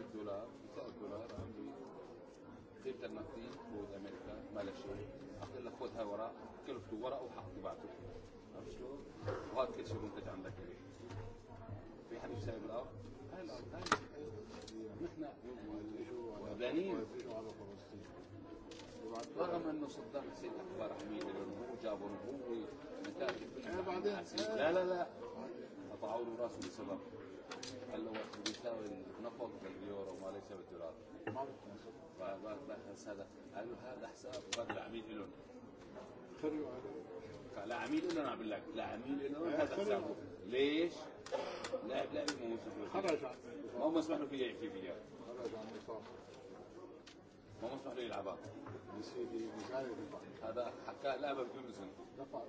6 دولار 9 دولار عندي زبده النفطيه خذ امريكا ما لا شيء اقول لك خذها وراء كلفته وراء وحط تبعته عرفت شلون؟ وهذا كل شيء منتج عندك في حد يشتري بالارض؟ هاي الارض هاي نحن وابلانيين رغم انه صدقت سيد اخبار حميده لانه هو جابه هو نتائج لا لا لا قطعوا له راسه لسبب Quello che utilizzavo باليورو foto dell'euro ma lei si avete هذا حساب هذا عميل لنا لا عميل عم بقول لك لا عميل هذا حسابه ليش؟ لا لا مو خرج ما مسموح له فيه يعفي فيها خرج عن ما مسموح له يلعبها يا سيدي هذا حكى لعبه بدون دفع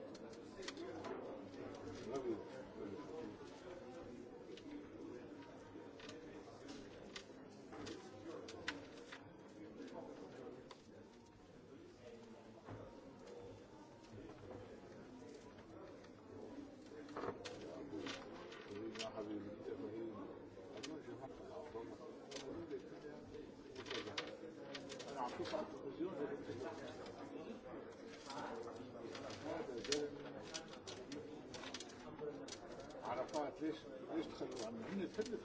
ليش ليش تخلوا عنه؟ هن السبب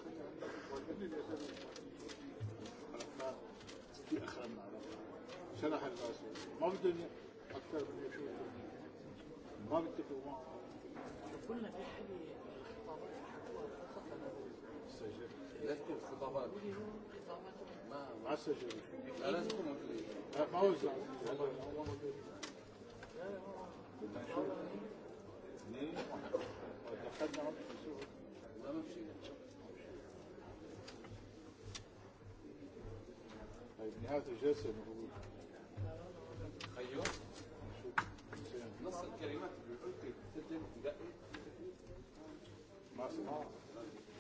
في اخرنا عرفنا شرح الراسي ما بدهم اكثر من شو ما بيتفقوا معه قلنا في حالي الخطابات السجل لست ما ما سجل لا لازم ما وزع لا لا نهاية الجلسة المفروض أيوه نص الكلمات اللي قلت تسجل دقيق ما سمعت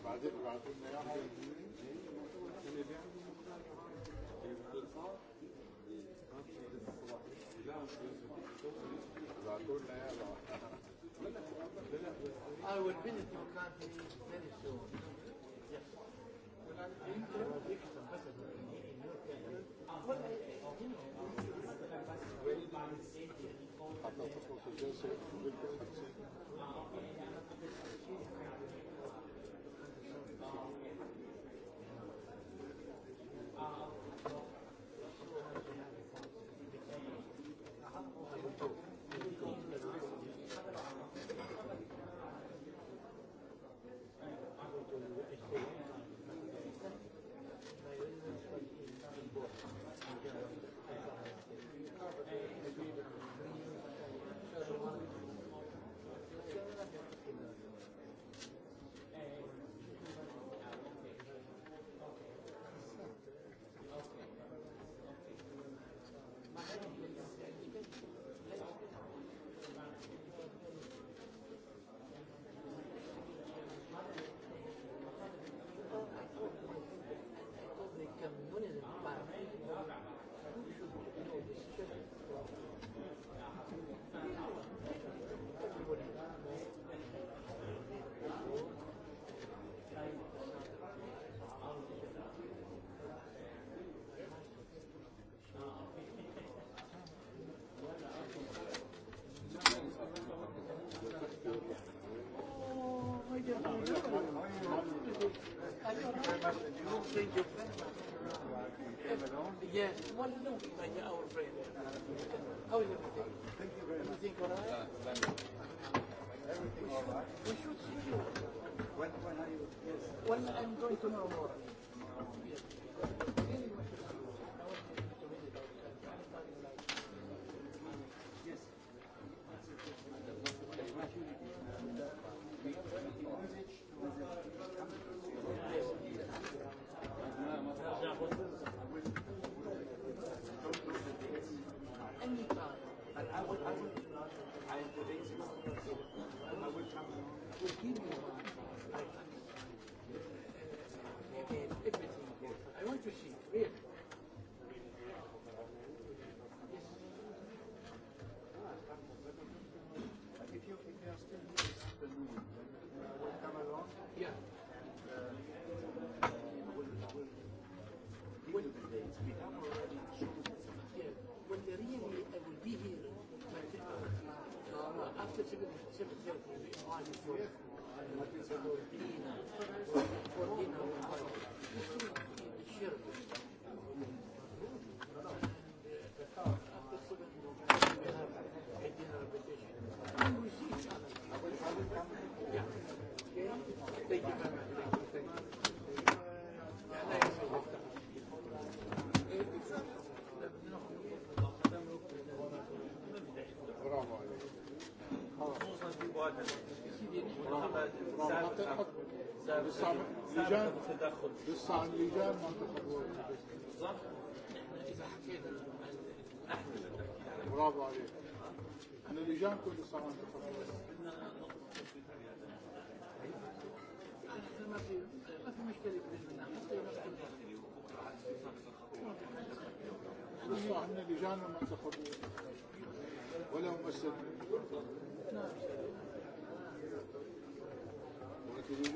بعدين بعتولنا اياها بعتولنا اياها I will visit your country very soon. Yes. Thank you. Yes, one look like our friend. How is everything? Thank you very much. Everything all right? Everything all right? We should see you. When, when are you? Yes. When I'm going tomorrow morning. Yes. لجان للصعب لجان بالضبط إذا حكينا برافو عليك أنا كل في ما في ولا ممثل Thank you.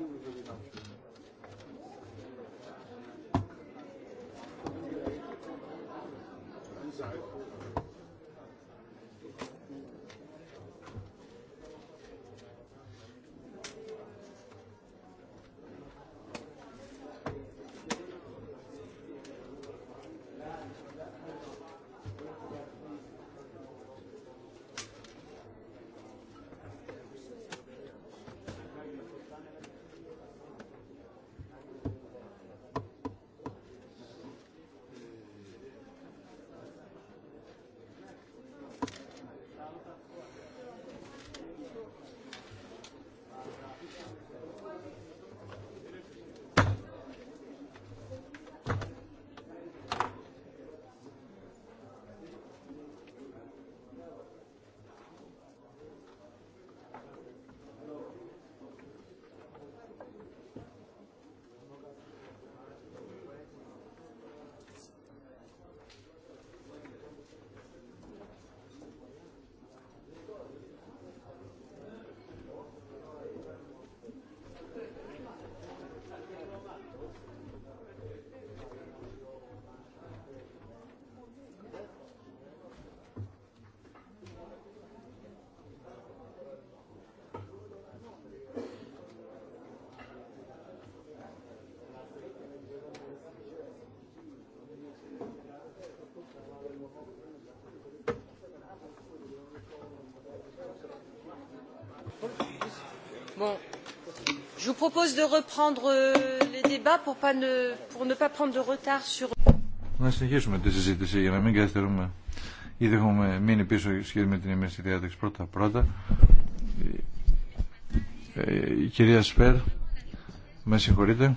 propose de reprendre euh, les débats pour, pas ne, pour ne pas prendre de retard sur... Να συνεχίσουμε τη συζήτηση για να μην καθυστερούμε. Ήδη έχουμε μείνει πίσω σχετικά με την ημέρα διάταξη πρώτα-πρώτα. Ε, η κυρία Σπέρ, με συγχωρείτε.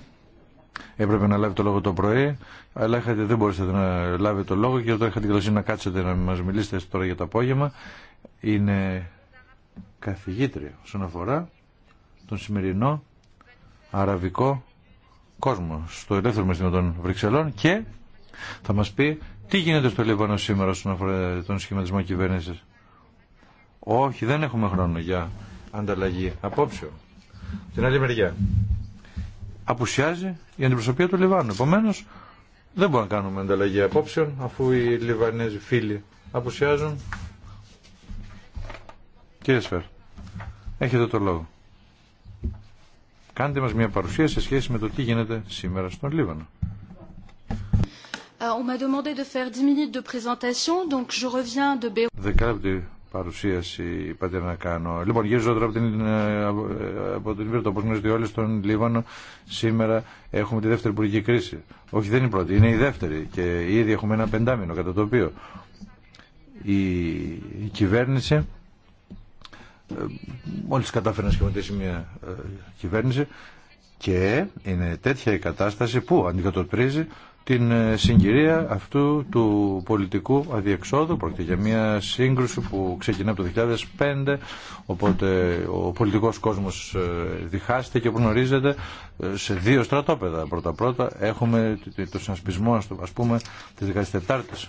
Έπρεπε να λάβει το λόγο το πρωί, αλλά είχατε, δεν μπορούσατε να λάβετε το λόγο και τώρα είχατε καλοσύνη να κάτσετε να μας μιλήσετε τώρα για το απόγευμα. Είναι καθηγήτρια όσον αφορά τον σημερινό αραβικό κόσμο στο ελεύθερο μεσήμα των Βρυξελών και θα μας πει τι γίνεται στο Λίβανο σήμερα στον αφορά τον σχηματισμό κυβέρνησης. Όχι, δεν έχουμε χρόνο για ανταλλαγή απόψεων. Την άλλη μεριά. Απουσιάζει η αντιπροσωπεία του Λιβάνου. Επομένω, δεν μπορούμε να κάνουμε ανταλλαγή απόψεων αφού οι Λιβανέζοι φίλοι απουσιάζουν. Κύριε Σφέρ, έχετε το λόγο. Κάντε μας μια παρουσία σε σχέση με το τι γίνεται σήμερα στον Λίβανο. On m'a demandé de faire 10 minutes de présentation, donc je reviens de Beyrouth. παρουσίαση είπατε να κάνω. Λοιπόν, γύρω τώρα από την, ε, ε, από την Βίρτο, όπως γνωρίζετε όλοι στον Λίβανο, σήμερα έχουμε τη δεύτερη υπουργική κρίση. Όχι, δεν είναι η πρώτη, είναι η δεύτερη και ήδη έχουμε ένα πεντάμινο κατά το οποίο η, η κυβέρνηση ε, μόλις κατάφερε να σχηματίσει μια ε, κυβέρνηση και είναι τέτοια η κατάσταση που αντικατοπτρίζει την ε, συγκυρία αυτού του πολιτικού αδιεξόδου. Πρόκειται για μια σύγκρουση που ξεκινά από το 2005, οπότε ο πολιτικός κόσμος διχάστηκε και γνωρίζεται σε δύο στρατόπεδα. Πρώτα-πρώτα έχουμε το συνασπισμό, ας πούμε, της 14ης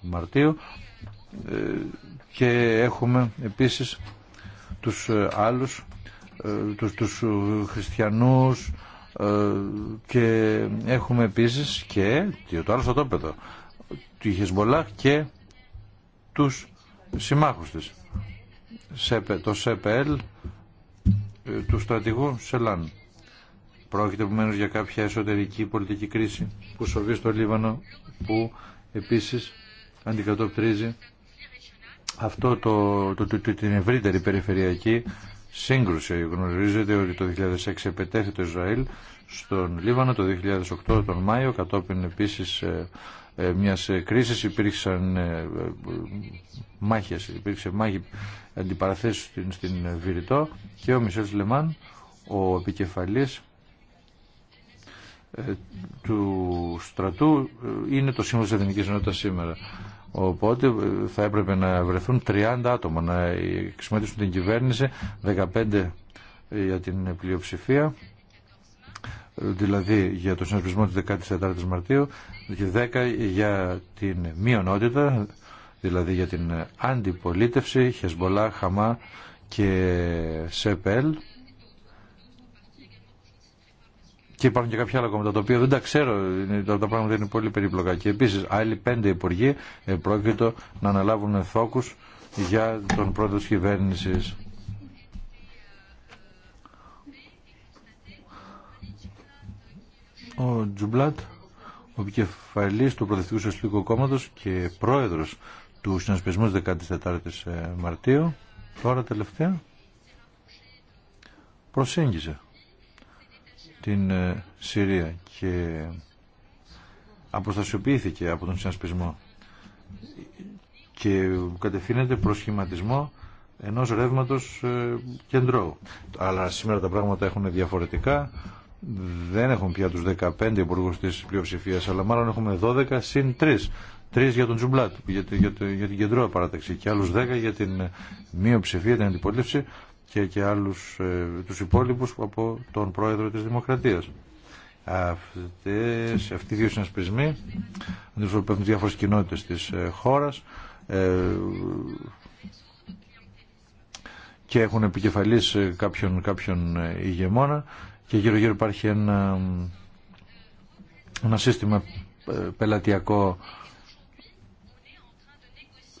Μαρτίου και έχουμε επίσης τους ε, άλλους, ε, τους, τους ε, χριστιανούς και έχουμε επίσης και το άλλο στο του Χεσμολάχ και τους συμμάχους της. Το ΣΕΠΕΛ του στρατηγού Σελάν. Πρόκειται επομένως για κάποια εσωτερική πολιτική κρίση που σοβεί στο Λίβανο που επίσης αντικατοπτρίζει αυτό το, το, το, την ευρύτερη περιφερειακή σύγκρουση. Γνωρίζετε ότι το 2006 επετέθη το Ισραήλ στον Λίβανο, το 2008 τον Μάιο, κατόπιν επίσης ε, ε, μιας ε, κρίσης υπήρξαν μάχες, υπήρξε μάχη αντιπαραθέσεις στην, στην Βηρητό και ο Μισελ Λεμάν, ο επικεφαλής του στρατού είναι το σύμβολο της Εθνικής Ενότητας σήμερα. Οπότε θα έπρεπε να βρεθούν 30 άτομα να εξηγήσουν την κυβέρνηση, 15 για την πλειοψηφία, δηλαδή για το συνασπισμό της 14ης Μαρτίου και 10 για την μειονότητα, δηλαδή για την αντιπολίτευση, Χεσμολά, Χαμά και ΣΕΠΕΛ Και υπάρχουν και κάποια άλλα κόμματα τα οποία δεν τα ξέρω, τα, τα πράγματα είναι πολύ περίπλοκα. Και επίση άλλοι πέντε υπουργοί ε, πρόκειτο να αναλάβουν θόκου για τον πρόεδρο τη κυβέρνηση. Ο Τζουμπλάτ, ο επικεφαλή του Πρωθυπουργού Σοσιαλιστικού Κόμματο και πρόεδρο του συνασπισμού 14 ε, Μαρτίου, τώρα τελευταία προσέγγιζε την ε, Συρία και αποστασιοποιήθηκε από τον συνασπισμό και κατευθύνεται προς σχηματισμό ενός ρεύματος ε, κεντρώου. Αλλά σήμερα τα πράγματα έχουν διαφορετικά. Δεν έχουν πια τους 15 υπουργούς της πλειοψηφία, αλλά μάλλον έχουμε 12 συν 3. Τρει για τον Τζουμπλάτ, για, για, για, την κεντρώα παράταξη και άλλου 10 για την μειοψηφία, την αντιπολίτευση και, και άλλους ε, τους υπόλοιπους από τον πρόεδρο της Δημοκρατίας. Αυτές, αυτοί οι δύο συνασπισμοί αντιπροσωπεύουν διάφορες κοινότητες της ε, χώρας ε, και έχουν επικεφαλής κάποιον, κάποιον ηγεμόνα και γύρω γύρω υπάρχει ένα, ένα σύστημα πελατειακό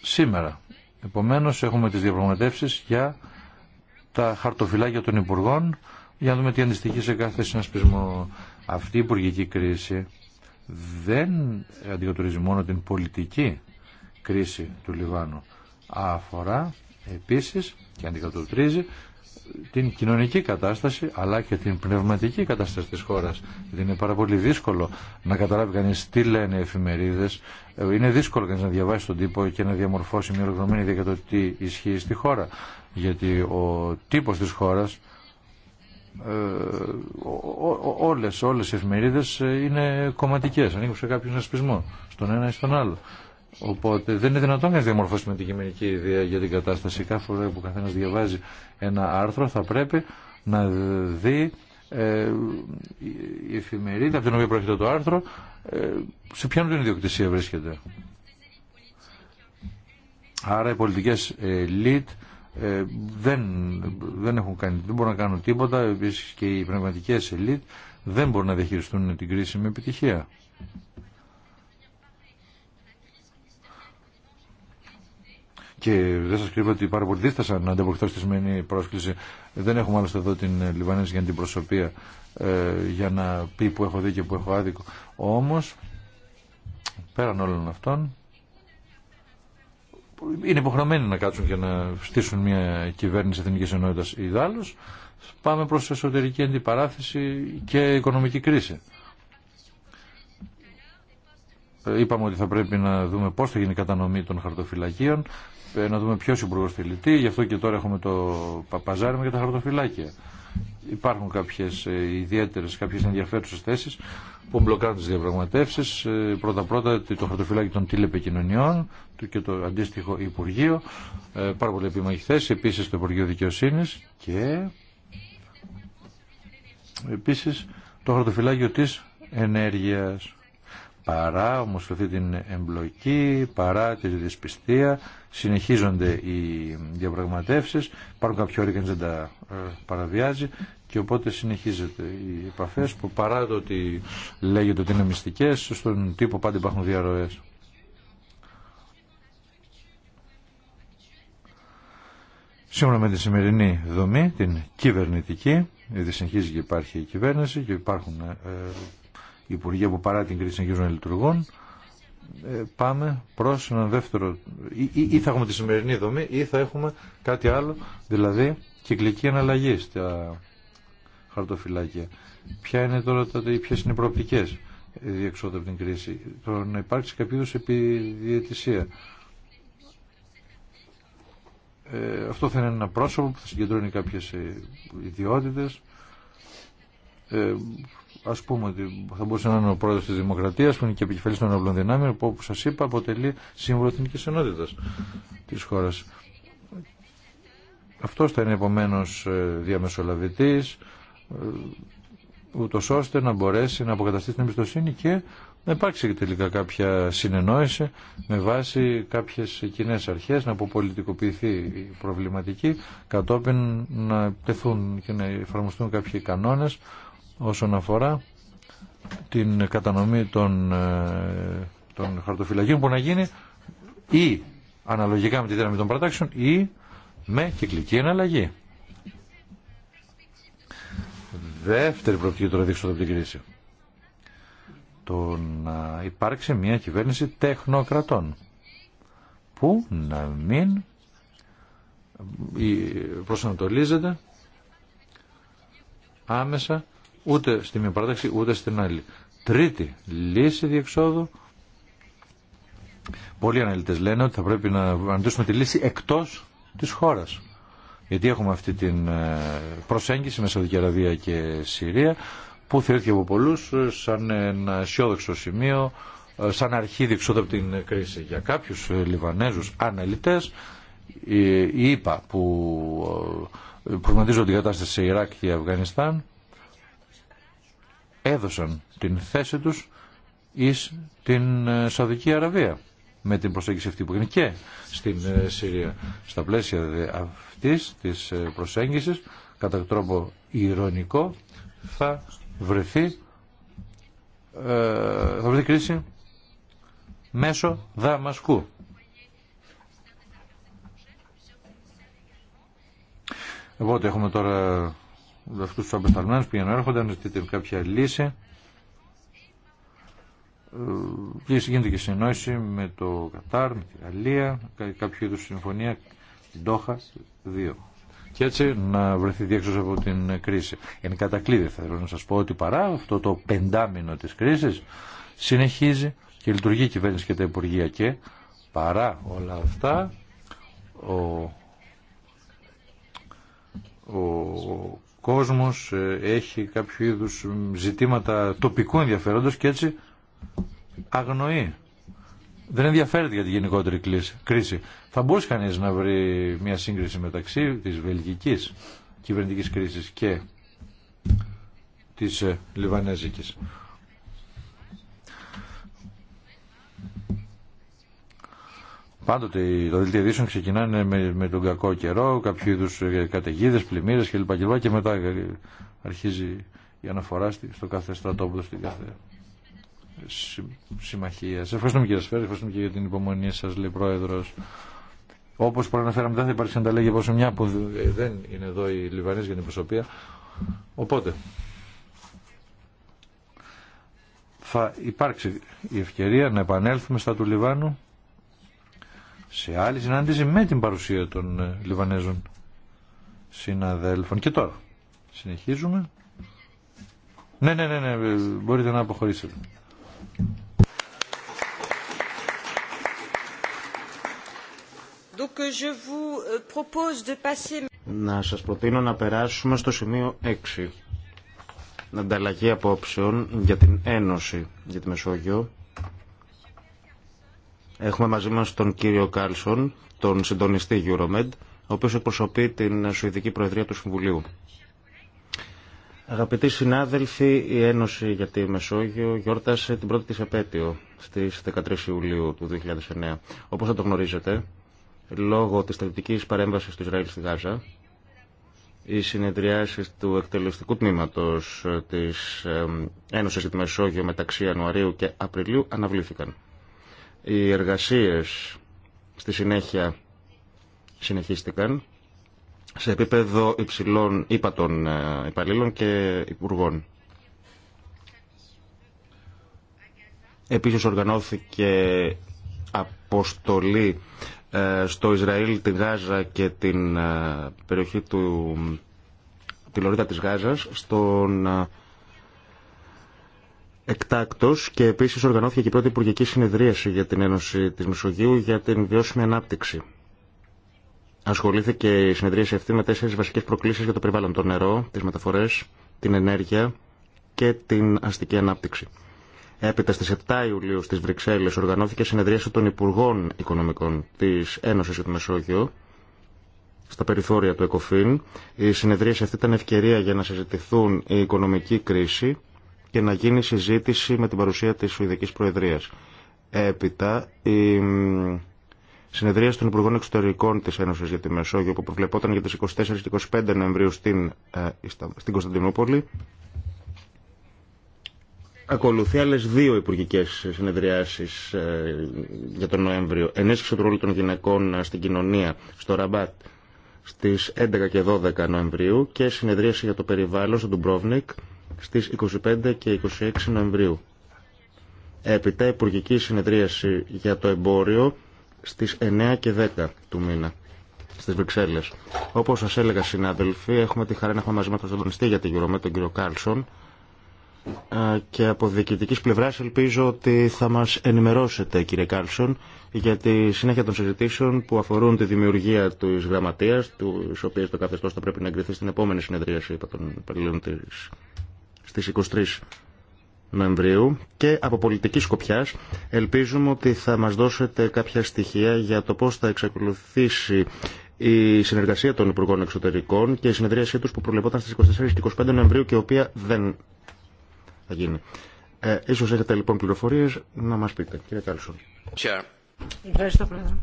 σήμερα. Επομένως έχουμε τις διαπραγματεύσεις για τα χαρτοφυλάκια των Υπουργών για να δούμε τι αντιστοιχεί σε κάθε συνασπισμό. Αυτή η υπουργική κρίση δεν αντικατορίζει μόνο την πολιτική κρίση του Λιβάνου. Αφορά επίσης και αντικατοπτρίζει την κοινωνική κατάσταση αλλά και την πνευματική κατάσταση της χώρας. Γιατί δηλαδή είναι πάρα πολύ δύσκολο να καταλάβει κανείς τι λένε οι εφημερίδες. Ε, είναι δύσκολο κανείς να διαβάσει τον τύπο και να διαμορφώσει μια ολοκληρωμένη ιδέα για το τι ισχύει στη χώρα γιατί ο τύπος της χώρας ε, όλες, όλες οι εφημερίδες ε, είναι κομματικές, ανήκουν σε κάποιον ασπισμό, στον ένα ή στον άλλο. Οπότε δεν είναι δυνατόν να διαμορφώσει με την κειμενική ιδέα για την κατάσταση. Κάθε φορά που καθένα διαβάζει ένα άρθρο θα πρέπει να δει ε, η εφημερίδα από την οποία προέρχεται το άρθρο ε, σε ποιον την ιδιοκτησία βρίσκεται. Άρα οι πολιτικές ελίτ ε, δεν, δεν, έχουν κάνει, δεν μπορούν να κάνουν τίποτα, επίσης και οι πνευματικές ελίτ δεν μπορούν να διαχειριστούν την κρίση με επιτυχία. Και δεν σα κρύβω ότι πάρα πολύ δίστασαν να ανταποκριθώ στη σημερινή πρόσκληση. Δεν έχουμε άλλωστε εδώ την ε, Λιβανέζη για την προσωπία ε, για να πει που έχω δίκιο και που έχω άδικο. Όμω, πέραν όλων αυτών, είναι υποχρεωμένοι να κάτσουν και να στήσουν μια κυβέρνηση εθνική ενότητα. κατανομή των πάμε προ εσωτερική αντιπαράθεση και οικονομική κρίση. Είπαμε ότι θα πρέπει να δούμε πώ θα γίνει η κατανομή των χαρτοφυλακίων, ε, να δούμε ποιο υπουργό θελητη γι' αυτό και τώρα έχουμε το παπαζάρι για τα χαρτοφυλάκια. Υπάρχουν κάποιε ιδιαίτερε, κάποιε ενδιαφέρουσε θέσει που μπλοκάρουν τις διαπραγματευσει ε, πρωτα Πρώτα-πρώτα το χαρτοφυλάκι των τηλεπικοινωνιών και το αντίστοιχο Υπουργείο. Ε, πάρα πολύ επιμαχή θέση. Επίσης το Υπουργείο δικαιοσύνη και επίσης το χαρτοφυλάκιο της ενέργειας. Παρά όμω αυτή την εμπλοκή, παρά τη δυσπιστία, συνεχίζονται οι διαπραγματεύσει, υπάρχουν κάποιοι όροι και δεν τα ε, παραβιάζει και οπότε συνεχίζεται οι επαφές που παρά το ότι λέγεται ότι είναι μυστικές, στον τύπο πάντα υπάρχουν διαρροές. Σύμφωνα με τη σημερινή δομή, την κυβερνητική, γιατί συνεχίζει και υπάρχει η κυβέρνηση και υπάρχουν ε, υπουργεία που παρά την κρίση συνεχίζουν να λειτουργούν, ε, πάμε προς έναν δεύτερο, ή, ή, θα έχουμε τη σημερινή δομή ή θα έχουμε κάτι άλλο, δηλαδή κυκλική αναλλαγή χαρτοφυλάκια. Ποια είναι τώρα, ποιες είναι οι προοπτικέ ε, διεξόδου από την κρίση. Το να υπάρξει κάποιο είδου επιδιαιτησία. Ε, αυτό θα είναι ένα πρόσωπο που θα συγκεντρώνει κάποιες ε, ιδιότητες. Ε, ας πούμε ότι θα μπορούσε να είναι ο πρόεδρος της Δημοκρατίας που είναι και επικεφαλής των ενόπλων δυνάμεων που όπως σας είπα αποτελεί σύμβολο εθνικής ενότητας της χώρας. Αυτός θα είναι επομένως ε, διαμεσολαβητής, ούτως ώστε να μπορέσει να αποκαταστήσει την εμπιστοσύνη και να υπάρξει τελικά κάποια συνεννόηση με βάση κάποιες κοινέ αρχές να αποπολιτικοποιηθεί η προβληματική κατόπιν να τεθούν και να εφαρμοστούν κάποιοι κανόνες όσον αφορά την κατανομή των, ε, των χαρτοφυλακίων που να γίνει ή αναλογικά με τη δύναμη των πρατάξεων ή με κυκλική εναλλαγή δεύτερη προοπτική των δείξεων από την κρίση. Το να υπάρξει μια κυβέρνηση τεχνοκρατών που να μην ε, προσανατολίζεται άμεσα ούτε στη μία παράταξη ούτε στην άλλη. Τρίτη λύση διεξόδου. Πολλοί αναλυτές λένε ότι θα πρέπει να αναλύσουμε τη λύση εκτός της χώρας. Γιατί έχουμε αυτή την ε, προσέγγιση με Σαουδική Αραβία και Συρία που θεωρήθηκε από πολλού ε, σαν ένα αισιόδοξο σημείο, ε, σαν αρχή διεξόδου από την κρίση. Για κάποιους Λιβανέζους αναλυτέ, η ΕΠΑ που προγραμματίζονται την κατάσταση σε Ιράκ και Αφγανιστάν έδωσαν την θέση τους εις την Σαουδική Αραβία με την προσέγγιση αυτή που γίνεται και στην ε, Συρία. Στα πλαίσια αυτής της ε, προσέγγισης, κατά τρόπο ηρωνικό, θα βρεθεί, ε, θα βρεθεί κρίση μέσω Δαμασκού. Οπότε έχουμε τώρα αυτούς τους απεσταλμένους που για να έρχονται, ζητείτε κάποια λύση. Ε, ε, γίνεται και συνεννόηση με το Κατάρ, με τη Γαλλία, κάποιο είδου συμφωνία, την Τόχα 2. Και έτσι να βρεθεί διέξω από την κρίση. Εν κατακλείδη θέλω να σας πω ότι παρά αυτό το πεντάμινο της κρίσης συνεχίζει και λειτουργεί η κυβέρνηση και τα Υπουργεία και παρά όλα αυτά ο, ο κόσμος ε, έχει κάποιο είδους ζητήματα τοπικού ενδιαφέροντος και έτσι αγνοεί. Δεν ενδιαφέρεται για τη γενικότερη κρίση. Θα μπορούσε κανείς να βρει μια σύγκριση μεταξύ της βελγικής κυβερνητικής κρίσης και της ε, λιβανέζικης. Πάντοτε τα δελτία ειδήσεων ξεκινάνε με, με τον κακό καιρό, κάποιο είδου ε, καταιγίδε, πλημμύρε κλπ. Και μετά ε, αρχίζει η αναφορά στο κάθε στρατόπεδο, στην κάθε συμμαχία. Σα ευχαριστούμε κύριε Σφαίρα, ευχαριστούμε και για την υπομονή σα, λέει πρόεδρο. Όπω προαναφέραμε, δεν θα υπάρξει ανταλλαγή σε μια που ε, δεν είναι εδώ η Λιβανή για την προσωπία. Οπότε, θα υπάρξει η ευκαιρία να επανέλθουμε στα του Λιβάνου σε άλλη συνάντηση με την παρουσία των ε, Λιβανέζων συναδέλφων. Και τώρα συνεχίζουμε. Ναι, ναι, ναι, ναι ε, μπορείτε να αποχωρήσετε. Euh, euh, να σας προτείνω να περάσουμε στο σημείο 6. Ανταλλαγή απόψεων για την Ένωση για τη Μεσόγειο. Έχουμε μαζί μας τον κύριο Κάλσον, τον συντονιστή Euromed, ο οποίος εκπροσωπεί την Σουηδική Προεδρία του Συμβουλίου. Αγαπητοί συνάδελφοι, η Ένωση για τη Μεσόγειο γιόρτασε την πρώτη της επέτειο στις 13 Ιουλίου του 2009. Όπως θα το γνωρίζετε, λόγω της στρατιωτικής παρέμβασης του Ισραήλ στη Γάζα, οι συνεδριάσεις του εκτελεστικού τμήματος της Ένωσης για τη Μεσόγειο μεταξύ Ιανουαρίου και Απριλίου αναβλήθηκαν. Οι εργασίες στη συνέχεια συνεχίστηκαν σε επίπεδο υψηλών ύπατων ε, υπαλλήλων και υπουργών. Επίσης οργανώθηκε αποστολή ε, στο Ισραήλ, την Γάζα και την ε, περιοχή του τη Λωρίδα της Γάζας στον εκτάκτος και επίσης οργανώθηκε και η πρώτη υπουργική συνεδρίαση για την Ένωση της Μεσογείου για την βιώσιμη ανάπτυξη ασχολήθηκε η σε αυτή με τέσσερι βασικές προκλήσεις για το περιβάλλον. Το νερό, τις μεταφορές, την ενέργεια και την αστική ανάπτυξη. Έπειτα στις 7 Ιουλίου στι Βρυξέλλες οργανώθηκε συνεδρίαση των Υπουργών Οικονομικών της Ένωσης για το Μεσόγειο στα περιθώρια του ΕΚΟΦΗΝ. Η συνεδρίαση αυτή ήταν ευκαιρία για να συζητηθούν η οικονομική κρίση και να γίνει συζήτηση με την παρουσία της Σουηδικής Προεδρίας. Έπειτα συνεδρίαση των Υπουργών Εξωτερικών τη Ένωση για τη Μεσόγειο που προβλεπόταν για τι 24 και 25 Νοεμβρίου στην, ε, στην Κωνσταντινούπολη. Ακολουθεί άλλε δύο υπουργικέ συνεδριάσει ε, για τον Νοέμβριο. Ενίσχυση του ρόλου των γυναικών ε, στην κοινωνία, στο Ραμπάτ στι 11 και 12 Νοεμβρίου και συνεδρίαση για το περιβάλλον στο Ντουμπρόβνικ στι 25 και 26 Νοεμβρίου. Έπειτα, υπουργική συνεδρίαση για το εμπόριο στις 9 και 10 του μήνα στις Βρυξέλλες. Όπως σας έλεγα συνάδελφοι, έχουμε τη χαρά να έχουμε μαζί μας τον συντονιστή για την Euromed, τον κύριο Κάλσον και από διοικητική πλευρά ελπίζω ότι θα μας ενημερώσετε κύριε Κάλσον για τη συνέχεια των συζητήσεων που αφορούν τη δημιουργία τη γραμματείας, του οποίας το καθεστώ θα πρέπει να εγκριθεί στην επόμενη συνεδρίαση, είπα των υπαλλήλων στις 23 Νοεμβρίου και από πολιτική σκοπιά ελπίζουμε ότι θα μας δώσετε κάποια στοιχεία για το πώς θα εξακολουθήσει η συνεργασία των Υπουργών Εξωτερικών και η συνεδρίασή τους που προβλεπόταν στις 24 και 25 Νοεμβρίου και η οποία δεν θα γίνει. Ε, ίσως έχετε λοιπόν πληροφορίες να μας πείτε. Κύριε Κάλσον. Ευχαριστώ Πρόεδρε.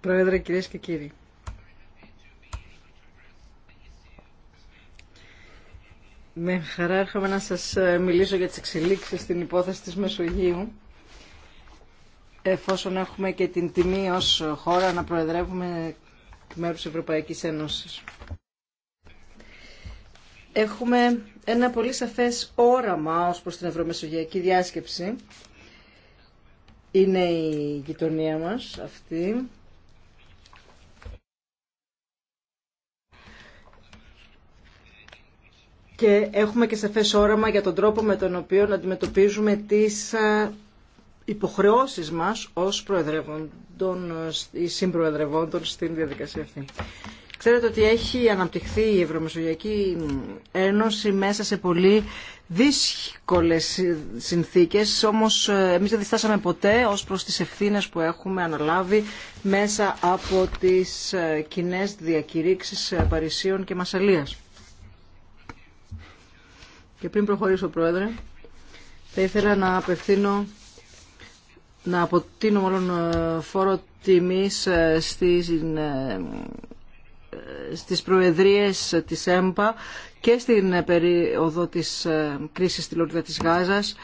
Πρόεδρε κυρίες και κύριοι. Με χαρά έρχομαι να σας ε, μιλήσω για τις εξελίξεις στην υπόθεση της Μεσογείου. Εφόσον έχουμε και την τιμή ως χώρα να προεδρεύουμε μέρο μέρους Ευρωπαϊκής Ένωσης. Έχουμε ένα πολύ σαφές όραμα ως προς την ευρωμεσογειακή διάσκεψη. Είναι η γειτονία μας αυτή και έχουμε και σαφές όραμα για τον τρόπο με τον οποίο να αντιμετωπίζουμε τις υποχρεώσεις μας ως προεδρεύοντων ή ε, συμπροεδρευόντων στην διαδικασία αυτή. Ξέρετε ότι έχει αναπτυχθεί η Ευρωμεσογειακή Ένωση μέσα σε πολύ δύσκολες συνθήκες, όμως ε, εμείς δεν διστάσαμε ποτέ ως προς τις ευθύνες που έχουμε αναλάβει μέσα από τις ε, κοινέ διακηρύξεις Παρισίων και Μασαλίας. Και πριν προχωρήσω, Πρόεδρε, θα ήθελα να απευθύνω, να αποτείνω μάλλον ε, φόρο τιμής ε, στις, ε, στις προεδρίες της ΕΜΠΑ και στην περίοδο της κρίσης στη Λόρδια της Γάζας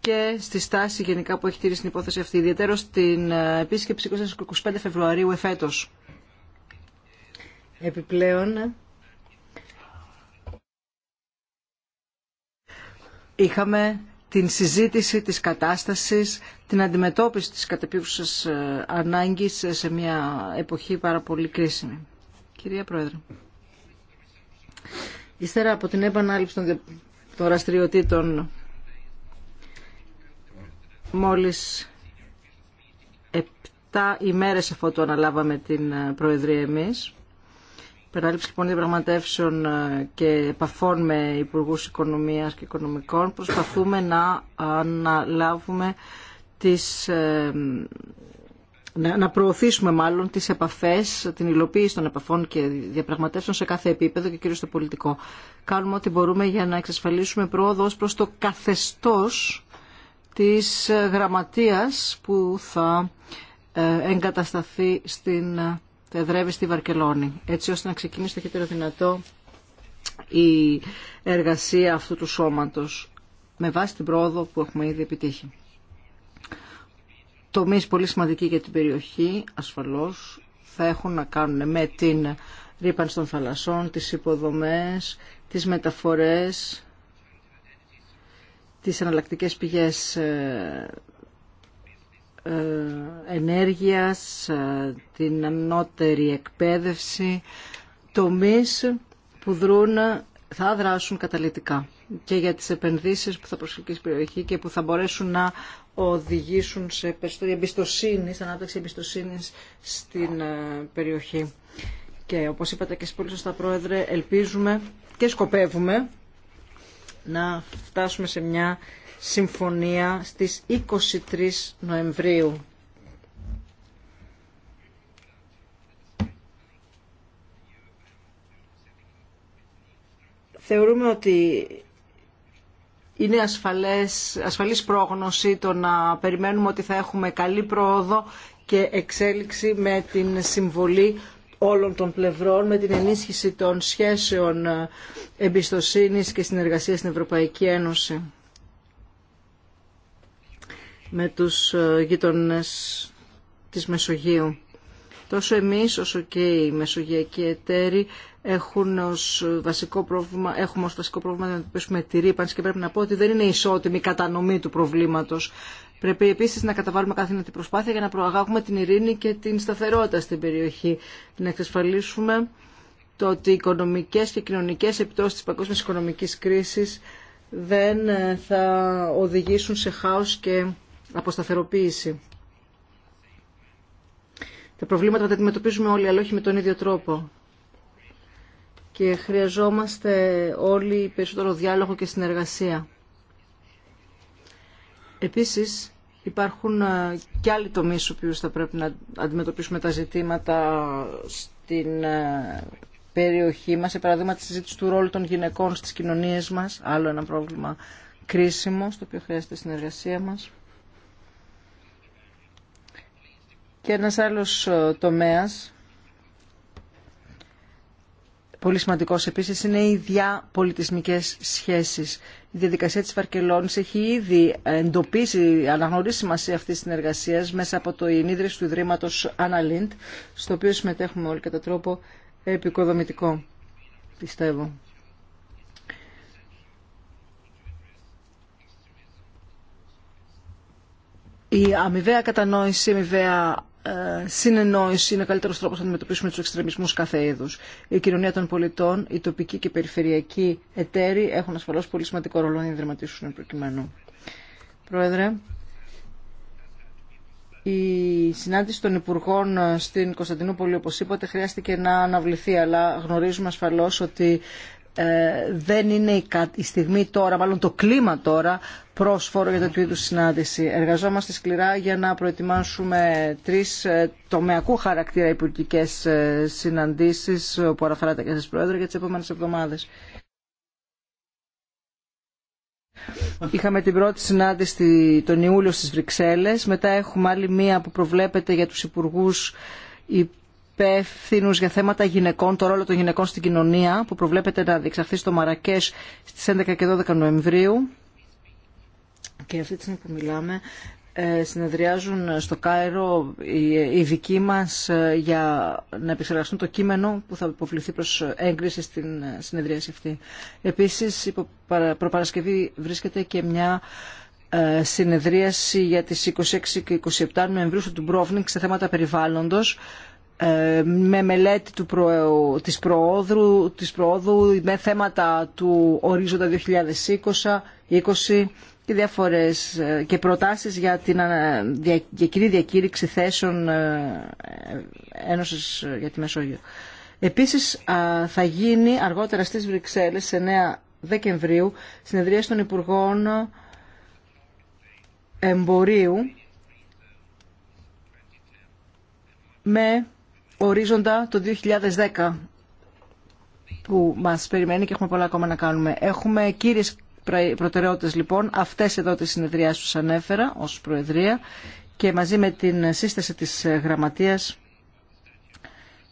και στη στάση γενικά που έχει τηρήσει την υπόθεση αυτή, ιδιαίτερο στην επίσκεψη 25 Φεβρουαρίου εφέτος. Επιπλέον, είχαμε την συζήτηση της κατάστασης, την αντιμετώπιση της κατεπίουσας ε, ανάγκης σε μια εποχή πάρα πολύ κρίσιμη. Κυρία Πρόεδρε. Ύστερα από την επανάληψη των δραστηριοτήτων μόλις επτά ημέρες αφού το αναλάβαμε την ε, Προεδρία εμείς, Περάληψη λοιπόν διαπραγματεύσεων ε, και επαφών με υπουργού οικονομία και οικονομικών προσπαθούμε να αναλάβουμε τις, ε, να προωθήσουμε μάλλον τις επαφές, την υλοποίηση των επαφών και διαπραγματεύσεων σε κάθε επίπεδο και κυρίως στο πολιτικό. Κάνουμε ό,τι μπορούμε για να εξασφαλίσουμε πρόοδο ως προς το καθεστώς της ε, γραμματείας που θα εγκατασταθεί στην θα εδρεύει στη Βαρκελόνη, έτσι ώστε να ξεκινήσει το χειρότερο δυνατό η εργασία αυτού του σώματος με βάση την πρόοδο που έχουμε ήδη επιτύχει. Τομείς πολύ σημαντικοί για την περιοχή, ασφαλώς, θα έχουν να κάνουν με την ρήπανση των θαλασσών, τις υποδομές, τις μεταφορές, τις εναλλακτικές πηγές ε, ε, ενέργειας, ε, την ανώτερη εκπαίδευση, τομείς που θα δράσουν καταλητικά και για τις επενδύσεις που θα προσελκύσει η περιοχή και που θα μπορέσουν να οδηγήσουν σε περισσότερη εμπιστοσύνη, ανάπτυξη εμπιστοσύνη στην ε, περιοχή. Και όπως είπατε και εσείς πολύ σωστά πρόεδρε, ελπίζουμε και σκοπεύουμε να φτάσουμε σε μια συμφωνία στις 23 Νοεμβρίου. Θεωρούμε ότι είναι ασφαλές, ασφαλής πρόγνωση το να περιμένουμε ότι θα έχουμε καλή πρόοδο και εξέλιξη με την συμβολή όλων των πλευρών, με την ενίσχυση των σχέσεων εμπιστοσύνης και συνεργασίας στην Ευρωπαϊκή Ένωση με τους ε, γείτονες της Μεσογείου. Τόσο εμείς όσο και οι μεσογειακοί εταίροι έχουν ως βασικό πρόβλημα, έχουμε ως βασικό πρόβλημα να αντιμετωπίσουμε τη ρήπανση και πρέπει να πω ότι δεν είναι ισότιμη η κατανομή του προβλήματος. Πρέπει επίσης να καταβάλουμε κάθε την προσπάθεια για να προαγάγουμε την ειρήνη και την σταθερότητα στην περιοχή. Να εξασφαλίσουμε το ότι οι οικονομικές και κοινωνικές επιπτώσεις της παγκόσμιας οικονομικής κρίσης δεν ε, θα οδηγήσουν σε χάος και αποσταθεροποίηση. Τα προβλήματα τα αντιμετωπίζουμε όλοι, αλλά όχι με τον ίδιο τρόπο. Και χρειαζόμαστε όλοι περισσότερο διάλογο και συνεργασία. Επίσης, υπάρχουν ε, και άλλοι τομείς στους θα πρέπει να αντιμετωπίσουμε τα ζητήματα στην ε, περιοχή μας. Σε παράδειγμα, τη συζήτηση του ρόλου των γυναικών στις κοινωνίες μας, άλλο ένα πρόβλημα κρίσιμο, στο οποίο χρειάζεται συνεργασία μας. Και ένας άλλος ε, τομέας, πολύ σημαντικός επίσης, είναι οι διαπολιτισμικές σχέσεις. Η διαδικασία της Βαρκελόνης έχει ήδη εντοπίσει, αναγνωρίσει σημασία αυτής της συνεργασίας μέσα από το ενίδρυση του Ιδρύματος Αναλίντ, στο οποίο συμμετέχουμε όλοι κατά τρόπο επικοδομητικό, πιστεύω. Η αμοιβαία κατανόηση, η αμοιβαία ε, συνεννόηση είναι καλύτερο τρόπος να αντιμετωπίσουμε του εξτρεμισμού κάθε είδου. Η κοινωνία των πολιτών, οι τοπικοί και περιφερειακοί εταίροι έχουν ασφαλώς πολύ σημαντικό ρόλο να διαδραματίσουν προκειμένου. Πρόεδρε, η συνάντηση των Υπουργών στην Κωνσταντινούπολη, όπω είπατε, χρειάστηκε να αναβληθεί, αλλά γνωρίζουμε ασφαλώ ότι ε, δεν είναι η στιγμή τώρα, μάλλον το κλίμα τώρα, πρόσφορο για τέτοιου είδου συνάντηση. Εργαζόμαστε σκληρά για να προετοιμάσουμε τρει ε, τομεακού χαρακτήρα υπουργικέ ε, συναντήσει που αναφέρατε και εσεί, Πρόεδρε, για τι επόμενε εβδομάδε. Είχαμε την πρώτη συνάντηση τον Ιούλιο στις Βρυξέλλες, μετά έχουμε άλλη μία που προβλέπεται για τους υπουργούς υπεύθυνου για θέματα γυναικών, το ρόλο των γυναικών στην κοινωνία, που προβλέπεται να διεξαχθεί στο Μαρακέ στι 11 και 12 Νοεμβρίου. Και αυτή τη στιγμή που μιλάμε, ε, συνεδριάζουν στο Κάιρο οι δικοί μας ε, για να επεξεργαστούν το κείμενο που θα υποβληθεί προ έγκριση στην συνεδρίαση αυτή. Επίση, προπαρασκευή βρίσκεται και μια ε, συνεδρίαση για τις 26 και 27 Νοεμβρίου στο Μπρόβνικ σε θέματα περιβάλλοντος ε, με μελέτη του της, προόδρου, της προόδου με θέματα του ορίζοντα 2020 20, και διάφορες ε, και προτάσεις για την ε, για κοινή διακήρυξη θέσεων Ένωσης για τη Μεσόγειο. Επίσης θα γίνει αργότερα στις Βρυξέλλες σε 9 Δεκεμβρίου συνεδρία των Υπουργών Εμπορίου με ορίζοντα το 2010 που μας περιμένει και έχουμε πολλά ακόμα να κάνουμε. Έχουμε κύριες προτεραιότητες λοιπόν, αυτές εδώ τις συνεδριάσεις σας ανέφερα ως Προεδρία και μαζί με την σύσταση της ε, Γραμματείας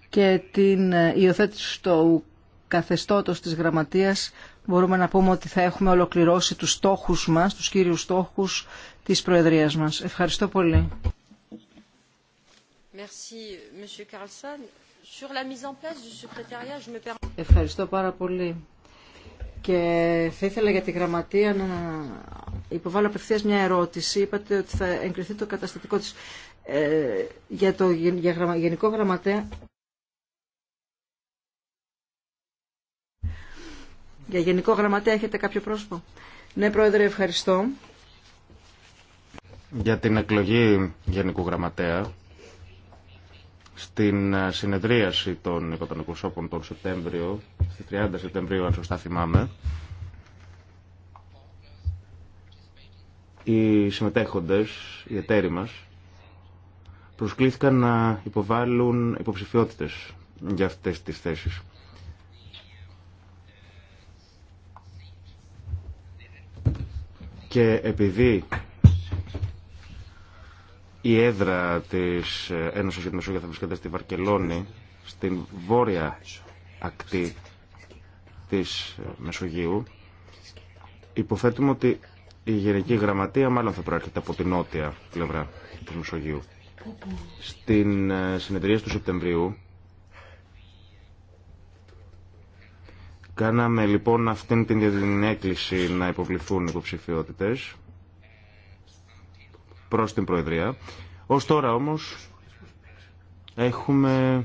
και την ε, υιοθέτηση του καθεστώτος της Γραμματείας μπορούμε να πούμε ότι θα έχουμε ολοκληρώσει τους στόχους μας, τους κύριους στόχους της Προεδρίας μας. Ευχαριστώ πολύ. Ευχαριστώ πάρα πολύ. Και θα ήθελα για τη γραμματεία να υποβάλω απευθεία μια ερώτηση. Είπατε ότι θα εγκριθεί το καταστατικό της. Ε, για το γενικό γραμματέα Για γενικό γραμματέα έχετε κάποιο πρόσωπο. Ναι, Πρόεδρε, ευχαριστώ. Για την εκλογή γενικού γραμματέα στην ε, συνεδρίαση των υποτανοικοσόπων τον Σεπτέμβριο, στις 30 Σεπτεμβρίου αν σωστά θυμάμαι, οι συμμετέχοντες, οι εταίροι μας, προσκλήθηκαν να υποβάλουν υποψηφιότητες για αυτές τις θέσεις. Και επειδή η έδρα της Ένωσης για τη Μεσόγειο θα βρίσκεται στη Βαρκελόνη, στην βόρεια ακτή της Μεσογείου. Υποθέτουμε ότι η Γενική Γραμματεία μάλλον θα προέρχεται από την νότια πλευρά της Μεσογείου. Στην ε, συνεδρία του Σεπτεμβρίου κάναμε λοιπόν αυτήν την έκκληση να υποβληθούν υποψηφιότητες προς την Προεδρία. Ως τώρα όμως έχουμε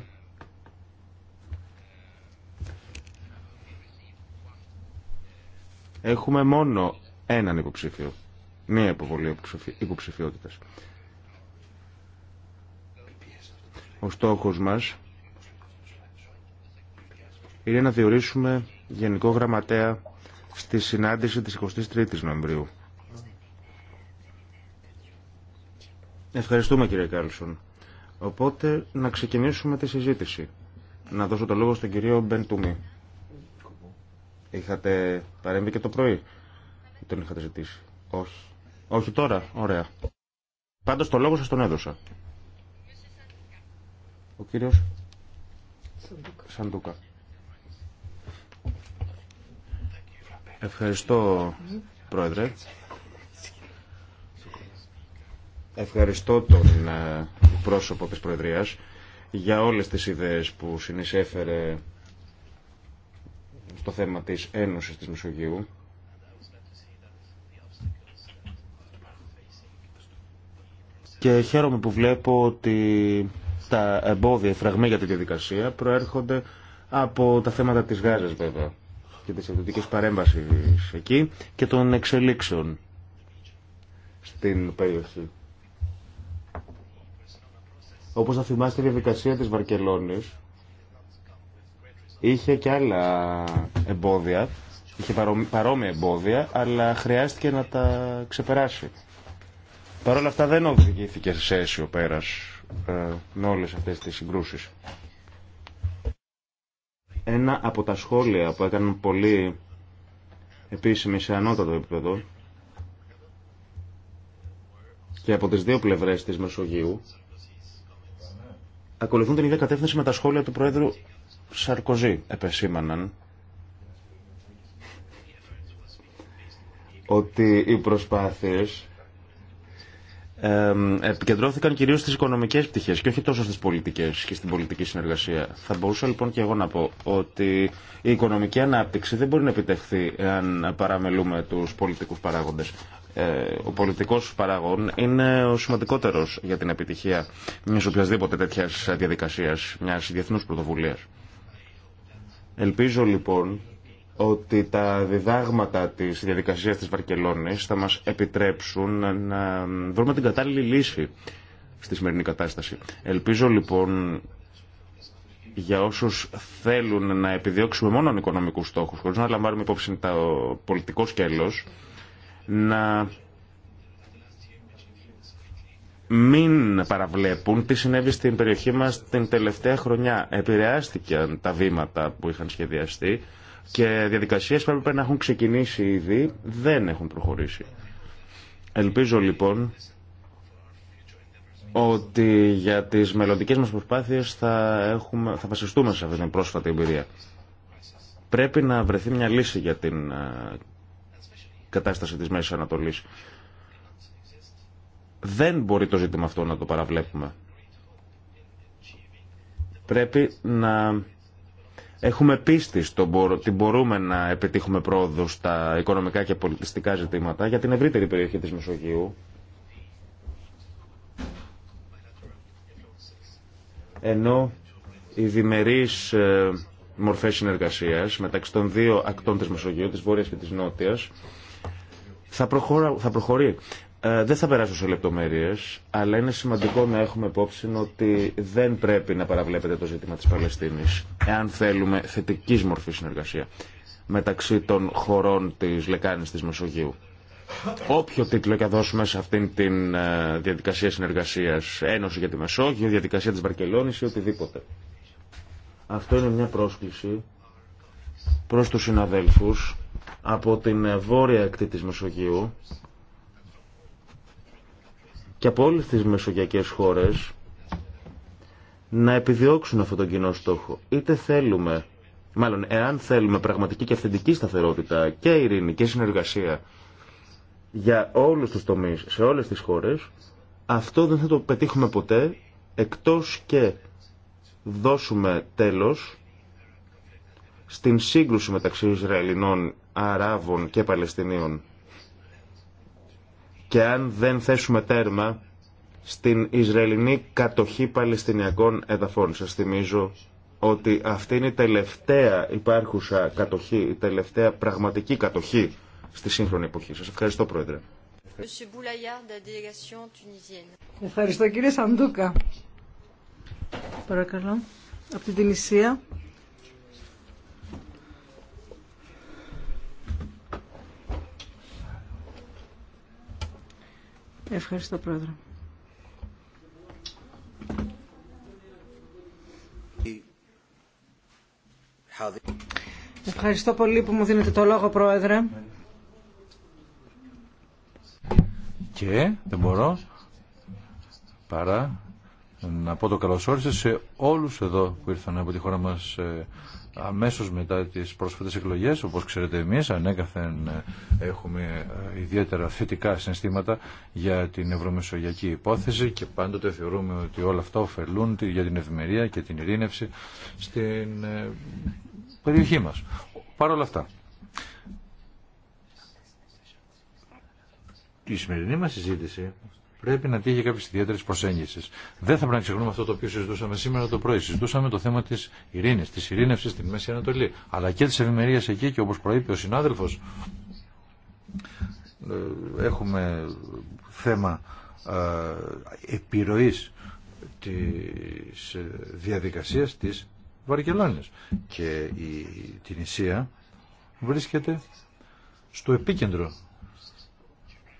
έχουμε μόνο έναν υποψήφιο. Μία υποβολή υποψηφιότητα. Ο στόχο μα, είναι να διορίσουμε Γενικό Γραμματέα στη συνάντηση της 23 η Νοεμβρίου. Ευχαριστούμε κύριε Κάρλσον. Οπότε να ξεκινήσουμε τη συζήτηση. Να δώσω το λόγο στον κύριο Μπέντουμι. Είχατε παρέμβει και το πρωί. Τον είχατε ζητήσει. Όχι. Όχι τώρα. Ωραία. Πάντως το λόγο σας τον έδωσα. Ο κύριος Σαντούκα. Σαντούκα. Ευχαριστώ, Πρόεδρε. Ευχαριστώ τον ε, πρόσωπο της Προεδρίας για όλες τις ιδέες που συνεισέφερε στο θέμα της Ένωσης της Μεσογείου. Και χαίρομαι που βλέπω ότι τα εμπόδια, οι φραγμοί για τη διαδικασία προέρχονται από τα θέματα της Γάζας βέβαια και της ευρωτικής παρέμβασης εκεί και των εξελίξεων στην περιοχή. Όπως θα θυμάστε η διαδικασία της Βαρκελόνης είχε και άλλα εμπόδια, είχε παρόμοια εμπόδια, αλλά χρειάστηκε να τα ξεπεράσει. Παρ' όλα αυτά δεν οδηγήθηκε σε αίσιο πέρας ε, με όλες αυτές τις συγκρούσεις. Ένα από τα σχόλια που έκαναν πολύ επίσημη σε ανώτατο επίπεδο και από τις δύο πλευρές της Μεσογείου ακολουθούν την ίδια κατεύθυνση με τα σχόλια του Πρόεδρου Σαρκοζή επεσήμαναν ότι οι προσπάθειες επικεντρώθηκαν κυρίως στις οικονομικές πτυχές και όχι τόσο στις πολιτικές και στην πολιτική συνεργασία. Θα μπορούσα λοιπόν και εγώ να πω ότι η οικονομική ανάπτυξη δεν μπορεί να επιτευχθεί αν παραμελούμε τους πολιτικούς παράγοντες ο πολιτικό παράγων είναι ο σημαντικότερο για την επιτυχία μια οποιασδήποτε τέτοια διαδικασία, μια διεθνού πρωτοβουλία. Ελπίζω λοιπόν ότι τα διδάγματα της διαδικασίας της Βαρκελόνης θα μας επιτρέψουν να βρούμε την κατάλληλη λύση στη σημερινή κατάσταση. Ελπίζω λοιπόν για όσους θέλουν να επιδιώξουμε μόνο οικονομικούς στόχους χωρίς να λαμβάνουμε υπόψη το πολιτικό σκέλος να μην παραβλέπουν τι συνέβη στην περιοχή μας την τελευταία χρονιά. Επηρεάστηκαν τα βήματα που είχαν σχεδιαστεί και διαδικασίες που έπρεπε να έχουν ξεκινήσει ήδη δεν έχουν προχωρήσει. Ελπίζω λοιπόν ότι για τις μελλοντικές μας προσπάθειες θα, έχουμε, θα βασιστούμε σε αυτή την πρόσφατη εμπειρία. Πρέπει να βρεθεί μια λύση για την κατάσταση της Μέσης Ανατολής. Δεν μπορεί το ζήτημα αυτό να το παραβλέπουμε. Πρέπει να έχουμε πίστη στο ότι μπορούμε να επιτύχουμε πρόοδο στα οικονομικά και πολιτιστικά ζητήματα για την ευρύτερη περιοχή της Μεσογείου. Ενώ οι διμερείς ε, μορφές συνεργασίας μεταξύ των δύο ακτών της Μεσογείου, της Βόρειας και της Νότιας, θα, προχωρά, θα προχωρεί. Ε, δεν θα περάσω σε λεπτομέρειες, αλλά είναι σημαντικό να έχουμε υπόψη ότι δεν πρέπει να παραβλέπετε το ζήτημα τη Παλαιστίνης, εάν θέλουμε θετική μορφή συνεργασία μεταξύ των χωρών τη λεκάνη τη Μεσογείου. Όποιο τίτλο και δώσουμε σε αυτήν την ε, διαδικασία συνεργασία Ένωση για τη Μεσόγειο, διαδικασία τη Βαρκελόνη ή οτιδήποτε. Αυτό είναι μια πρόσκληση προς τους συναδέλφους από την βόρεια ακτή της Μεσογείου και από όλες τις μεσογειακές χώρες να επιδιώξουν αυτόν τον κοινό στόχο. Είτε θέλουμε, μάλλον εάν θέλουμε πραγματική και αυθεντική σταθερότητα και ειρήνη και συνεργασία για όλους τους τομείς, σε όλες τις χώρες, αυτό δεν θα το πετύχουμε ποτέ εκτός και δώσουμε τέλος στην σύγκρουση μεταξύ Ισραηλινών, Αράβων και Παλαιστινίων. Και αν δεν θέσουμε τέρμα στην Ισραηλινή κατοχή Παλαιστινιακών εδαφών. Σας θυμίζω ότι αυτή είναι η τελευταία υπάρχουσα κατοχή, η τελευταία πραγματική κατοχή στη σύγχρονη εποχή. Σας ευχαριστώ Πρόεδρε. Ευχαριστώ κύριε Σαντούκα. Παρακαλώ. Από την Τινησία. Ευχαριστώ πρόεδρε. Ευχαριστώ πολύ που μου δίνετε το λόγο, Πρόεδρε. Και δεν μπορώ παρά να πω το καλώς σε όλους εδώ που ήρθαν από τη χώρα μας ε, αμέσως μετά τις πρόσφατες εκλογές, όπως ξέρετε εμείς, ανέκαθεν ε, έχουμε ε, ιδιαίτερα θετικά συναισθήματα για την ευρωμεσογειακή υπόθεση και πάντοτε θεωρούμε ότι όλα αυτά ωφελούν για την ευημερία και την ειρήνευση στην ε, περιοχή μας. Παρ' όλα αυτά, η σημερινή μας συζήτηση πρέπει να τύχει κάποιε ιδιαίτερε προσέγγιση. Δεν θα πρέπει να ξεχνούμε αυτό το οποίο συζητούσαμε σήμερα το πρωί. Συζητούσαμε το θέμα τη ειρήνη, τη ειρήνευση στην Μέση Ανατολή, αλλά και τη ευημερία εκεί και όπω προείπε ο συνάδελφο. Ε, έχουμε θέμα ε, επιρροής της ε, διαδικασίας της Βαρκελόνης και η Τινησία βρίσκεται στο επίκεντρο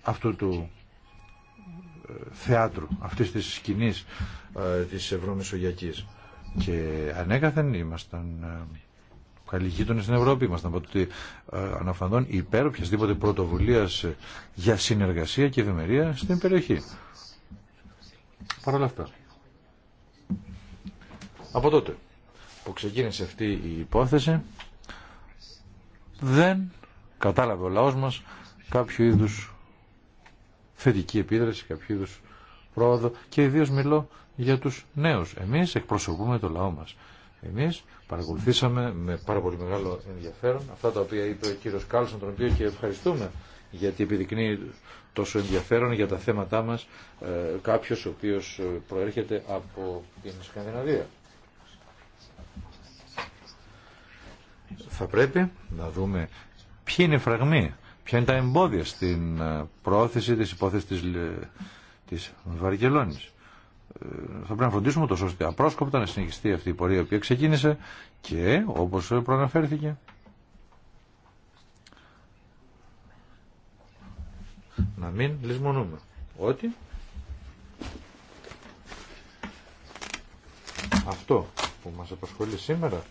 αυτού του θεάτρου, αυτής της σκηνής ε, της Ευρωμεσογειακής. Και ανέκαθεν ήμασταν ε, καλοί γείτονε στην Ευρώπη, ήμασταν ότι ε, αναφαντών υπέρ οποιασδήποτε πρωτοβουλία για συνεργασία και ευημερία στην περιοχή. Παρ' όλα αυτά. Από τότε που ξεκίνησε αυτή η υπόθεση, δεν κατάλαβε ο λαός μας κάποιο είδους θετική επίδραση, κάποιο είδου πρόοδο και ιδίω μιλώ για τους νέους. Εμείς εκπροσωπούμε το λαό μας. Εμείς παρακολουθήσαμε με πάρα πολύ μεγάλο ενδιαφέρον αυτά τα οποία είπε ο κύριος Κάλσον, τον οποίο και ευχαριστούμε γιατί επιδεικνύει τόσο ενδιαφέρον για τα θέματά μας ε, κάποιος ο οποίος ε, προέρχεται από την Σκανδιναβία. Θα πρέπει να δούμε ποιοι είναι φραγμοί ποια είναι τα εμπόδια στην ε, πρόθεση της υπόθεσης της, ε, της Βαρκελόνης. Ε, θα πρέπει να φροντίσουμε τόσο ώστε απρόσκοπτα να συνεχιστεί αυτή η πορεία που ξεκίνησε και όπως προαναφέρθηκε να μην λησμονούμε ότι αυτό που μας απασχολεί σήμερα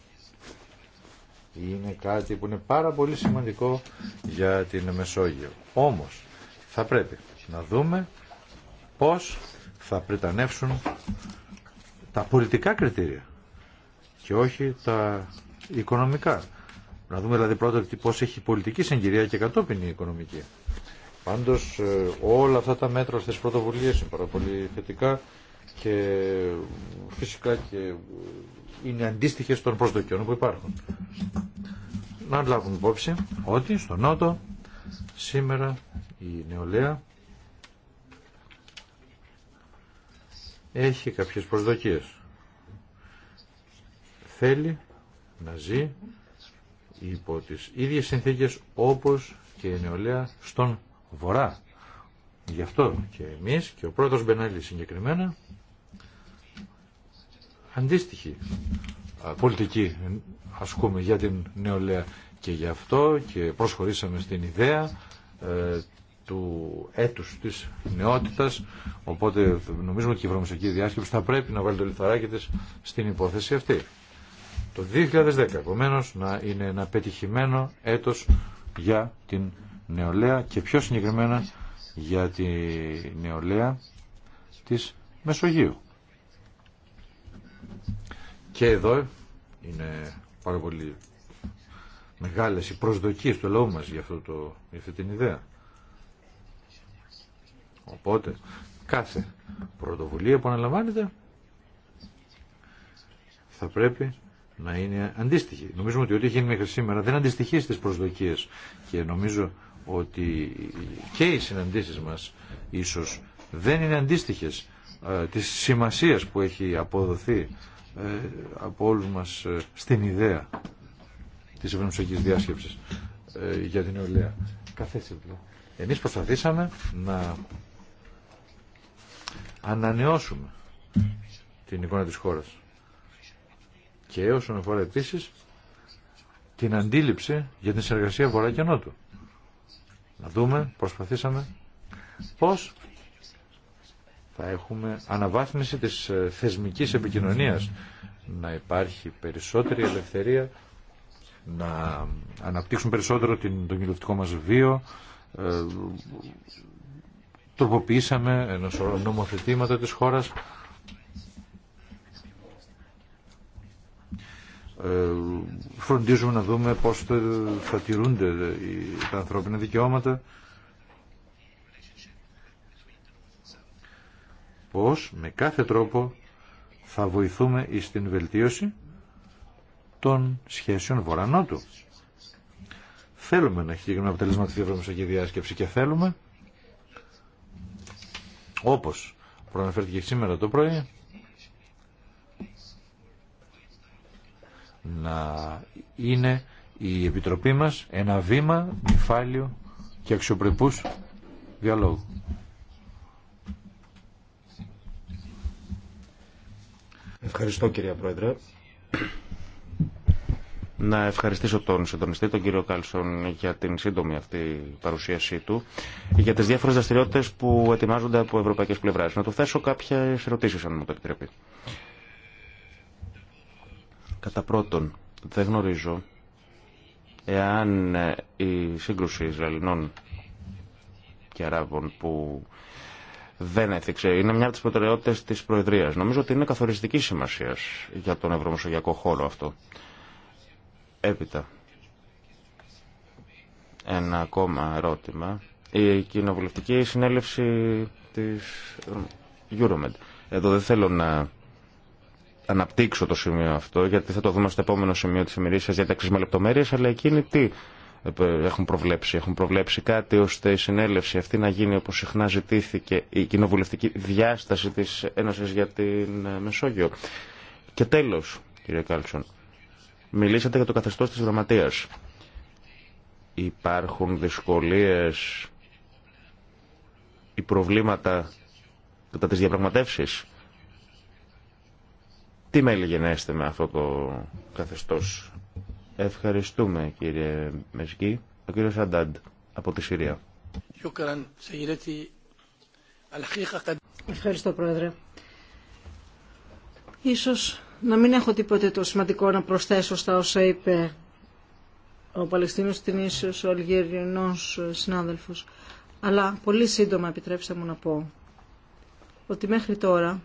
είναι κάτι που είναι πάρα πολύ σημαντικό για την Μεσόγειο. Όμως θα πρέπει να δούμε πώς θα πρετανεύσουν τα πολιτικά κριτήρια και όχι τα οικονομικά. Να δούμε δηλαδή πρώτα πώς έχει πολιτική συγκυρία και κατόπιν η οικονομική. Πάντως ε, όλα αυτά τα μέτρα, στις πρωτοβουλίες είναι πάρα πολύ θετικά και φυσικά και είναι αντίστοιχες των προσδοκιών που υπάρχουν. Να λάβουμε υπόψη ότι στο Νότο σήμερα η νεολαία έχει κάποιες προσδοκίες. Θέλει να ζει υπό τις ίδιες συνθήκες όπως και η νεολαία στον Βορρά. Γι' αυτό και εμείς και ο πρώτος Μπενάλη συγκεκριμένα αντίστοιχη πολιτική ασκούμε για την νεολαία και γι' αυτό και προσχωρήσαμε στην ιδέα ε, του έτους της νεότητας οπότε νομίζουμε ότι η Ευρωμεσιακή Διάσκεψη θα πρέπει να βάλει το λιθαράκι της στην υπόθεση αυτή. Το 2010 επομένω να είναι ένα πετυχημένο έτος για την νεολαία και πιο συγκεκριμένα για τη νεολαία της Μεσογείου. Και εδώ είναι πάρα πολύ μεγάλες οι προσδοκίες του λόγου μας για, αυτό το, για αυτή την ιδέα. Οπότε κάθε πρωτοβουλία που αναλαμβάνεται θα πρέπει να είναι αντίστοιχη. Νομίζω ότι ό,τι έχει γίνει μέχρι σήμερα δεν αντιστοιχεί στις προσδοκίες και νομίζω ότι και οι συναντήσεις μας ίσως δεν είναι αντίστοιχες τη ε, της σημασίας που έχει αποδοθεί ε, από όλους μας ε, στην ιδέα της Ευρωπαϊκής Διάσκεψης ε, για την νεολαία. Καθέσει πλέον. Λοιπόν. Εμείς προσπαθήσαμε να ανανεώσουμε την εικόνα της χώρας. Και όσον αφορά επίσης την αντίληψη για την συνεργασία Βορρά και Νότου. Να δούμε, προσπαθήσαμε, πώς θα έχουμε αναβάθμιση της ε, θεσμικής επικοινωνίας. Να υπάρχει περισσότερη ελευθερία, να αναπτύξουμε περισσότερο την, τον κοινωνικό μας βίο. Ε, τροποποιήσαμε ένα νομοθετήματα της χώρας. Ε, φροντίζουμε να δούμε πώς θα τηρούνται τα ανθρώπινα δικαιώματα. πώς με κάθε τρόπο θα βοηθούμε στην βελτίωση των σχέσεων βορανότου. Θέλουμε να έχει γίνει αποτελέσμα τη και διάσκεψη και θέλουμε, όπως προαναφέρθηκε σήμερα το πρωί, να είναι η Επιτροπή μας ένα βήμα νυφάλιο και αξιοπρεπούς διαλόγου. Ευχαριστώ κυρία Πρόεδρε. Να ευχαριστήσω τον συντονιστή, τον κύριο Κάλσον, για την σύντομη αυτή παρουσίασή του, για τις διάφορες δραστηριότητε που ετοιμάζονται από ευρωπαϊκέ. πλευρά. Να του θέσω κάποιε ερωτήσεις, αν μου το επιτρέπει. Κατά πρώτον, δεν γνωρίζω εάν η σύγκρουση Ισραηλινών και Αράβων που δεν έθιξε. Είναι μια από τις προτεραιότητε της Προεδρίας. Νομίζω ότι είναι καθοριστική σημασία για τον ευρωμεσογειακό χώρο αυτό. Έπειτα, ένα ακόμα ερώτημα. Η κοινοβουλευτική συνέλευση της Euromed. Εδώ δεν θέλω να αναπτύξω το σημείο αυτό, γιατί θα το δούμε στο επόμενο σημείο της ημερήσια διαταξή με λεπτομέρειε, αλλά εκείνη τι ε, έχουν προβλέψει. Έχουν προβλέψει κάτι ώστε η συνέλευση αυτή να γίνει όπως συχνά ζητήθηκε η κοινοβουλευτική διάσταση της Ένωσης για την ε, Μεσόγειο. Και τέλος, κύριε Κάλσον, μιλήσατε για το καθεστώς της δραματείας. Υπάρχουν δυσκολίες ή προβλήματα κατά τις διαπραγματεύσεις. Τι μέλη γενέστε με αυτό το καθεστώς Ευχαριστούμε κύριε Μεσκή. Ο κύριο Αντάντ από τη Συρία. Ευχαριστώ πρόεδρε. Ίσως να μην έχω τίποτε το σημαντικό να προσθέσω στα όσα είπε ο Παλαιστίνος την ο Αλγερινός συνάδελφος. Αλλά πολύ σύντομα επιτρέψτε μου να πω ότι μέχρι τώρα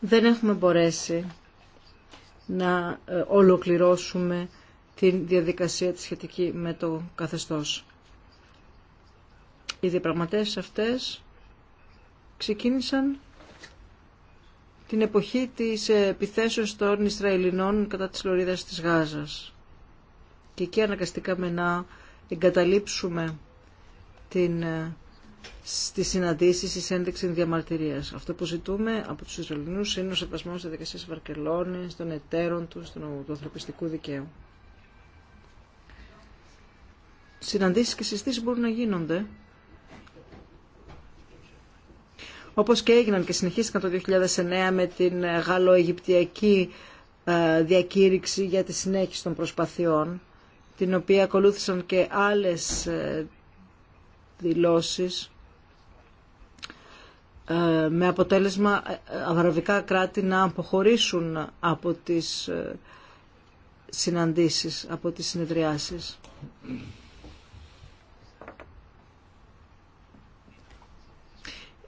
δεν έχουμε μπορέσει να ε, ολοκληρώσουμε την διαδικασία τη σχετική με το καθεστώς. Οι διαπραγματεύσεις αυτές ξεκίνησαν την εποχή της επιθέσεως των Ισραηλινών κατά της Λωρίδας της Γάζας. Και εκεί αναγκαστήκαμε να εγκαταλείψουμε την ε, Στι συναντήσει ει ένδειξη διαμαρτυρία. Αυτό που ζητούμε από του Ισραηλινούς είναι ο σεβασμό τη δικασία Βαρκελόνη, των εταίρων του, του ανθρωπιστικού δικαίου. Συναντήσει και συστήσει μπορούν να γίνονται. Όπως και έγιναν και συνεχίστηκαν το 2009 με την γαλλο-αιγυπτιακή ε, διακήρυξη για τη συνέχιση των προσπαθειών, την οποία ακολούθησαν και άλλες ε, δηλώσεις ε, με αποτέλεσμα ε, αραβικά κράτη να αποχωρήσουν από τις ε, συναντήσεις, από τις συνεδριάσεις.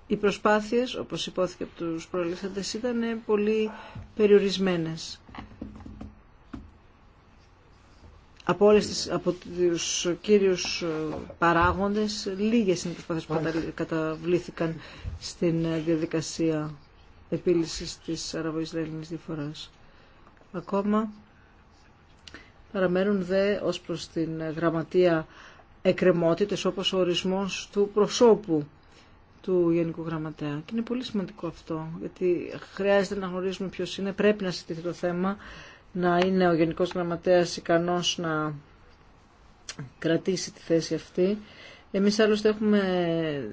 Οι προσπάθειες, όπως υπόθηκε από τους προελήφθαντες, ήταν πολύ περιορισμένες. από, όλες τις, από τους κύριους ε, παράγοντες, λίγες είναι οι προσπάθειες που καταβλήθηκαν στην ε, διαδικασία επίλυσης της Αραβο-Ισραηλινής διαφοράς. Ακόμα παραμένουν δε ως προς την ε, γραμματεία εκκρεμότητες όπως ο ορισμός του προσώπου του Γενικού Γραμματέα. Και είναι πολύ σημαντικό αυτό, γιατί χρειάζεται να γνωρίζουμε ποιος είναι, πρέπει να συζητηθεί το θέμα να είναι ο Γενικός Γραμματέας ικανός να κρατήσει τη θέση αυτή. Εμείς άλλωστε έχουμε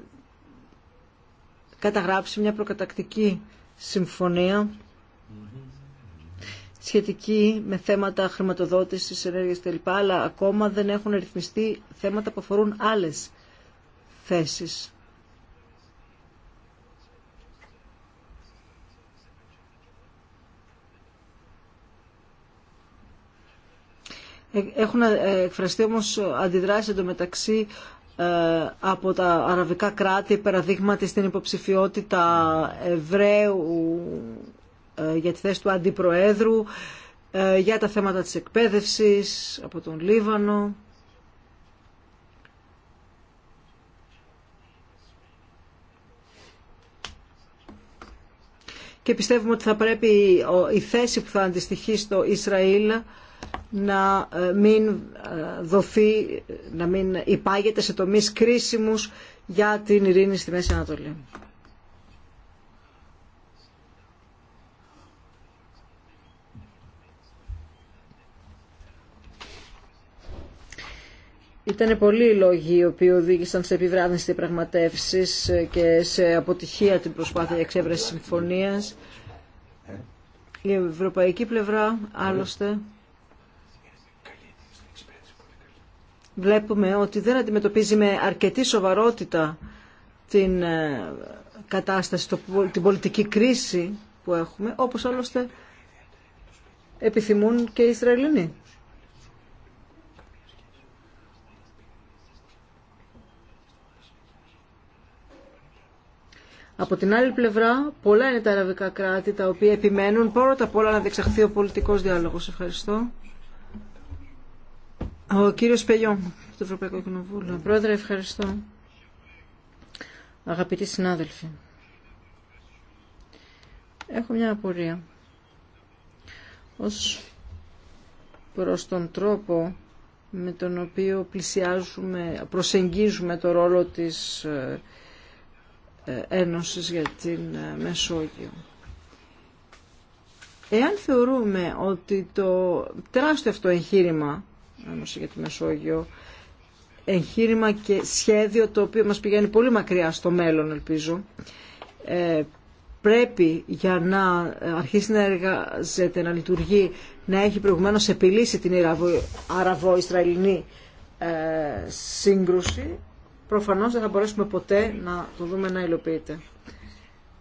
καταγράψει μια προκατακτική συμφωνία σχετική με θέματα χρηματοδότησης, ενέργειας κλπ. Αλλά ακόμα δεν έχουν ρυθμιστεί θέματα που αφορούν άλλες θέσεις. Έχουν ε, εκφραστεί όμως αντιδράσεις εντωμεταξύ ε, από τα αραβικά κράτη, παραδείγματι στην υποψηφιότητα Εβραίου ε, για τη θέση του Αντιπροέδρου, για τα θέματα της εκπαίδευσης από τον Λίβανο. Και πιστεύουμε ότι θα πρέπει η θέση που θα αντιστοιχεί στο Ισραήλ να ε, μην ε, δοθεί, να μην υπάγεται σε τομείς κρίσιμους για την ειρήνη στη Μέση Ανατολή. Ήταν πολλοί οι λόγοι οι οποίοι οδήγησαν σε επιβράδυνση διαπραγματεύσει και σε αποτυχία την προσπάθεια εξέβρεση συμφωνίας. Η ευρωπαϊκή πλευρά, άλλωστε, βλέπουμε ότι δεν αντιμετωπίζει με αρκετή σοβαρότητα την ε, κατάσταση, την πολιτική κρίση που έχουμε, όπως άλλωστε επιθυμούν και οι Ισραηλινοί. Από την άλλη πλευρά, πολλά είναι τα αραβικά κράτη τα οποία επιμένουν πρώτα απ' όλα να διεξαχθεί ο πολιτικός διάλογος. Ευχαριστώ. Ο κύριος Πελιό, του Ευρωπαϊκού Κοινοβούλου. Πρόεδρε, ευχαριστώ. Αγαπητοί συνάδελφοι, έχω μια απορία ως προς τον τρόπο με τον οποίο πλησιάζουμε, προσεγγίζουμε το ρόλο της ε, ε, Ένωσης για την ε, Μεσόγειο. Εάν θεωρούμε ότι το τεράστιο αυτό εγχείρημα Ένωση για τη Μεσόγειο εγχείρημα και σχέδιο το οποίο μας πηγαίνει πολύ μακριά στο μέλλον ελπίζω ε, πρέπει για να αρχίσει να εργαζεται, να λειτουργεί να έχει προηγουμένως επιλύσει την αραβο-ισραηλινή ε, σύγκρουση προφανώς δεν θα μπορέσουμε ποτέ να το δούμε να υλοποιείται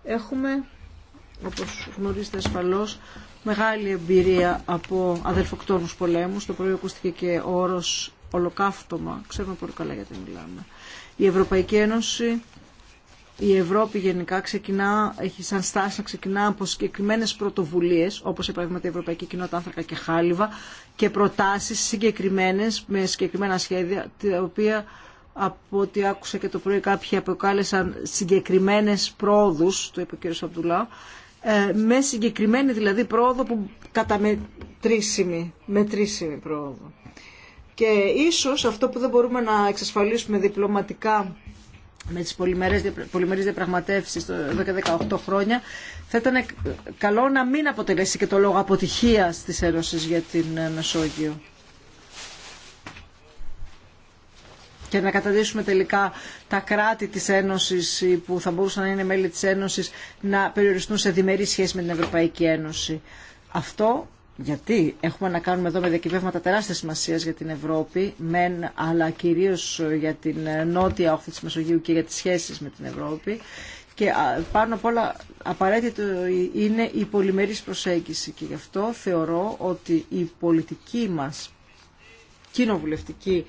έχουμε όπως γνωρίζετε ασφαλώς μεγάλη εμπειρία από αδελφοκτόνους πολέμους. Το πρωί ακούστηκε και ο όρος ολοκαύτωμα. Ξέρουμε πολύ καλά γιατί μιλάμε. Η Ευρωπαϊκή Ένωση, η Ευρώπη γενικά ξεκινά, έχει σαν στάση να ξεκινά από συγκεκριμένε πρωτοβουλίε, όπω για παράδειγμα, η Ευρωπαϊκή Κοινότητα Άνθρακα και Χάλιβα, και προτάσει συγκεκριμένε με συγκεκριμένα σχέδια, τα οποία από ό,τι άκουσα και το πρωί κάποιοι αποκάλεσαν συγκεκριμένε πρόοδου, το είπε ο κ. Σαμπτουλά, ε, με συγκεκριμένη δηλαδή πρόοδο που καταμετρήσιμη, μετρήσιμη πρόοδο. Και ίσως αυτό που δεν μπορούμε να εξασφαλίσουμε διπλωματικά με τις πολυμερές διαπραγματεύσεις εδώ και 18 χρόνια θα ήταν καλό να μην αποτελέσει και το λόγο αποτυχίας της Ένωσης για την Μεσόγειο. και να καταδίσουμε τελικά τα κράτη της Ένωσης που θα μπορούσαν να είναι μέλη της Ένωσης να περιοριστούν σε διμερείς σχέση με την Ευρωπαϊκή Ένωση. Αυτό γιατί έχουμε να κάνουμε εδώ με διακυβεύματα τεράστια σημασία για την Ευρώπη, μεν, αλλά κυρίω για την νότια όχθη τη Μεσογείου και για τι σχέσει με την Ευρώπη. Και πάνω απ' όλα απαραίτητο είναι η πολυμερής προσέγγιση και γι' αυτό θεωρώ ότι η πολιτική μας κοινοβουλευτική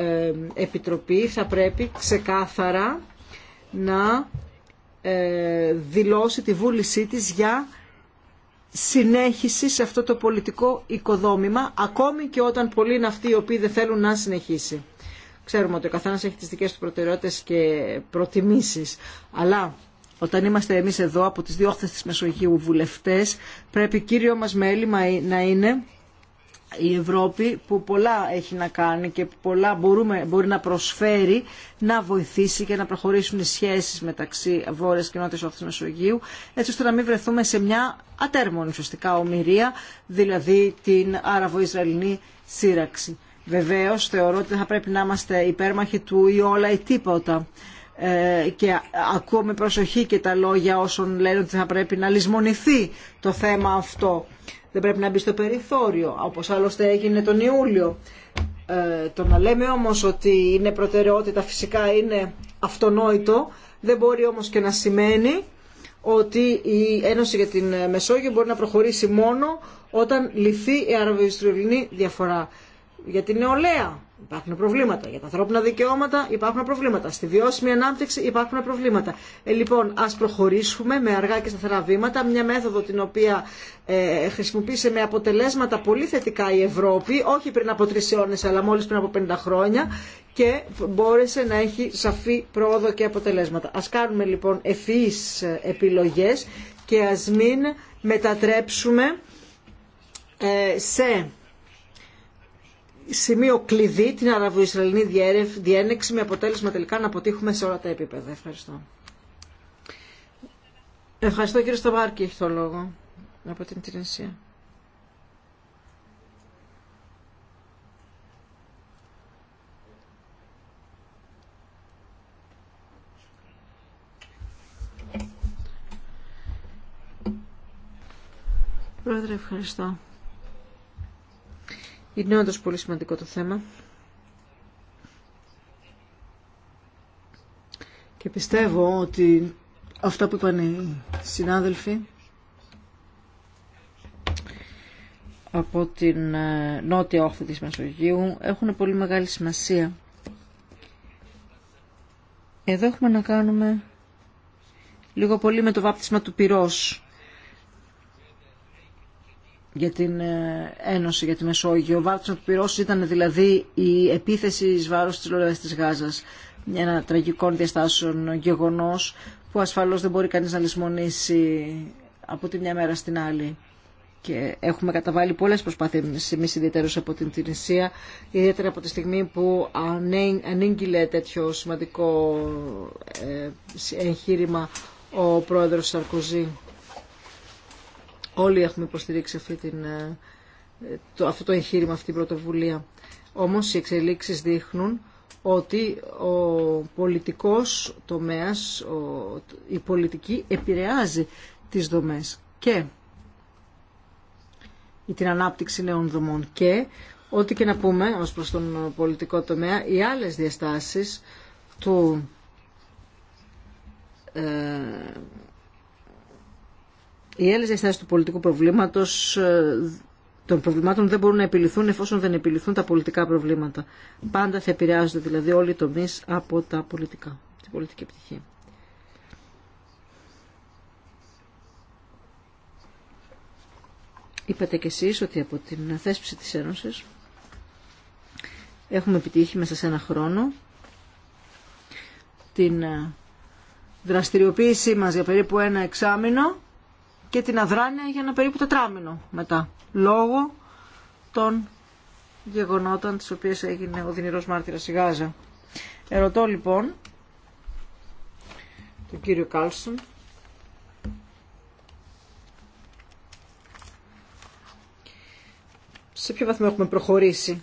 ε, επιτροπή θα πρέπει ξεκάθαρα να ε, δηλώσει τη βούλησή της για συνέχιση σε αυτό το πολιτικό οικοδόμημα, ακόμη και όταν πολλοί είναι αυτοί οι οποίοι δεν θέλουν να συνεχίσει. Ξέρουμε ότι ο καθένας έχει τις δικές του προτεραιότητες και προτιμήσεις, αλλά όταν είμαστε εμείς εδώ από τις διόχθες της Μεσογείου βουλευτές, πρέπει κύριο μας μέλημα να είναι η Ευρώπη που πολλά έχει να κάνει και πολλά μπορούμε, μπορεί να προσφέρει να βοηθήσει και να προχωρήσουν οι σχέσεις μεταξύ Βόρειας και Νότιας Όχθης έτσι ώστε να μην βρεθούμε σε μια ατέρμονη ουσιαστικά ομοιρία δηλαδή την Άραβο-Ισραηλινή σύραξη. Βεβαίως θεωρώ ότι θα πρέπει να είμαστε υπέρμαχοι του ή όλα ή τίποτα ε, και ακούω με προσοχή και τα λόγια όσων λένε ότι θα πρέπει να λησμονηθεί το θέμα αυτό δεν πρέπει να μπει στο περιθώριο, όπως άλλωστε έγινε τον Ιούλιο. Ε, το να λέμε όμως ότι είναι προτεραιότητα φυσικά είναι αυτονόητο, δεν μπορεί όμως και να σημαίνει ότι η Ένωση για την Μεσόγειο μπορεί να προχωρήσει μόνο όταν λυθεί η αραβιστρολινή διαφορά. Για την νεολαία Υπάρχουν προβλήματα. Για τα ανθρώπινα δικαιώματα υπάρχουν προβλήματα. Στη βιώσιμη ανάπτυξη υπάρχουν προβλήματα. Ε, λοιπόν, α προχωρήσουμε με αργά και σταθερά βήματα. Μια μέθοδο την οποία ε, χρησιμοποίησε με αποτελέσματα πολύ θετικά η Ευρώπη, όχι πριν από τρει αιώνε, αλλά μόλι πριν από 50 χρόνια και μπόρεσε να έχει σαφή πρόοδο και αποτελέσματα. Α κάνουμε λοιπόν ευφυεί επιλογέ και α μην μετατρέψουμε ε, σε σημείο κλειδί την αραβο διένεξη με αποτέλεσμα τελικά να αποτύχουμε σε όλα τα επίπεδα. Ευχαριστώ. Ευχαριστώ κύριε Σταμπάρκη, έχει το λόγο από την Τινησία. Πρόεδρε, ευχαριστώ. Είναι όντω πολύ σημαντικό το θέμα. Και πιστεύω ότι αυτά που είπαν οι συνάδελφοι από την ε, νότια όχθη της Μεσογείου έχουν πολύ μεγάλη σημασία. Εδώ έχουμε να κάνουμε λίγο πολύ με το βάπτισμα του πυρός για την ε, Ένωση για τη Μεσόγειο. Ο βάρος του πυρός ήταν δηλαδή η επίθεση εις βάρος της Λόρας της Γάζας. Ένα τραγικό διαστάσεων γεγονός που ασφαλώς δεν μπορεί κανείς να λησμονήσει από τη μια μέρα στην άλλη. Και έχουμε καταβάλει πολλές προσπάθειες εμείς ιδιαίτερως από την Τινησία, ιδιαίτερα από τη στιγμή που ανήγγειλε τέτοιο σημαντικό ε, εγχείρημα ο πρόεδρος Σαρκοζή. Όλοι έχουμε υποστηρίξει αυτή ε, το, αυτό το εγχείρημα, αυτή την πρωτοβουλία. Όμως οι εξελίξεις δείχνουν ότι ο πολιτικός τομέας, ο, η πολιτική επηρεάζει τις δομές και ή την ανάπτυξη νέων δομών και ό,τι και να πούμε ως προς τον πολιτικό τομέα, οι άλλες διαστάσεις του ε, οι άλλε διαστάσει του πολιτικού προβλήματο ε, των προβλημάτων δεν μπορούν να επιληθούν εφόσον δεν επιληθούν τα πολιτικά προβλήματα. Πάντα θα επηρεάζονται δηλαδή όλοι οι τομεί από τα πολιτικά, την πολιτική πτυχή. Είπατε κι εσείς ότι από την θέσπιση της Ένωσης έχουμε επιτύχει μέσα σε ένα χρόνο την ε, δραστηριοποίησή μας για περίπου ένα εξάμεινο και την αδράνεια για ένα περίπου τετράμινο μετά, λόγω των γεγονότων τις οποίες έγινε ο δινηρός μάρτυρας η Γάζα. Ερωτώ λοιπόν τον κύριο Κάλσον σε ποιο βαθμό έχουμε προχωρήσει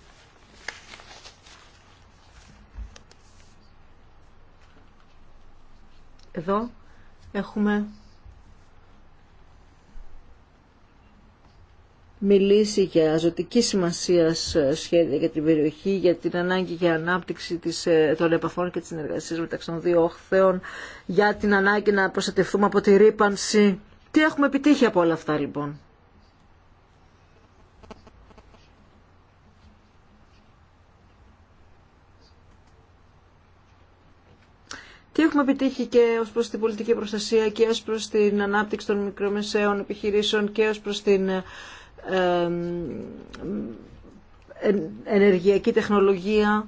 εδώ έχουμε μιλήσει για ζωτική σημασία σχέδια για την περιοχή, για την ανάγκη για ανάπτυξη της, ε, των επαφών και της συνεργασίας μεταξύ των δύο όχθεων, για την ανάγκη να προστατευτούμε από τη ρήπανση. Τι έχουμε επιτύχει από όλα αυτά λοιπόν. Τι έχουμε επιτύχει και ως προς την πολιτική προστασία και ως προς την ανάπτυξη των μικρομεσαίων επιχειρήσεων και ως προς την ε, ενεργειακή τεχνολογία.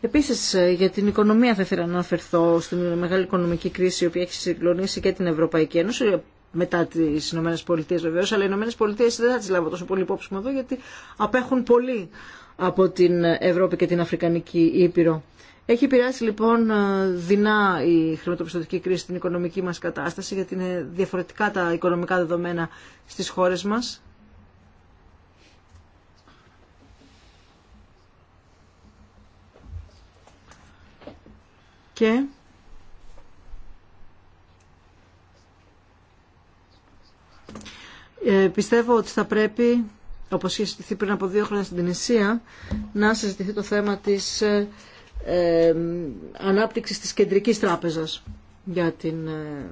Επίσης ε, για την οικονομία θα ήθελα να αναφερθώ στην μεγάλη οικονομική κρίση η οποία έχει συγκλονίσει και την Ευρωπαϊκή Ένωση μετά τις Ηνωμένες Πολιτείες βεβαίως, αλλά οι Ηνωμένες Πολιτείες δεν θα τις λάβω τόσο πολύ υπόψη μου εδώ γιατί απέχουν πολύ από την Ευρώπη και την Αφρικανική Ήπειρο. Έχει επηρεάσει λοιπόν ε, δεινά η χρηματοπιστωτική κρίση στην οικονομική μας κατάσταση, γιατί είναι διαφορετικά τα οικονομικά δεδομένα στις χώρες μας. Και... Ε, πιστεύω ότι θα πρέπει, όπως είχε συζητηθεί πριν από δύο χρόνια στην Τινησία, να συζητηθεί το θέμα της ε, ανάπτυξη της Κεντρικής Τράπεζας για την ε,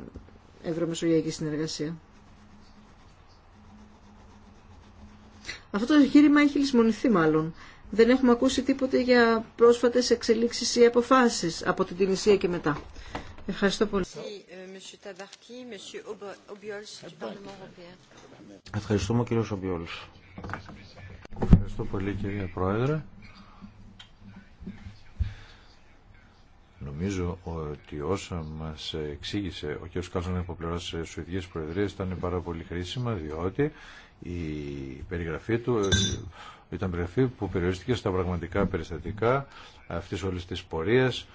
Ευρωμεσογειακή Συνεργασία. Αυτό το εγχείρημα έχει λησμονηθεί μάλλον. Δεν έχουμε ακούσει τίποτε για πρόσφατες εξελίξεις ή αποφάσεις από την Τινησία και μετά. Ευχαριστώ πολύ. Euh, Ευχαριστούμε κύριο Σομπιόλς. Ευχαριστώ πολύ κύριε Πρόεδρε. Νομίζω ότι όσα μας εξήγησε ο κ. Κάλσον από πλευράς ειδικέ Προεδρίας ήταν πάρα πολύ χρήσιμα διότι η περιγραφή του ε, ήταν περιγραφή που περιορίστηκε στα πραγματικά περιστατικά αυτής όλης της πορείας,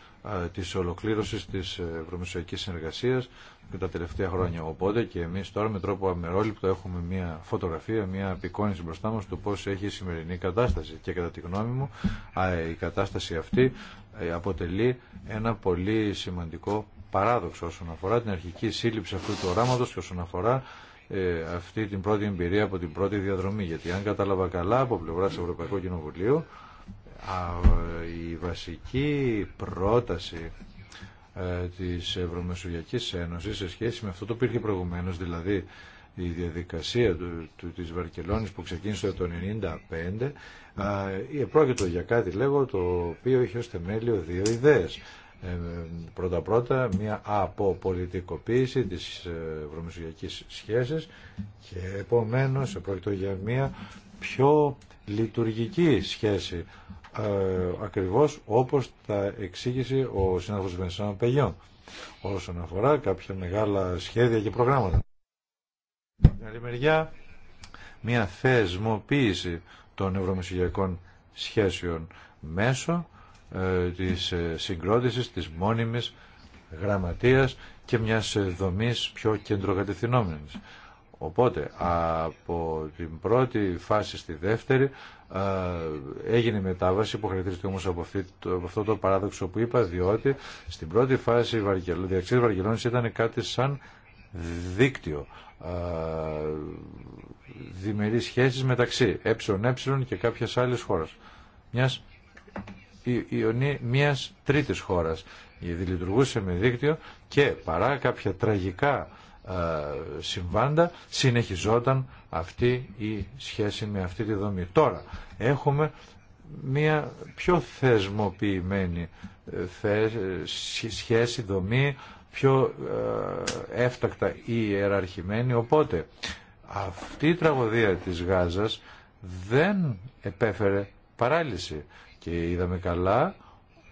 της ολοκλήρωσης της ευρωμεσοϊκής συνεργασίας και τα τελευταία χρόνια. Οπότε και εμείς τώρα με τρόπο αμερόληπτο έχουμε μια φωτογραφία, μια απεικόνηση μπροστά μας του πώς έχει η σημερινή κατάσταση. Και κατά τη γνώμη μου η κατάσταση αυτή ε, αποτελεί ένα πολύ σημαντικό παράδοξο όσον αφορά την αρχική σύλληψη αυτού του οράματος και όσον αφορά ε, αυτή την πρώτη εμπειρία από την πρώτη διαδρομή. Γιατί αν κατάλαβα καλά από πλευρά του Ευρωπαϊκού Κοινοβουλίου, η βασική πρόταση ε, της Ευρωμεσογειακής Ένωσης σε σχέση με αυτό το υπήρχε προηγουμένως, δηλαδή η διαδικασία του, του, της Βαρκελόνης που ξεκίνησε το 1995 ε, πρόκειτο για κάτι λέγω το οποίο είχε ως θεμέλιο δύο ιδέες ε, πρώτα-πρώτα μια αποπολιτικοποίηση της ε, ευρωμεσογειακής σχέσης και επομένως πρόκειται για μια πιο λειτουργική σχέση ε, ακριβώς όπως τα εξήγησε ο συνάδελφος Βενσάν Παιδιών όσον αφορά κάποια μεγάλα σχέδια και προγράμματα. Την άλλη μεριά, μια θεσμοποίηση των ευρωμεσογειακών σχέσεων μέσω ε, της ε, συγκρότησης, της μόνιμης γραμματείας και μιας δομής πιο κεντροκατευθυνόμενης. Οπότε από την πρώτη φάση στη δεύτερη ε, έγινε η μετάβαση που χαρακτηρίζεται όμως από, αυτό το παράδοξο που είπα διότι στην πρώτη φάση η διαξίδη Βαργελόνης ήταν κάτι σαν δίκτυο διμερείς σχέσεις μεταξύ ε και κάποιες άλλες χώρες μιας ιονή μιας τρίτης χώρας. Γιατί λειτουργούσε με δίκτυο και παρά κάποια τραγικά συμβάντα συνεχιζόταν αυτή η σχέση με αυτή τη δομή. Τώρα έχουμε μια πιο θεσμοποιημένη ε, σχέση, δομή, πιο ε, έφτακτα ιεραρχημένη. Οπότε αυτή η τραγωδία της Γάζας δεν επέφερε παράλυση. Και είδαμε καλά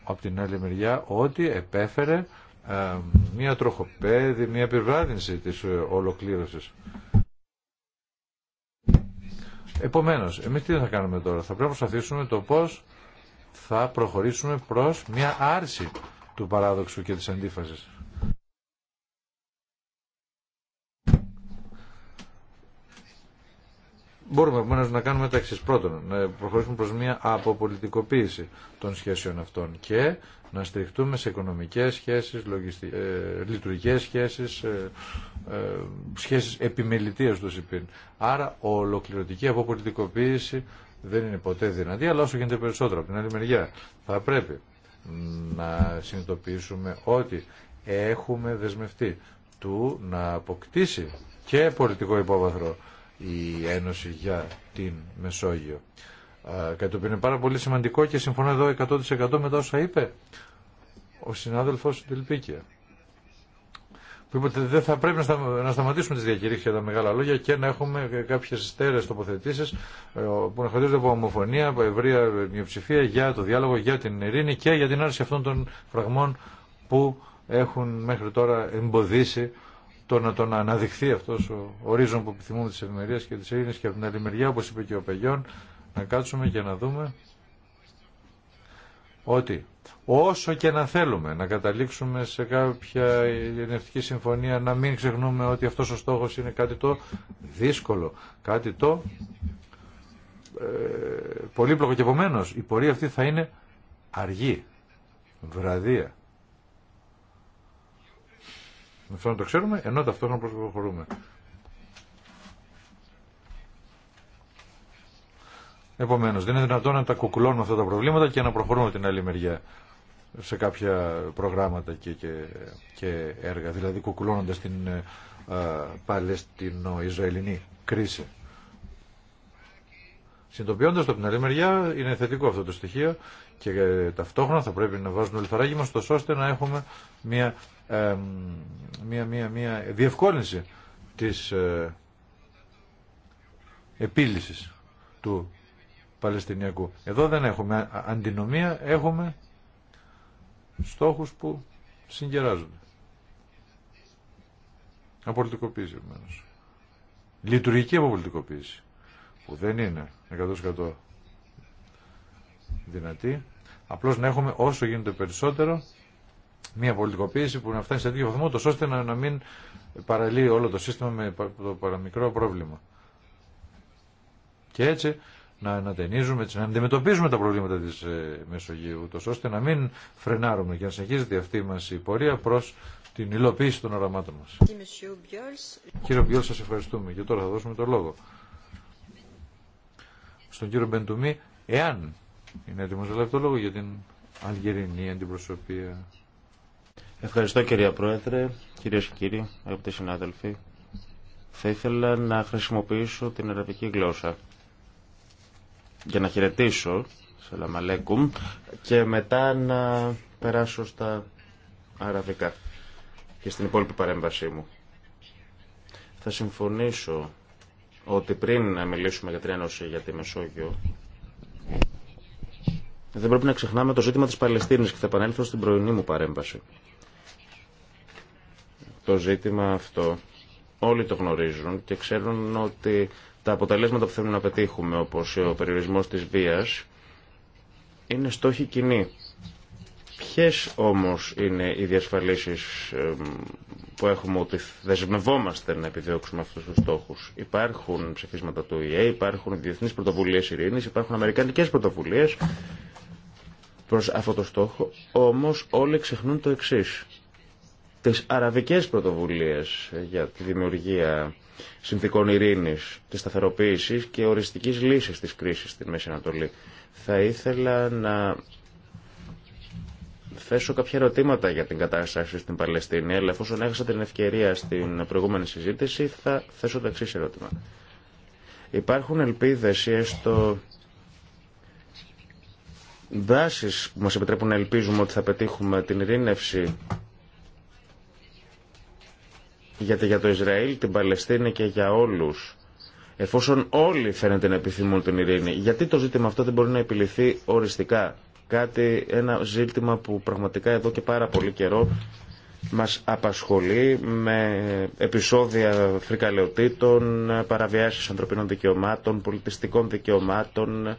από την άλλη μεριά ότι επέφερε ε, μία τροχοπέδη, μία επιβράδυνση της ε, ολοκλήρωσης. Επομένως, εμείς τι θα κάνουμε τώρα. Θα πρέπει να προσπαθήσουμε το πώς θα προχωρήσουμε προς μία άρση του παράδοξου και της αντίφασης. Μπορούμε επομένω να κάνουμε τα εξή. Πρώτον, να προχωρήσουμε προ μια αποπολιτικοποίηση των σχέσεων αυτών και να στηριχτούμε σε οικονομικέ σχέσει, λογιστι... ε, λειτουργικέ σχέσει, ε, ε, σχέσει επιμελητία του ΣΥΠΗΝ. Άρα, ολοκληρωτική αποπολιτικοποίηση δεν είναι ποτέ δυνατή, αλλά όσο γίνεται περισσότερο. Από την άλλη μεριά, θα πρέπει να συνειδητοποιήσουμε ότι έχουμε δεσμευτεί του να αποκτήσει και πολιτικό υπόβαθρο η Ένωση για την Μεσόγειο. Κάτι το οποίο είναι πάρα πολύ σημαντικό και συμφωνώ εδώ 100% με τα όσα είπε ο συνάδελφος Τελπίκια. Που είπε ότι δεν θα πρέπει να σταματήσουμε τις διακηρύξεις για τα μεγάλα λόγια και να έχουμε κάποιες στέρεες τοποθετήσεις ε, που να χαρίζονται από ομοφωνία, από ευρεία μειοψηφία για το διάλογο, για την ειρήνη και για την άρση αυτών των φραγμών που έχουν μέχρι τώρα εμποδίσει το να τον αναδειχθεί αυτός ο ορίζον που επιθυμούμε της ευημερίες και τις ειρήνες και από την άλλη μεριά, όπως είπε και ο Πεγιόν, να κάτσουμε και να δούμε ότι όσο και να θέλουμε να καταλήξουμε σε κάποια ειρηνευτική συμφωνία, να μην ξεχνούμε ότι αυτός ο στόχος είναι κάτι το δύσκολο, κάτι το ε, πολύπλοκο και επομένω η πορεία αυτή θα είναι αργή, βραδία. Με αυτό να το ξέρουμε, ενώ ταυτόχρονα προχωρούμε. Επομένως, δεν είναι δυνατόν να τα κουκουλώνουμε αυτά τα προβλήματα και να προχωρούμε την άλλη μεριά σε κάποια προγράμματα και, και, και έργα, δηλαδή κουκουλώνοντας την ε, Παλαιστινο-Ισραηλινή κρίση. Συντοποιώντας το από την άλλη μεριά, είναι θετικό αυτό το στοιχείο και ε, ταυτόχρονα θα πρέπει να βάζουμε λιθαράκι μας, ώστε να έχουμε μια μια, μια, μια διευκόλυνση της ε, επίλυσης του Παλαιστινιακού. Εδώ δεν έχουμε αντινομία, έχουμε στόχους που συγκεράζονται. Απολυτικοποίηση επομένως. Λειτουργική απολυτικοποίηση, που δεν είναι 100% δυνατή. Απλώς να έχουμε όσο γίνεται περισσότερο μια πολιτικοποίηση που να φτάνει σε τέτοιο βαθμό, ώστε να, να μην παραλύει όλο το σύστημα με το παραμικρό πρόβλημα. Και έτσι να ανατενίζουμε, να αντιμετωπίζουμε τα προβλήματα τη ε, Μεσογείου, τόσο ώστε να μην φρενάρουμε και να συνεχίζεται αυτή μα η πορεία προ την υλοποίηση των οραμάτων μα. Κύριε Μπιόλ, σα ευχαριστούμε και τώρα θα δώσουμε το λόγο στον κύριο Μπεντουμή, εάν είναι έτοιμο να λάβει το λόγο για την Αλγερινή αντιπροσωπεία. Ευχαριστώ κυρία Πρόεδρε, κυρίες και κύριοι, αγαπητοί συνάδελφοι. Θα ήθελα να χρησιμοποιήσω την αραβική γλώσσα για να χαιρετήσω, σαλαμαλέκουμ, και μετά να περάσω στα αραβικά και στην υπόλοιπη παρέμβασή μου. Θα συμφωνήσω ότι πριν να μιλήσουμε για την Ένωση για τη Μεσόγειο, δεν πρέπει να ξεχνάμε το ζήτημα της Παλαιστίνης και θα επανέλθω στην πρωινή μου παρέμβαση. Το ζήτημα αυτό όλοι το γνωρίζουν και ξέρουν ότι τα αποτελέσματα που θέλουμε να πετύχουμε, όπως ο περιορισμός της βίας, είναι στόχοι κοινοί. Ποιες όμως είναι οι διασφαλίσεις που έχουμε ότι δεσμευόμαστε να επιδιώξουμε αυτούς τους στόχους. Υπάρχουν ψηφίσματα του ΙΕ, υπάρχουν διεθνείς πρωτοβουλίες ειρήνης, υπάρχουν αμερικανικές πρωτοβουλίες προς αυτό το στόχο, όμως όλοι ξεχνούν το εξής τις αραβικές πρωτοβουλίες για τη δημιουργία συνθήκων ειρήνης, της σταθεροποίησης και οριστικής λύσης της κρίσης στην Μέση Ανατολή. Θα ήθελα να θέσω κάποια ερωτήματα για την κατάσταση στην Παλαιστίνη, αλλά εφόσον έχασα την ευκαιρία στην προηγούμενη συζήτηση, θα θέσω το εξή ερώτημα. Υπάρχουν ελπίδες ή έστω που μας επιτρέπουν να ελπίζουμε ότι θα πετύχουμε την ειρήνευση γιατί για το Ισραήλ, την Παλαιστίνη και για όλους, εφόσον όλοι φαίνεται να επιθυμούν την ειρήνη, γιατί το ζήτημα αυτό δεν μπορεί να επιληθεί οριστικά. Κάτι, ένα ζήτημα που πραγματικά εδώ και πάρα πολύ καιρό μας απασχολεί με επεισόδια φρικαλαιοτήτων, παραβιάσεις ανθρωπίνων δικαιωμάτων, πολιτιστικών δικαιωμάτων.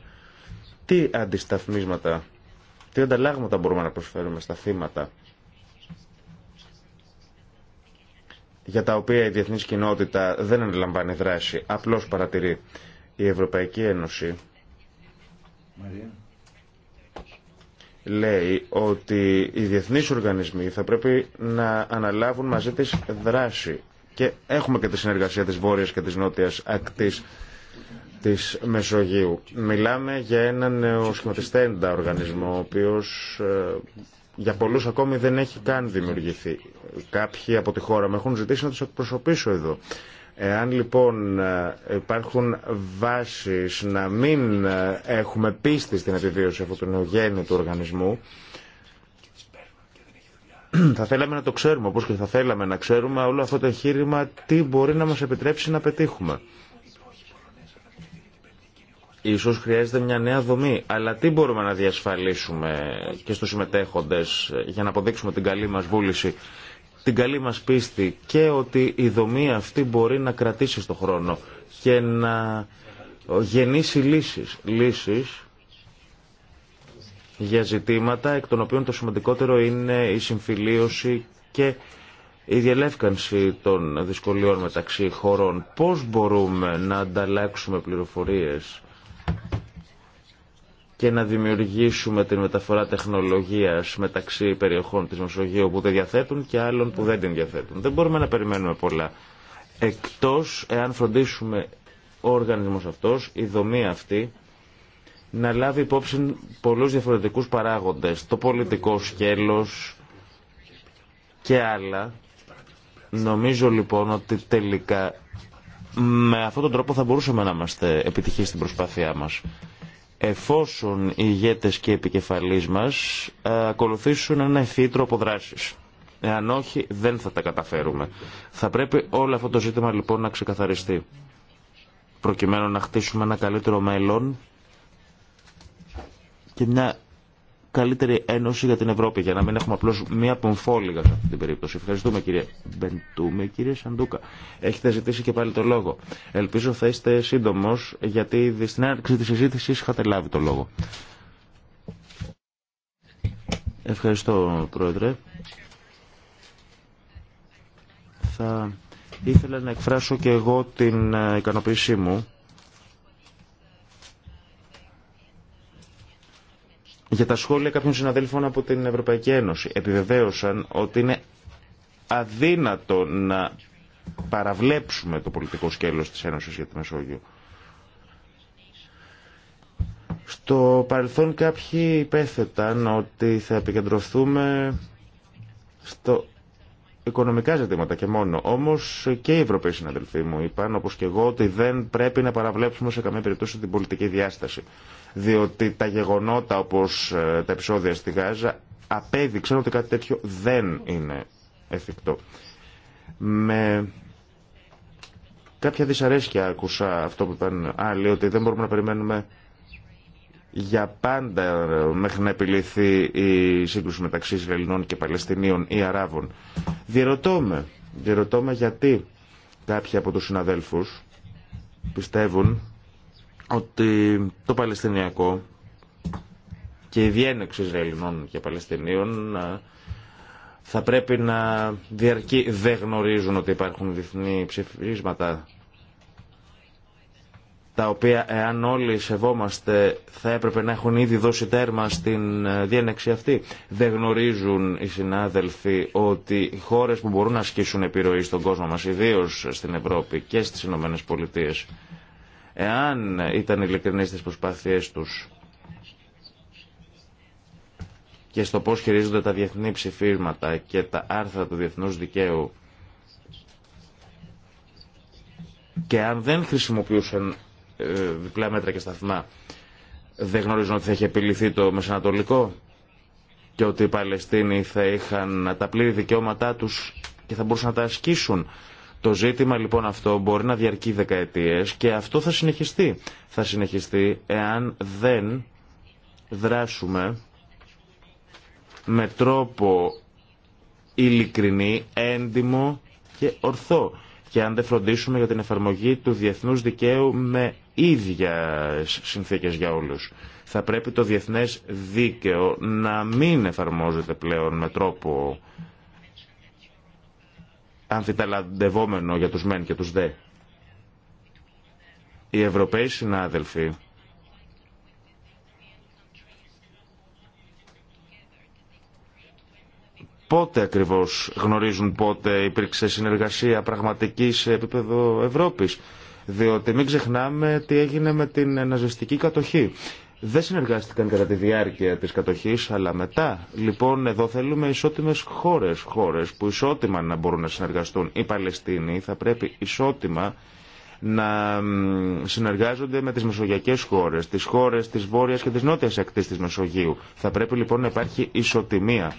Τι αντισταθμίσματα, τι ανταλλάγματα μπορούμε να προσφέρουμε στα θύματα για τα οποία η διεθνής κοινότητα δεν αναλαμβάνει δράση, απλώς παρατηρεί. Η Ευρωπαϊκή Ένωση λέει ότι οι διεθνείς οργανισμοί θα πρέπει να αναλάβουν μαζί της δράση. Και έχουμε και τη συνεργασία της Βόρειας και της Νότιας Ακτής της Μεσογείου. Μιλάμε για έναν νεοσχηματιστέντα οργανισμό, ο οποίος ε, για πολλούς ακόμη δεν έχει καν δημιουργηθεί. Κάποιοι από τη χώρα με έχουν ζητήσει να τους εκπροσωπήσω εδώ. Εάν λοιπόν ε, υπάρχουν βάσεις να μην ε, έχουμε πίστη στην επιβίωση αυτού του νεογέννη οργανισμού, θα θέλαμε να το ξέρουμε, όπως και θα θέλαμε να ξέρουμε όλο αυτό το εγχείρημα τι μπορεί να μας επιτρέψει να πετύχουμε. Ίσως χρειάζεται μια νέα δομή, αλλά τι μπορούμε να διασφαλίσουμε και στους συμμετέχοντες για να αποδείξουμε την καλή μας βούληση, την καλή μας πίστη και ότι η δομή αυτή μπορεί να κρατήσει στο χρόνο και να γεννήσει λύσεις. Λύσεις για ζητήματα εκ των οποίων το σημαντικότερο είναι η συμφιλίωση και η διελεύκανση των δυσκολιών μεταξύ χωρών. Πώς μπορούμε να ανταλλάξουμε πληροφορίες και να δημιουργήσουμε την μεταφορά τεχνολογίας μεταξύ περιοχών της Μεσογείου που δεν διαθέτουν και άλλων που δεν την διαθέτουν. Δεν μπορούμε να περιμένουμε πολλά. Εκτός εάν φροντίσουμε ο οργανισμός αυτός, η δομή αυτή, να λάβει υπόψη πολλούς διαφορετικούς παράγοντες, το πολιτικό σκέλος και άλλα. Νομίζω λοιπόν ότι τελικά με αυτόν τον τρόπο θα μπορούσαμε να είμαστε επιτυχεί στην προσπάθειά μας εφόσον οι ηγέτες και οι μας ε, ακολουθήσουν ένα ευθύ απο δράσεις Εάν όχι, δεν θα τα καταφέρουμε. Θα πρέπει όλο αυτό το ζήτημα λοιπόν να ξεκαθαριστεί. Προκειμένου να χτίσουμε ένα καλύτερο μέλλον και μια καλύτερη ένωση για την Ευρώπη, για να μην έχουμε απλώς μία πομφόλιγα σε αυτή την περίπτωση. Ευχαριστούμε κύριε Μπεντούμε, κύριε Σαντούκα. Έχετε ζητήσει και πάλι το λόγο. Ελπίζω θα είστε σύντομο, γιατί στην άρξη τη συζήτηση είχατε λάβει το λόγο. Ευχαριστώ Πρόεδρε. Θα ήθελα να εκφράσω και εγώ την ε, ικανοποίησή μου για τα σχόλια κάποιων συναδέλφων από την Ευρωπαϊκή Ένωση. Επιβεβαίωσαν ότι είναι αδύνατο να παραβλέψουμε το πολιτικό σκέλος της Ένωσης για τη Μεσόγειο. Στο παρελθόν κάποιοι υπέθεταν ότι θα επικεντρωθούμε στο οικονομικά ζητήματα και μόνο. Όμω και οι Ευρωπαίοι συναδελφοί μου είπαν, όπω και εγώ, ότι δεν πρέπει να παραβλέψουμε σε καμία περίπτωση την πολιτική διάσταση. Διότι τα γεγονότα όπως ε, τα επεισόδια στη Γάζα απέδειξαν ότι κάτι τέτοιο δεν είναι εφικτό. Με κάποια δυσαρέσκεια άκουσα αυτό που είπαν άλλοι, ότι δεν μπορούμε να περιμένουμε για πάντα μέχρι να επιληθεί η σύγκρουση μεταξύ Ισραηλινών και Παλαιστινίων ή Αράβων. Διερωτώ με, γιατί κάποιοι από τους συναδέλφους πιστεύουν ότι το Παλαιστινιακό και η διένεξη Ισραηλινών και Παλαιστινίων ε, θα πρέπει να διαρκεί. Δεν γνωρίζουν ότι υπάρχουν διεθνή ψηφίσματα τα οποία εάν όλοι σεβόμαστε θα έπρεπε να έχουν ήδη δώσει τέρμα στην ε, διένεξη αυτή. Δεν γνωρίζουν οι συνάδελφοι ότι οι χώρες που μπορούν να ασκήσουν επιρροή στον κόσμο μας, ιδίως στην Ευρώπη και στις Ηνωμένε Πολιτείες, Εάν ήταν ειλικρινείς στις προσπάθειές τους και στο πώς χειρίζονται τα διεθνή ψηφίσματα και τα άρθρα του διεθνούς δικαίου και αν δεν χρησιμοποιούσαν ε, διπλά μέτρα και σταθμά δεν γνωρίζουν ότι θα είχε επιληθεί το Μεσανατολικό και ότι οι Παλαιστίνοι θα είχαν τα πλήρη δικαιώματά τους και θα μπορούσαν να τα ασκήσουν το ζήτημα λοιπόν αυτό μπορεί να διαρκεί δεκαετίες και αυτό θα συνεχιστεί. Θα συνεχιστεί εάν δεν δράσουμε με τρόπο ειλικρινή, έντιμο και ορθό και αν δεν φροντίσουμε για την εφαρμογή του διεθνούς δικαίου με ίδια συνθήκες για όλους. Θα πρέπει το διεθνές δίκαιο να μην εφαρμόζεται πλέον με τρόπο αμφιταλαντευόμενο για τους μεν και τους δε. Οι Ευρωπαίοι συνάδελφοι πότε ακριβώς γνωρίζουν πότε υπήρξε συνεργασία πραγματική σε επίπεδο Ευρώπης. Διότι μην ξεχνάμε τι έγινε με την ναζιστική κατοχή δεν συνεργάστηκαν κατά τη διάρκεια της κατοχής, αλλά μετά. Λοιπόν, εδώ θέλουμε ισότιμες χώρες, χώρες που ισότιμα να μπορούν να συνεργαστούν. Οι Παλαιστίνοι θα πρέπει ισότιμα να συνεργάζονται με τις μεσογειακές χώρες, τις χώρες της βόρειας και της νότιας ακτής της Μεσογείου. Θα πρέπει λοιπόν να υπάρχει ισοτιμία.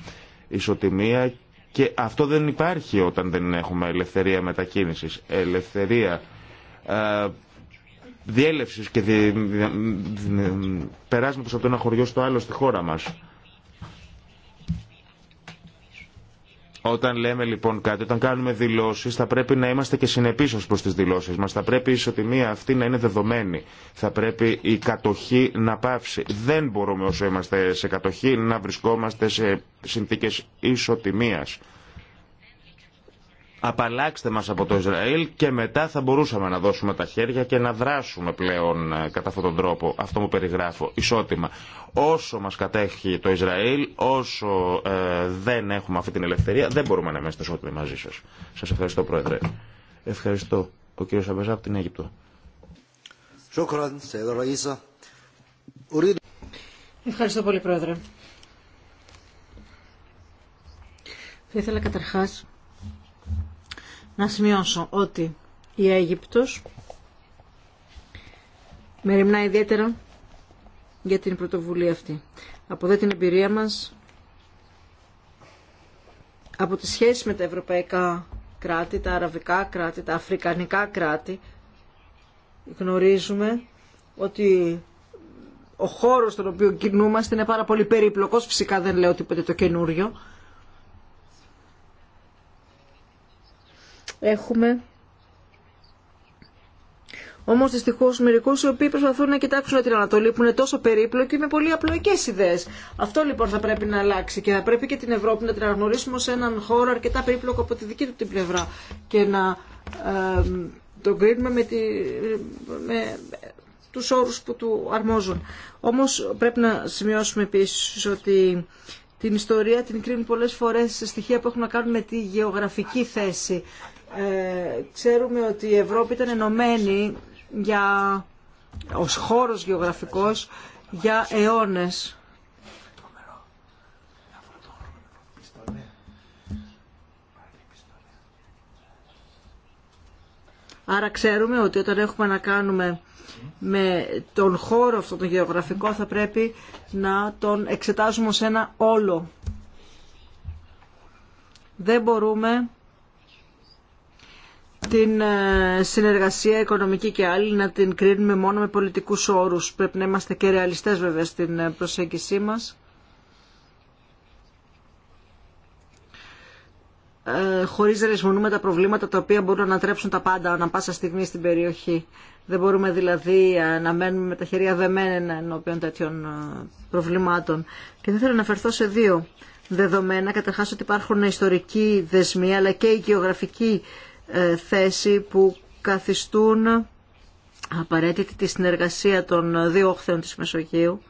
Ισοτιμία και αυτό δεν υπάρχει όταν δεν έχουμε ελευθερία μετακίνησης. Ελευθερία διέλευσης και δι... περάσματος από το ένα χωριό στο άλλο στη χώρα μας. Όταν λέμε λοιπόν κάτι, όταν κάνουμε δηλώσεις, θα πρέπει να είμαστε και συνεπίσως προς τις δηλώσεις μας. Θα πρέπει η ισοτιμία αυτή να είναι δεδομένη. Θα πρέπει η κατοχή να πάψει. Δεν μπορούμε όσο είμαστε σε κατοχή να βρισκόμαστε σε συνθήκες ισοτιμίας απαλλάξτε μας από το Ισραήλ και μετά θα μπορούσαμε να δώσουμε τα χέρια και να δράσουμε πλέον ε, κατά αυτόν τον τρόπο. Αυτό μου περιγράφω ισότιμα. Όσο μας κατέχει το Ισραήλ, όσο ε, δεν έχουμε αυτή την ελευθερία, δεν μπορούμε να είμαστε ισότιμοι μαζί σας. Σας ευχαριστώ Πρόεδρε. Ευχαριστώ. Ο κύριος Αμπεζά από την Αίγυπτο. Ευχαριστώ πολύ Πρόεδρε. Θα ήθελα καταρχάς να σημειώσω ότι η Αίγυπτος μεριμνά ιδιαίτερα για την πρωτοβουλία αυτή. Από δε την εμπειρία μας, από τις σχέσεις με τα ευρωπαϊκά κράτη, τα αραβικά κράτη, τα αφρικανικά κράτη, γνωρίζουμε ότι ο χώρος στον οποίο κινούμαστε είναι πάρα πολύ περίπλοκος, φυσικά δεν λέω τίποτε το καινούριο, έχουμε Όμω δυστυχώ μερικού οι οποίοι προσπαθούν να κοιτάξουν την Ανατολή που είναι τόσο περίπλοκη με πολύ απλοϊκέ ιδέε. Αυτό λοιπόν θα πρέπει να αλλάξει και θα πρέπει και την Ευρώπη να την αναγνωρίσουμε ω έναν χώρο αρκετά περίπλοκο από τη δική του την πλευρά και να ε, τον κρίνουμε με, τη, με τους όρους που του αρμόζουν. Όμως πρέπει να σημειώσουμε επίσης ότι την ιστορία την κρίνουν πολλές φορές σε στοιχεία που έχουν να κάνουν με τη γεωγραφική θέση ε, ξέρουμε ότι η Ευρώπη ήταν ενωμένη για, ως χώρος γεωγραφικός για αιώνες. Άρα ξέρουμε ότι όταν έχουμε να κάνουμε με τον χώρο αυτό τον γεωγραφικό θα πρέπει να τον εξετάζουμε ως ένα όλο. Δεν μπορούμε την ε, συνεργασία οικονομική και άλλη να την κρίνουμε μόνο με πολιτικούς όρους. Πρέπει να είμαστε και ρεαλιστές βέβαια στην ε, προσέγγισή μας. ε, χωρίς να ρεσμονούμε τα προβλήματα τα οποία μπορούν να τρέψουν τα πάντα ανα πάσα στιγμή στην περιοχή. Δεν μπορούμε δηλαδή ε, να μένουμε με τα χέρια δεμένα ενώπιον τέτοιων προβλημάτων. Και θα ήθελα να αφαιρθώ σε δύο δεδομένα. Καταρχάς ότι υπάρχουν ιστορικοί δεσμοί αλλά και οι γεωγραφικοί ε, θέση που καθιστούν απαραίτητη τη συνεργασία των δύο όχθεων της Μεσογείου.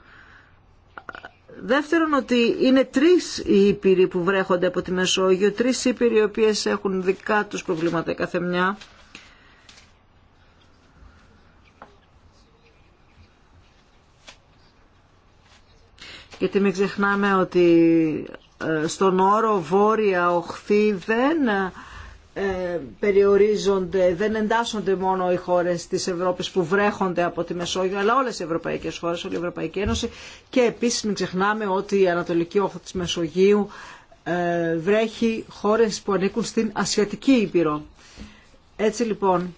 Δεύτερον ότι είναι τρεις οι ήπειροι που βρέχονται από τη Μεσόγειο, τρεις ήπειροι οι οποίες έχουν δικά τους προβλήματα κάθε μια. Γιατί μην ξεχνάμε ότι ε, στον όρο Βόρεια Οχθή δεν ε, περιορίζονται, δεν εντάσσονται μόνο οι χώρες της Ευρώπης που βρέχονται από τη Μεσόγειο, αλλά όλες οι ευρωπαϊκές χώρες, όλη η Ευρωπαϊκή Ένωση και επίσης μην ξεχνάμε ότι η Ανατολική Όχθη της Μεσογείου ε, βρέχει χώρες που ανήκουν στην Ασιατική Ήπειρο. Έτσι λοιπόν,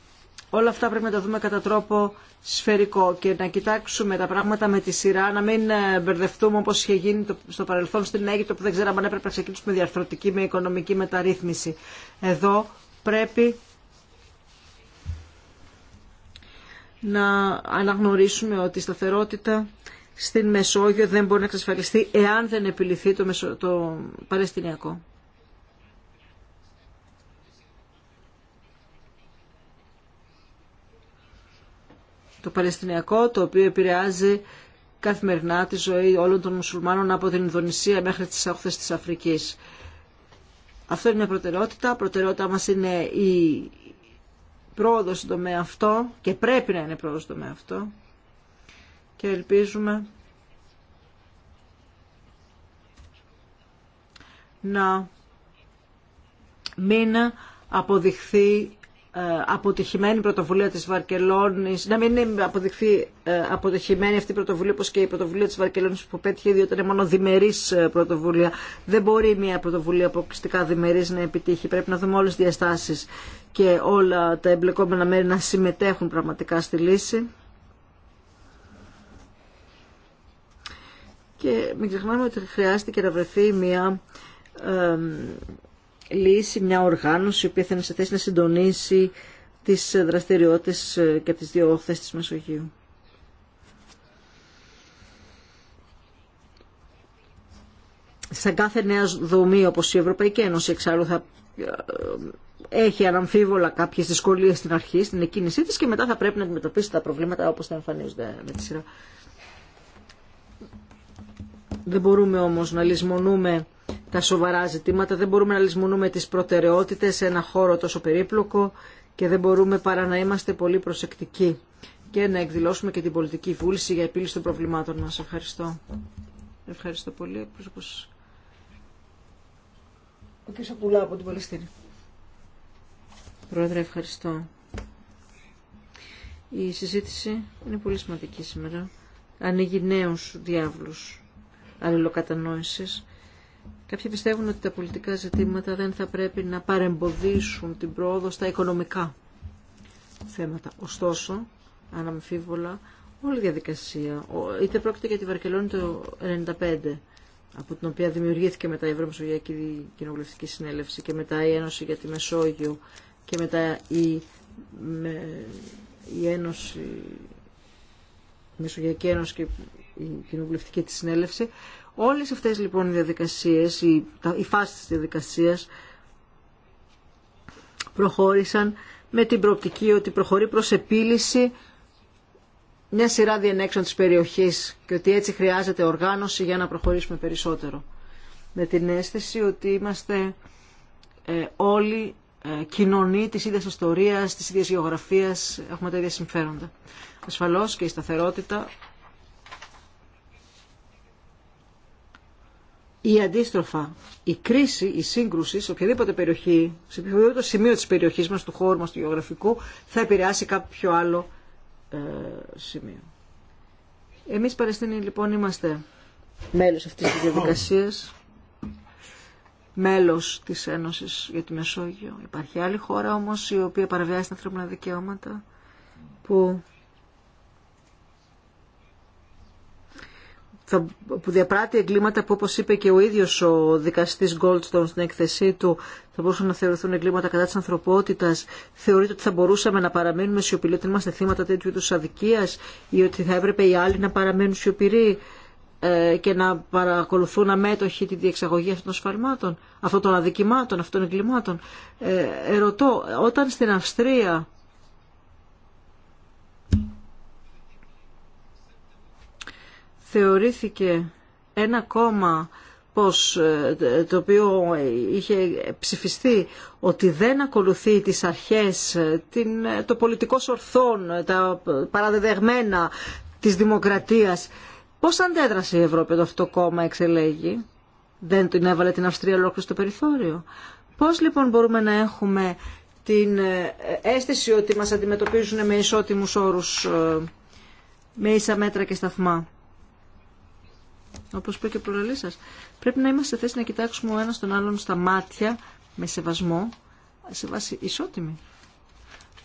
Όλα αυτά πρέπει να τα δούμε κατά τρόπο σφαιρικό και να κοιτάξουμε τα πράγματα με τη σειρά, να μην ε, μπερδευτούμε όπως είχε γίνει στο παρελθόν στην Αίγυπτο που δεν ξέραμε αν έπρεπε να ξεκινήσουμε διαρθρωτική με οικονομική μεταρρύθμιση. Εδώ πρέπει να αναγνωρίσουμε ότι η σταθερότητα στην Μεσόγειο δεν μπορεί να εξασφαλιστεί εάν δεν επιληθεί το, το Παλαιστινιακό το Παλαιστινιακό, το οποίο επηρεάζει καθημερινά τη ζωή όλων των μουσουλμάνων από την Ινδονησία μέχρι τις όχθες της Αφρικής. Αυτό είναι μια προτεραιότητα. Προτεραιότητά μας είναι η πρόοδος στον τομέα αυτό και πρέπει να είναι πρόοδος στον τομέα αυτό και ελπίζουμε να μην αποδειχθεί αποτυχημένη πρωτοβουλία της Βαρκελόνης, να μην αποδειχθεί ε, αποτυχημένη αυτή η πρωτοβουλία όπως και η πρωτοβουλία της Βαρκελόνης που πέτυχε διότι είναι μόνο διμερής ε, πρωτοβουλία. Δεν μπορεί μια πρωτοβουλία αποκλειστικά διμερής να επιτύχει. Πρέπει να δούμε όλες τις διαστάσεις και όλα τα εμπλεκόμενα μέρη να συμμετέχουν πραγματικά στη λύση. Και μην ξεχνάμε ότι χρειάστηκε να βρεθεί μια ε, λύση, μια οργάνωση η οποία θα είναι σε θέση να συντονίσει τις δραστηριότητες και τις δύο όχθες της Μεσογείου. Σε κάθε νέα δομή όπως η Ευρωπαϊκή Ένωση εξάλλου θα ε, ε, έχει αναμφίβολα κάποιες δυσκολίες στην αρχή, στην εκκίνησή της και μετά θα πρέπει να αντιμετωπίσει τα προβλήματα όπως θα εμφανίζονται με τη σειρά. Δεν μπορούμε όμως να λησμονούμε τα σοβαρά ζητήματα, δεν μπορούμε να λησμονούμε τις προτεραιότητες σε ένα χώρο τόσο περίπλοκο και δεν μπορούμε παρά να είμαστε πολύ προσεκτικοί και να εκδηλώσουμε και την πολιτική βούληση για επίλυση των προβλημάτων μας. Ευχαριστώ. Ευχαριστώ πολύ. Ο κ. Σαπουλά από την Παλαιστίνη. Πρόεδρε, ευχαριστώ. Η συζήτηση είναι πολύ σημαντική σήμερα. Ανοίγει νέους διάβλους αλληλοκατανόησης Κάποιοι πιστεύουν ότι τα πολιτικά ζητήματα δεν θα πρέπει να παρεμποδίσουν την πρόοδο στα οικονομικά θέματα. Ωστόσο, αναμφίβολα, όλη η διαδικασία, είτε πρόκειται για τη Βαρκελόνη το 1995, από την οποία δημιουργήθηκε μετά η Ευρωμεσογειακή Κοινοβουλευτική Συνέλευση και μετά η Ένωση για τη Μεσόγειο και μετά η, με, η Ένωση, η Μεσογειακή Ένωση και η Κοινοβουλευτική της Συνέλευση, Όλες αυτές λοιπόν οι διαδικασίες, οι, οι φάσεις της διαδικασίας προχώρησαν με την προοπτική ότι προχωρεί προς επίλυση μια σειρά διενέξεων της περιοχής και ότι έτσι χρειάζεται οργάνωση για να προχωρήσουμε περισσότερο. Με την αίσθηση ότι είμαστε ε, όλοι ε, κοινωνοί της ίδιας ιστορίας, της ίδιας γεωγραφίας, έχουμε τα ίδια συμφέροντα. Ασφαλώς και η σταθερότητα ή αντίστροφα η κρίση, η σύγκρουση σε οποιαδήποτε περιοχή, σε οποιοδήποτε σημείο της περιοχής μας, του χώρου μας, του γεωγραφικού, θα επηρεάσει κάποιο άλλο ε, σημείο. Εμείς Παλαιστίνοι λοιπόν είμαστε μέλος αυτής της διαδικασίας, μέλος της Ένωσης για τη Μεσόγειο. Υπάρχει άλλη χώρα όμως η οποία παραβιάζει τα ανθρώπινα δικαιώματα που που διαπράττει εγκλήματα που όπως είπε και ο ίδιος ο δικαστής Goldstone στην έκθεσή του θα μπορούσαν να θεωρηθούν εγκλήματα κατά της ανθρωπότητας θεωρείτε ότι θα μπορούσαμε να παραμείνουμε σιωπηλοί ότι είμαστε θύματα τέτοιου είδους αδικίας ή ότι θα έπρεπε οι άλλοι να παραμένουν σιωπηροί ε, και να παρακολουθούν αμέτωχοι τη διεξαγωγή αυτών των σφαλμάτων, αυτών των αδικημάτων, αυτών των εγκλημάτων. Ε, ερωτώ, όταν στην Αυστρία θεωρήθηκε ένα κόμμα πως, ε, το οποίο είχε ψηφιστεί ότι δεν ακολουθεί τις αρχές, ε, την, ε, το πολιτικό σορθόν, τα παραδεδεγμένα της δημοκρατίας. Πώς αντέδρασε η Ευρώπη το αυτό κόμμα εξελέγει. Δεν την έβαλε την Αυστρία ολόκληρο στο περιθώριο. Πώς λοιπόν μπορούμε να έχουμε την αίσθηση ότι μας αντιμετωπίζουν με ισότιμους όρους, με ίσα μέτρα και σταθμά. Όπω είπε και ο σα, πρέπει να είμαστε θέση να κοιτάξουμε ο στον τον άλλον στα μάτια με σεβασμό, σε βάση ισότιμη.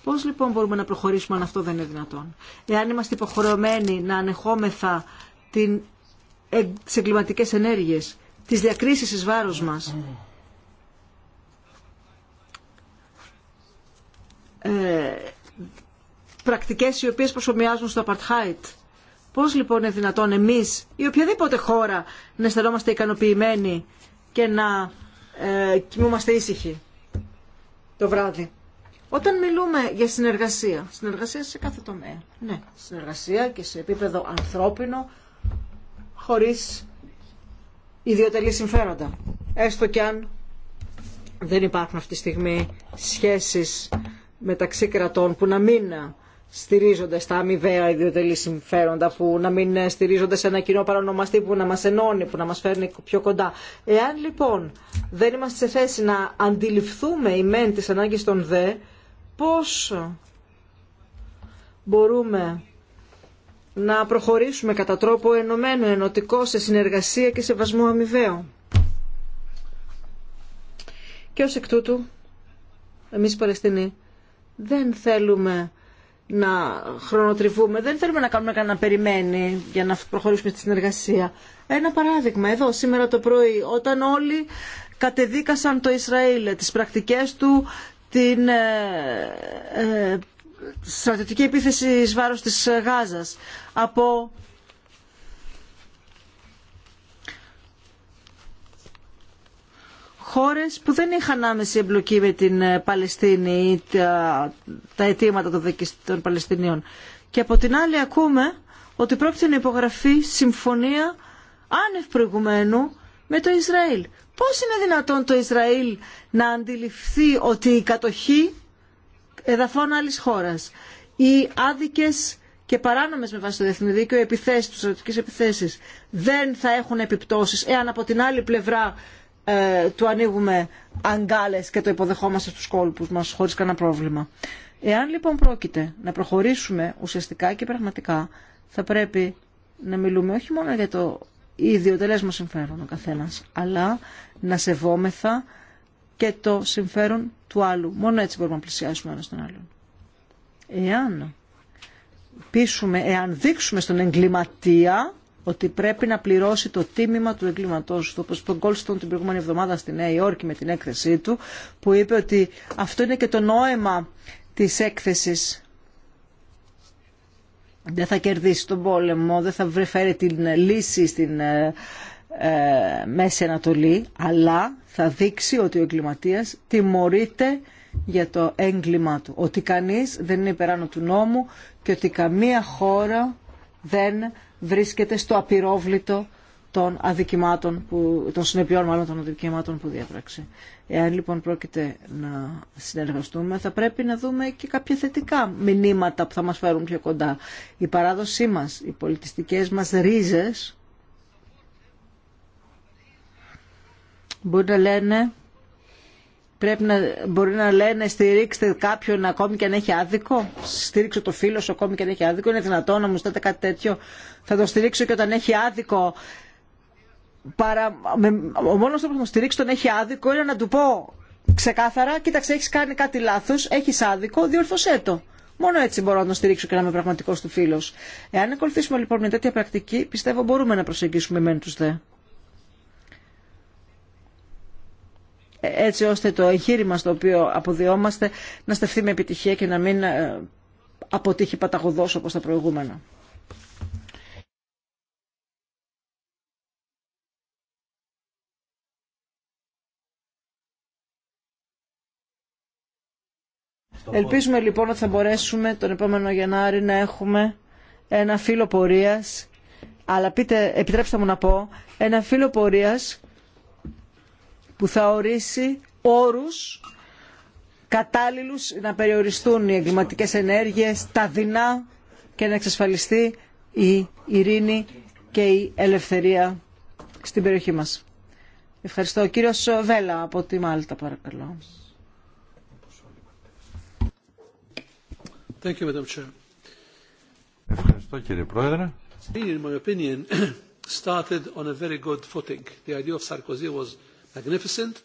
Πώ λοιπόν μπορούμε να προχωρήσουμε αν αυτό δεν είναι δυνατόν. Εάν είμαστε υποχρεωμένοι να ανεχόμεθα την, εγκληματικέ τις εγκληματικές ενέργειες, τις διακρίσεις μα. βάρος μας, ε, πρακτικές οι οποίες προσωμιάζουν στο Απαρτχάιτ, Πώς λοιπόν είναι δυνατόν εμεί ή οποιαδήποτε χώρα να αισθανόμαστε ικανοποιημένοι και να ε, κοιμούμαστε ήσυχοι το βράδυ. Όταν μιλούμε για συνεργασία, συνεργασία σε κάθε τομέα, ναι, συνεργασία και σε επίπεδο ανθρώπινο, χωρίς ιδιωτελή συμφέροντα. Έστω και αν δεν υπάρχουν αυτή τη στιγμή σχέσεις μεταξύ κρατών που να μην στηρίζονται στα αμοιβαία ιδιωτελή συμφέροντα, που να μην στηρίζονται σε ένα κοινό παρανομαστή που να μας ενώνει, που να μας φέρνει πιο κοντά. Εάν λοιπόν δεν είμαστε σε θέση να αντιληφθούμε η μεν τις ανάγκες των δε, πώς μπορούμε να προχωρήσουμε κατά τρόπο ενωμένο, ενωτικό, σε συνεργασία και σεβασμό αμοιβαίο. Και ως εκ τούτου, εμείς Παλαιστινοί, δεν θέλουμε να χρονοτριβούμε. Δεν θέλουμε να κάνουμε κανένα περιμένει για να προχωρήσουμε στη συνεργασία. Ένα παράδειγμα, εδώ σήμερα το πρωί, όταν όλοι κατεδίκασαν το Ισραήλ, τις πρακτικές του, την ε, ε στρατιωτική επίθεση εις βάρος της Γάζας. Από χώρες που δεν είχαν άμεση εμπλοκή με την ε, Παλαιστίνη ή τα, τα αιτήματα των Παλαιστινίων. Και από την άλλη ακούμε ότι πρόκειται να υπογραφεί συμφωνία άνευ προηγουμένου με το Ισραήλ. Πώς είναι δυνατόν το Ισραήλ να αντιληφθεί ότι η κατοχή εδαφών άλλης χώρας, ή άδικες και παράνομες με βάση το διεθνή δίκαιο επιθέσει του στρατιωτικέ επιθέσει δεν θα έχουν επιπτώσει, εάν από την άλλη πλευρά ε, του ανοίγουμε αγκάλες και το υποδεχόμαστε στους κόλπους μας χωρίς κανένα πρόβλημα. Εάν λοιπόν πρόκειται να προχωρήσουμε ουσιαστικά και πραγματικά, θα πρέπει να μιλούμε όχι μόνο για το ίδιο τελέσμα συμφέρον ο καθένας, αλλά να σεβόμεθα και το συμφέρον του άλλου. Μόνο έτσι μπορούμε να πλησιάσουμε ένα τον άλλον. Εάν πείσουμε, εάν δείξουμε στον εγκληματία ότι πρέπει να πληρώσει το τίμημα του εγκλήματός του, όπως τον Κόλστον την προηγούμενη εβδομάδα στην Νέα Υόρκη με την έκθεσή του, που είπε ότι αυτό είναι και το νόημα της έκθεσης. Δεν θα κερδίσει τον πόλεμο, δεν θα φέρει την λύση στην ε, ε Μέση Ανατολή, αλλά θα δείξει ότι ο εγκληματίας τιμωρείται για το έγκλημά του. Ότι κανείς δεν είναι υπεράνω του νόμου και ότι καμία χώρα δεν βρίσκεται στο απειρόβλητο των αδικημάτων, που, των συνεπειών μάλλον των αδικημάτων που διέπραξε. Εάν λοιπόν πρόκειται να συνεργαστούμε, θα πρέπει να δούμε και κάποια θετικά μηνύματα που θα μας φέρουν πιο κοντά. Η παράδοσή μας, οι πολιτιστικές μας ρίζες, μπορεί να λένε πρέπει να μπορεί να λένε στηρίξτε κάποιον ακόμη και αν έχει άδικο. Στηρίξω το φίλο σου ακόμη και αν έχει άδικο. Είναι δυνατό να μου στέλνετε κάτι τέτοιο. Θα το στηρίξω και όταν έχει άδικο. Παρα... Με... Ο μόνος τρόπος να στηρίξει τον έχει άδικο είναι να του πω ξεκάθαρα, κοίταξε έχει κάνει κάτι λάθο, έχει άδικο, διορθωσέ το. Μόνο έτσι μπορώ να τον στηρίξω και να είμαι πραγματικό του φίλο. Εάν ακολουθήσουμε λοιπόν μια τέτοια πρακτική, πιστεύω μπορούμε να προσεγγίσουμε μεν του δε. έτσι ώστε το εγχείρημα στο οποίο αποδιόμαστε να στεφθεί με επιτυχία και να μην ε, αποτύχει παταγωδός όπως τα προηγούμενα. Ελπίζουμε λοιπόν ότι θα μπορέσουμε τον επόμενο Γενάρη να έχουμε ένα φύλλο πορείας, αλλά πείτε, επιτρέψτε μου να πω, ένα φύλλο πορείας που θα ορίσει όρους κατάλληλους να περιοριστούν οι εγκληματικές ενέργειες, τα δεινά και να εξασφαλιστεί η ειρήνη και η ελευθερία στην περιοχή μας. Ευχαριστώ. Ο κύριος Βέλα από τη Μάλτα παρακαλώ. Thank you, Madam Chair. Ευχαριστώ κύριε Πρόεδρε. In my opinion, started on a very good footing. The idea of Sarkozy was magnificent.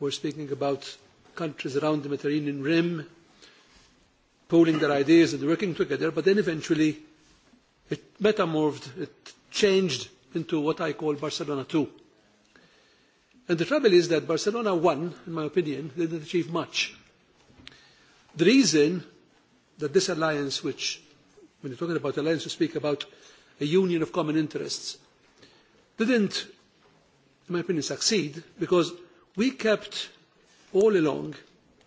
We're speaking about countries around the Mediterranean Rim pooling their ideas and working together, but then eventually it metamorphed, it changed into what I call Barcelona 2. And the trouble is that Barcelona 1, in my opinion, didn't achieve much. The reason that this alliance, which, when you're talking about alliance, you speak about a union of common interests, didn't in my opinion, succeed because we kept all along,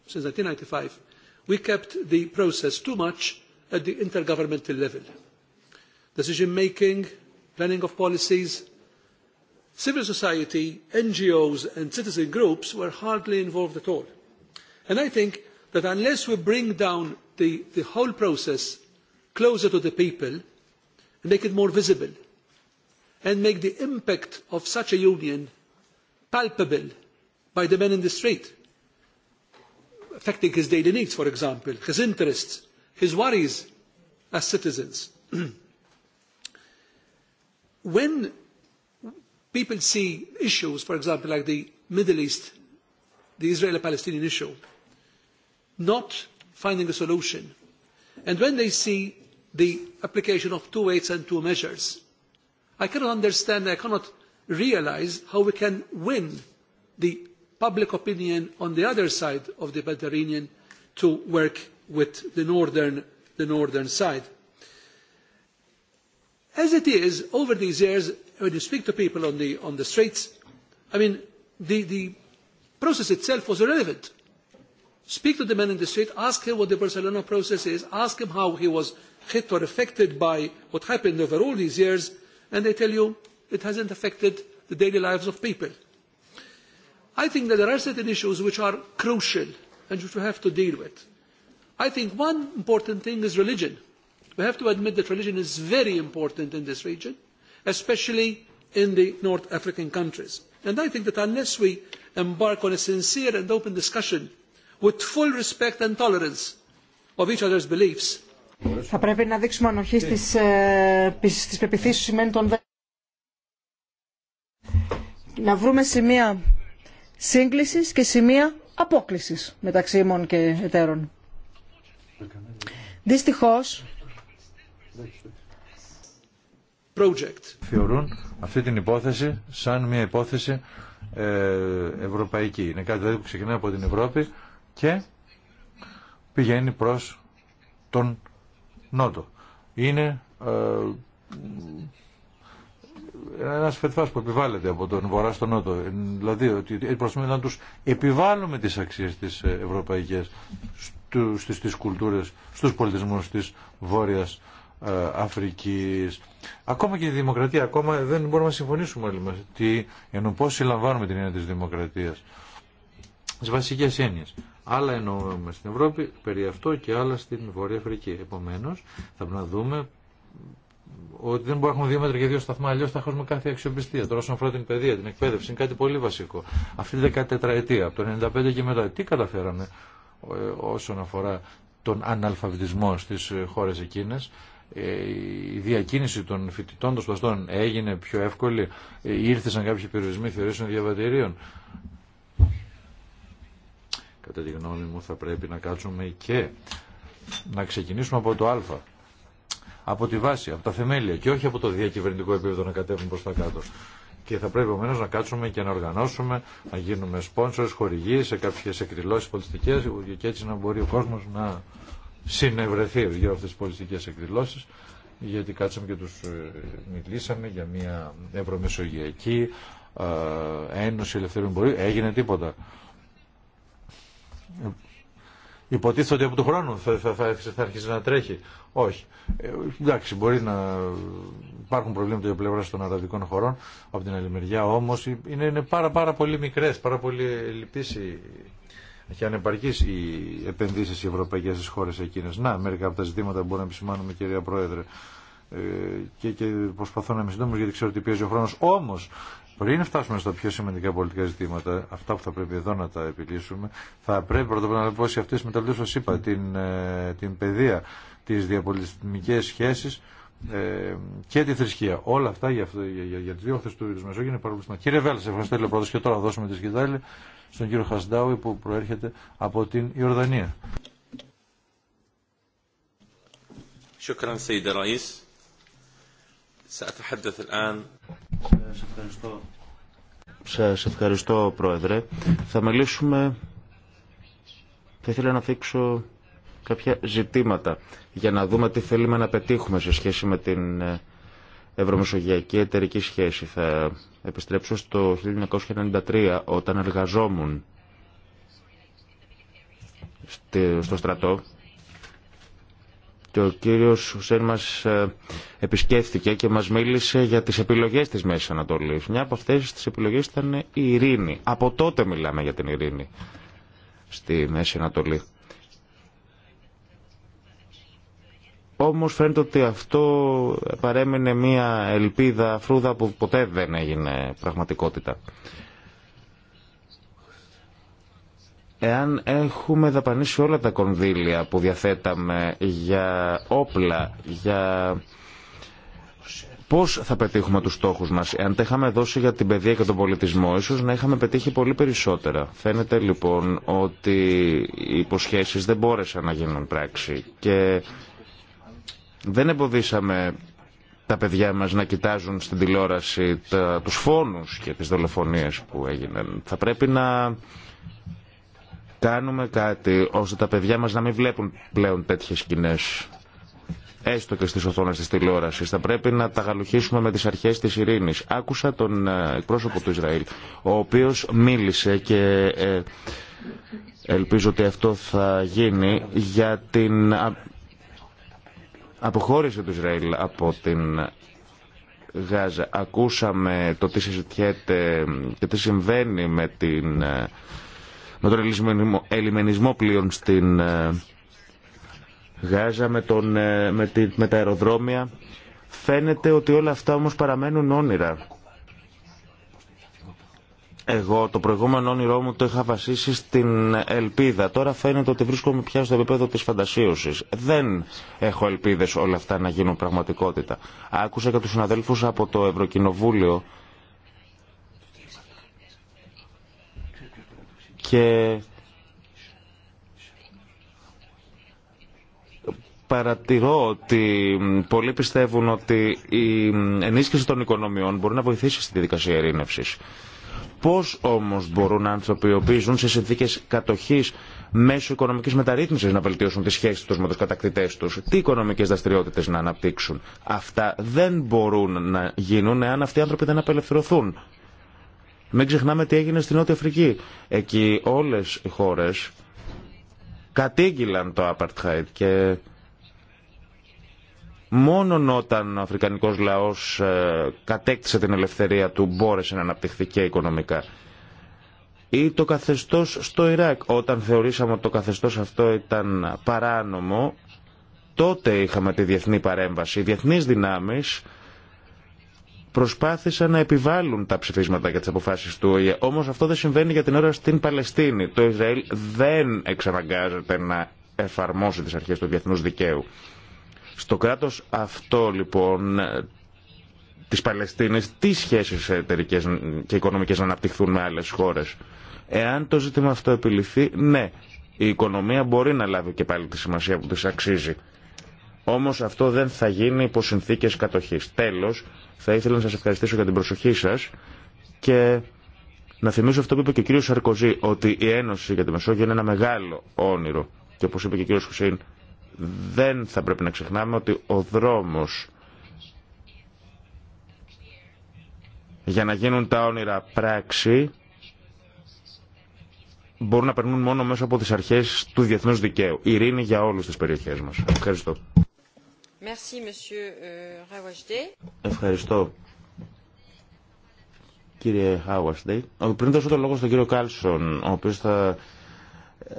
since 1995, we kept the process too much at the intergovernmental level. Decision making, planning of policies, civil society, NGOs and citizen groups were hardly involved at all. And I think that unless we bring down the whole process closer to the people and make it more visible, and make the impact of such a union palpable by the man in the street, affecting his daily needs, for example, his interests, his worries as citizens. When people see issues, for example, like the Middle East, the Israeli-Palestinian issue, not finding a solution, and when they see the application of two weights and two measures, I cannot understand, I cannot realise how we can win the public opinion on the other side of the Mediterranean to work with the northern side. As it is, over these years, when you speak to people on the streets, I mean, the process itself was irrelevant. Speak to the man in the street, ask him what the Barcelona process is, ask him how he was hit or affected by what happened over all these years, and they tell you it hasn't affected the daily lives of people. I think that there are certain issues which are crucial and which we have to deal with. I think one important thing is religion. We have to admit that religion is very important in this region, especially in the North African countries. And I think that unless we embark on a sincere and open discussion with full respect and tolerance of each other's beliefs, θα πρέπει να δείξουμε ανοχή ε. στις, ε, στις πεπιθήσεις σημαίνει των Να βρούμε σημεία σύγκλησης και σημεία απόκλησης μεταξύ ημών και εταίρων. Δυστυχώς, Project. Θεωρούν αυτή την υπόθεση σαν μια υπόθεση ε, ευρωπαϊκή. Είναι κάτι δηλαδή που ξεκινάει από την Ευρώπη και πηγαίνει προς τον Νότο. Είναι ε, ένα φετφά που επιβάλλεται από τον Βορρά στον Νότο. Ε, δηλαδή ότι προσπαθούμε να του επιβάλλουμε τι αξίε τι ε, ευρωπαϊκέ στις, κουλτούρε, στου στους πολιτισμούς της Βόρειας ε, Αφρικής. Ακόμα και η δημοκρατία, ακόμα δεν μπορούμε να συμφωνήσουμε όλοι μα τι, ενώ πώ συλλαμβάνουμε την έννοια τη δημοκρατία. Τι βασικέ έννοιε. Άλλα εννοούμε στην Ευρώπη περί αυτό και άλλα στην Βόρεια Αφρική. Επομένω, θα πρέπει να δούμε ότι δεν μπορούμε να έχουμε δύο μέτρα και δύο σταθμά, αλλιώ θα έχουμε κάθε αξιοπιστία. Τώρα, όσον αφορά την παιδεία, την εκπαίδευση, είναι κάτι πολύ βασικό. Αυτή τη 14 ετία, από το 1995 και μετά, τι καταφέραμε ε, όσον αφορά τον αναλφαβητισμό στι ε, χώρε εκείνε. Ε, η διακίνηση των φοιτητών των σπαστών έγινε πιο εύκολη, ήρθαν κάποιοι περιορισμοί θεωρήσεων διαβατηρίων. Κατά τη γνώμη μου θα πρέπει να κάτσουμε και να ξεκινήσουμε από το α. Από τη βάση, από τα θεμέλια και όχι από το διακυβερνητικό επίπεδο να κατέβουμε προς τα κάτω. Και θα πρέπει ομένως να κάτσουμε και να οργανώσουμε, να γίνουμε sponsors, χορηγοί σε κάποιες εκδηλώσεις πολιτικές και έτσι να μπορεί ο κόσμος να συνευρεθεί γύρω αυτές τις πολιτικές εκδηλώσεις γιατί κάτσαμε και τους ε, μιλήσαμε για μια ευρωμεσογειακή ε, ένωση ελευθερών εμπορίου. Έγινε τίποτα. Υποτίθεται ότι από του χρόνου θα, θα, θα, θα αρχίσει να τρέχει. Όχι. Ε, εντάξει, μπορεί να υπάρχουν προβλήματα για πλευρά των αραβικών χωρών. Από την άλλη μεριά όμω είναι, είναι πάρα, πάρα πολύ μικρέ, πάρα πολύ λυπή και ανεπαρκεί οι επενδύσει οι ευρωπαϊκέ στι χώρε εκείνε. Να, μερικά από τα ζητήματα που μπορούμε να επισημάνουμε, κυρία Πρόεδρε. Ε, και, και προσπαθώ να είμαι σύντομο γιατί ξέρω ότι πιέζει ο χρόνο. Όμω πριν φτάσουμε στα πιο σημαντικά πολιτικά ζητήματα, αυτά που θα πρέπει εδώ να τα επιλύσουμε, θα πρέπει πρώτα να πω σε αυτέ τι μεταβλητέ, όπω είπα, την, ε, την παιδεία, τι διαπολιτισμικέ σχέσει ε, και τη θρησκεία. Όλα αυτά για, για, για, για τι δύο χθε του Μεσόγειου είναι πάρα πολύ σημαντικά. Κύριε Βέλλα, ευχαριστώ πολύ πρώτο και τώρα δώσουμε τη σκητάλη στον κύριο Χασντάουι που προέρχεται από την Ιορδανία. ευχαριστώ, κύριε Ραΐς. Σας ευχαριστώ. ευχαριστώ, Πρόεδρε. Θα μιλήσουμε... Θα ήθελα να θίξω κάποια ζητήματα για να δούμε τι θέλουμε να πετύχουμε σε σχέση με την ε, ευρωμεσογειακή εταιρική σχέση. Θα επιστρέψω στο 1993 όταν εργαζόμουν στο στρατό και ο κύριος Χουσέν μας ε, επισκέφθηκε και μας μίλησε για τις επιλογές της Μέσης Ανατολής. Μια από αυτές τις επιλογές ήταν η ειρήνη. Από τότε μιλάμε για την ειρήνη στη Μέση Ανατολή. Όμως φαίνεται ότι αυτό παρέμεινε μια ελπίδα φρούδα που ποτέ δεν έγινε πραγματικότητα. εάν έχουμε δαπανίσει όλα τα κονδύλια που διαθέταμε για όπλα, για πώς θα πετύχουμε τους στόχους μας. Εάν τα είχαμε δώσει για την παιδεία και τον πολιτισμό, ίσως να είχαμε πετύχει πολύ περισσότερα. Φαίνεται λοιπόν ότι οι υποσχέσεις δεν μπόρεσαν να γίνουν πράξη και δεν εμποδίσαμε τα παιδιά μας να κοιτάζουν στην τηλεόραση τους φόνους και τις δολοφονίες που έγιναν. Θα πρέπει να κάνουμε κάτι ώστε τα παιδιά μας να μην βλέπουν πλέον τέτοιες σκηνέ. Έστω και στι οθόνε τη τηλεόραση. Θα πρέπει να τα γαλουχίσουμε με τι αρχέ τη ειρήνη. Άκουσα τον ε, πρόσωπο του Ισραήλ, ο οποίο μίλησε και ε, ελπίζω ότι αυτό θα γίνει για την αποχώρηση του Ισραήλ από την Γάζα. Ακούσαμε το τι συζητιέται και τι συμβαίνει με την ε, με τον ελιμενισμό πλοίων στην ε, Γάζα, με, τον, ε, με, τη, με τα αεροδρόμια. Φαίνεται ότι όλα αυτά όμως παραμένουν όνειρα. Εγώ το προηγούμενο όνειρό μου το είχα βασίσει στην ελπίδα. Τώρα φαίνεται ότι βρίσκομαι πια στο επίπεδο της φαντασίωσης. Δεν έχω ελπίδες όλα αυτά να γίνουν πραγματικότητα. Άκουσα και τους συναδέλφους από το Ευρωκοινοβούλιο και παρατηρώ ότι πολλοί πιστεύουν ότι η ενίσχυση των οικονομιών μπορεί να βοηθήσει στη διαδικασία ειρήνευσης. Πώς όμως μπορούν να ανθρωπιοποιήσουν σε συνθήκες κατοχής μέσω οικονομικής μεταρρύθμισης να βελτιώσουν τι σχέσει του με του κατακτητές του, τι οικονομικέ δραστηριότητε να αναπτύξουν. Αυτά δεν μπορούν να γίνουν εάν αυτοί οι άνθρωποι δεν απελευθερωθούν. Μην ξεχνάμε τι έγινε στην Νότια Αφρική. Εκεί όλες οι χώρες κατήγγυλαν το Απαρτχάιτ και μόνον όταν ο αφρικανικός λαός ε, κατέκτησε την ελευθερία του μπόρεσε να αναπτυχθεί και οικονομικά. Ή το καθεστώς στο Ιράκ. Όταν θεωρήσαμε ότι το καθεστώς αυτό ήταν παράνομο, τότε είχαμε τη διεθνή παρέμβαση. Οι διεθνείς δυνάμεις προσπάθησαν να επιβάλλουν τα ψηφίσματα για τι αποφάσει του ΟΗΕ. Όμω αυτό δεν συμβαίνει για την ώρα στην Παλαιστίνη. Το Ισραήλ δεν εξαναγκάζεται να εφαρμόσει τι αρχέ του διεθνού δικαίου. Στο κράτο αυτό λοιπόν της Παλαιστίνης, τι σχέσεις εταιρικέ και οικονομικές να αναπτυχθούν με άλλες χώρες. Εάν το ζήτημα αυτό επιληθεί, ναι, η οικονομία μπορεί να λάβει και πάλι τη σημασία που τη αξίζει. Όμως αυτό δεν θα γίνει υπό συνθήκες κατοχής. Τέλος, θα ήθελα να σας ευχαριστήσω για την προσοχή σας και να θυμίσω αυτό που είπε και ο κύριος Σαρκοζή, ότι η Ένωση για τη Μεσόγειο είναι ένα μεγάλο όνειρο. Και όπως είπε και ο κύριος Χουσίν, δεν θα πρέπει να ξεχνάμε ότι ο δρόμος για να γίνουν τα όνειρα πράξη μπορούν να περνούν μόνο μέσα από τις αρχές του διεθνούς δικαίου. Ειρήνη για όλους τις περιοχές μας. Ευχαριστώ. Euh, Ευχαριστώ κύριε Χαουάστει. Πριν δώσω το λόγο στον κύριο Κάλσον, ο οποίο θα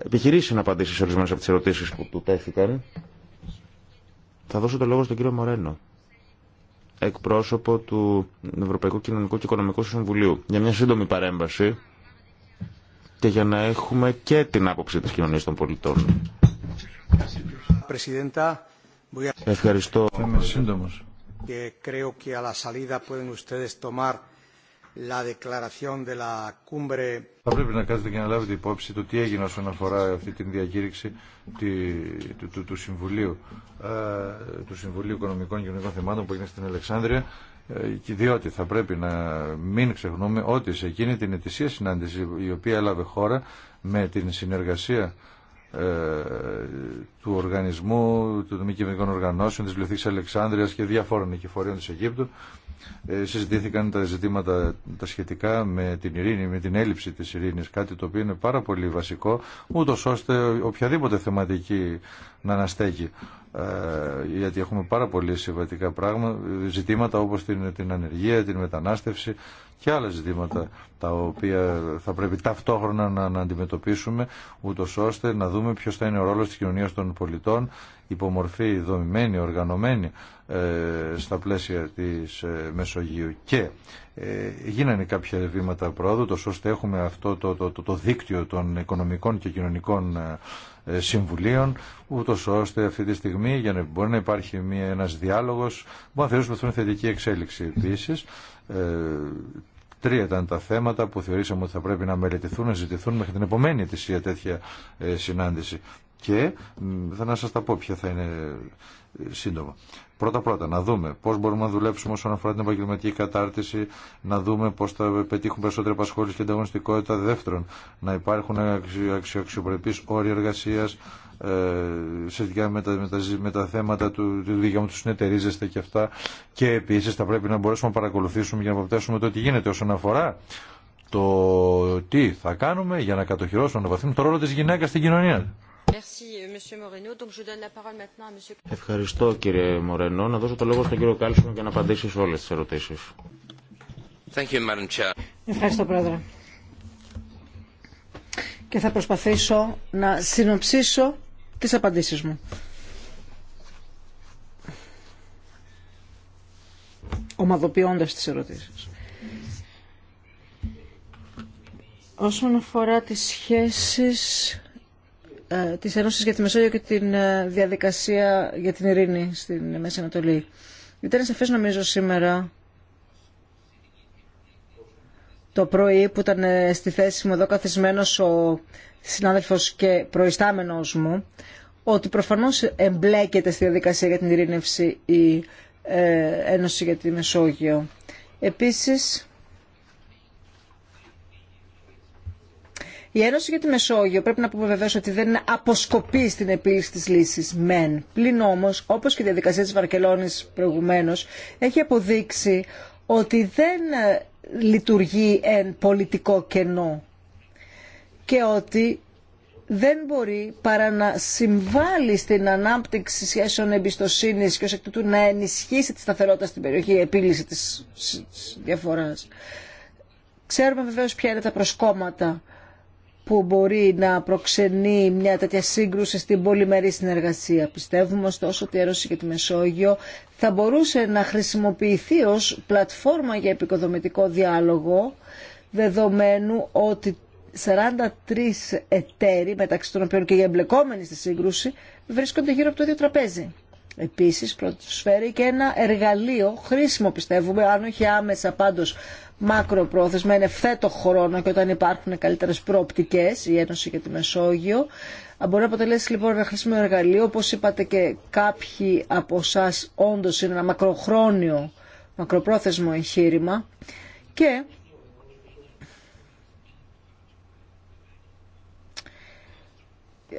επιχειρήσει να απαντήσει σε ορισμένε από τι ερωτήσει που του τέθηκαν, θα δώσω το λόγο στον κύριο Μορένο, εκπρόσωπο του Ευρωπαϊκού Κοινωνικού και Οικονομικού Συμβουλίου, για μια σύντομη παρέμβαση και για να έχουμε και την άποψη τη κοινωνία των πολιτών. Ευχαριστώ. Είμαι σύντομο. Θα πρέπει να κάνετε και να λάβετε υπόψη το τι έγινε όσον αφορά αυτή την διακήρυξη ε, του, Συμβουλίου, Οικονομικών και Γενικών Θεμάτων που έγινε στην Αλεξάνδρεια ε, διότι θα πρέπει να μην ξεχνούμε ότι σε εκείνη την ετησία συνάντηση η οποία έλαβε χώρα με την συνεργασία ε, του οργανισμού, του μη κυβερνικών οργανώσεων, της Βιβλιοθήκης Αλεξάνδρειας και διάφορων οικηφορείων της Αιγύπτου. Ε, συζητήθηκαν τα ζητήματα τα σχετικά με την ειρήνη, με την έλλειψη της ειρήνης, κάτι το οποίο είναι πάρα πολύ βασικό, ούτω ώστε οποιαδήποτε θεματική να αναστέκει. Ε, γιατί έχουμε πάρα πολύ συμβατικά πράγματα, ζητήματα όπως την, την ανεργία, την μετανάστευση και άλλα ζητήματα τα οποία θα πρέπει ταυτόχρονα να, αντιμετωπίσουμε ούτω ώστε να δούμε ποιο θα είναι ο ρόλος της κοινωνίας των πολιτών υπομορφή δομημένη, οργανωμένη ε, στα πλαίσια της ε, Μεσογείου και ε, γίνανε κάποια βήματα πρόοδου ώστε έχουμε αυτό το, το δίκτυο των οικονομικών και κοινωνικών συμβουλίων, ούτω ώστε αυτή τη στιγμή για να μπορεί να υπάρχει ένα ένας διάλογος που αν θεωρήσουμε ότι θετική εξέλιξη επίση. Ε, τρία ήταν τα θέματα που θεωρήσαμε ότι θα πρέπει να μελετηθούν, να ζητηθούν μέχρι την επομένη ετησία τέτοια ε, συνάντηση. Και θα να σας τα πω ποια θα είναι ε, σύντομα. Πρώτα πρώτα, να δούμε πώ μπορούμε να δουλέψουμε όσον αφορά την επαγγελματική κατάρτιση, να δούμε πώ θα πετύχουν περισσότερη απασχόληση και ανταγωνιστικότητα. Δεύτερον, να υπάρχουν αξιοπρεπεί όροι εργασία ε, σχετικά με τα, με, θέματα του, του μου, του συνεταιρίζεστε και αυτά. Και επίση θα πρέπει να μπορέσουμε να παρακολουθήσουμε και να αποπτέσουμε το τι γίνεται όσον αφορά το τι θα κάνουμε για να κατοχυρώσουμε, να βαθύνουμε το ρόλο τη γυναίκα στην κοινωνία. Euh, Ευχαριστώ κύριε Μορενό. Να δώσω το λόγο στον κύριο Κάλσον για να απαντήσει σε όλες τις ερωτήσεις. Ευχαριστώ πρόεδρε. Και θα προσπαθήσω να συνοψίσω τις απαντήσεις μου. Ομαδοποιώντας τις ερωτήσεις. Όσον αφορά τις σχέσεις ε, της Ένωσης για τη Μεσόγειο και την ε, διαδικασία για την ειρήνη στην Μέση Ανατολή. Ήταν σαφές νομίζω σήμερα το πρωί που ήταν ε, στη θέση μου εδώ καθισμένος ο συνάδελφος και προϊστάμενος μου ότι προφανώς εμπλέκεται στη διαδικασία για την ειρήνευση η Ένωση για τη Μεσόγειο. Επίσης Η Ένωση για τη Μεσόγειο πρέπει να πούμε βεβαίω ότι δεν αποσκοπεί στην επίλυση τη λύση. Μεν. Πλην όμω, όπω και η διαδικασία τη Βαρκελόνη προηγουμένω, έχει αποδείξει ότι δεν ε, λειτουργεί εν πολιτικό κενό και ότι δεν μπορεί παρά να συμβάλλει στην ανάπτυξη σχέσεων εμπιστοσύνης και ως εκ τούτου να ενισχύσει τη σταθερότητα στην περιοχή, η επίλυση της διαφοράς. Ξέρουμε βεβαίως ποια είναι τα προσκόμματα που μπορεί να προξενεί μια τέτοια σύγκρουση στην πολυμερή συνεργασία. Πιστεύουμε ωστόσο ότι η Ρώση και τη Μεσόγειο θα μπορούσε να χρησιμοποιηθεί ως πλατφόρμα για επικοδομητικό διάλογο δεδομένου ότι 43 εταίροι, μεταξύ των οποίων και οι εμπλεκόμενοι στη σύγκρουση, βρίσκονται γύρω από το ίδιο τραπέζι. Επίσης προσφέρει και ένα εργαλείο χρήσιμο πιστεύουμε, αν όχι άμεσα πάντως μακροπρόθεσμα, είναι φθέτο χρόνο και όταν υπάρχουν καλύτερε προοπτικέ, η Ένωση για τη Μεσόγειο. Μπορεί να αποτελέσει λοιπόν ένα χρήσιμο εργαλείο, όπω είπατε και κάποιοι από εσά, όντω είναι ένα μακροχρόνιο, μακροπρόθεσμο εγχείρημα. Και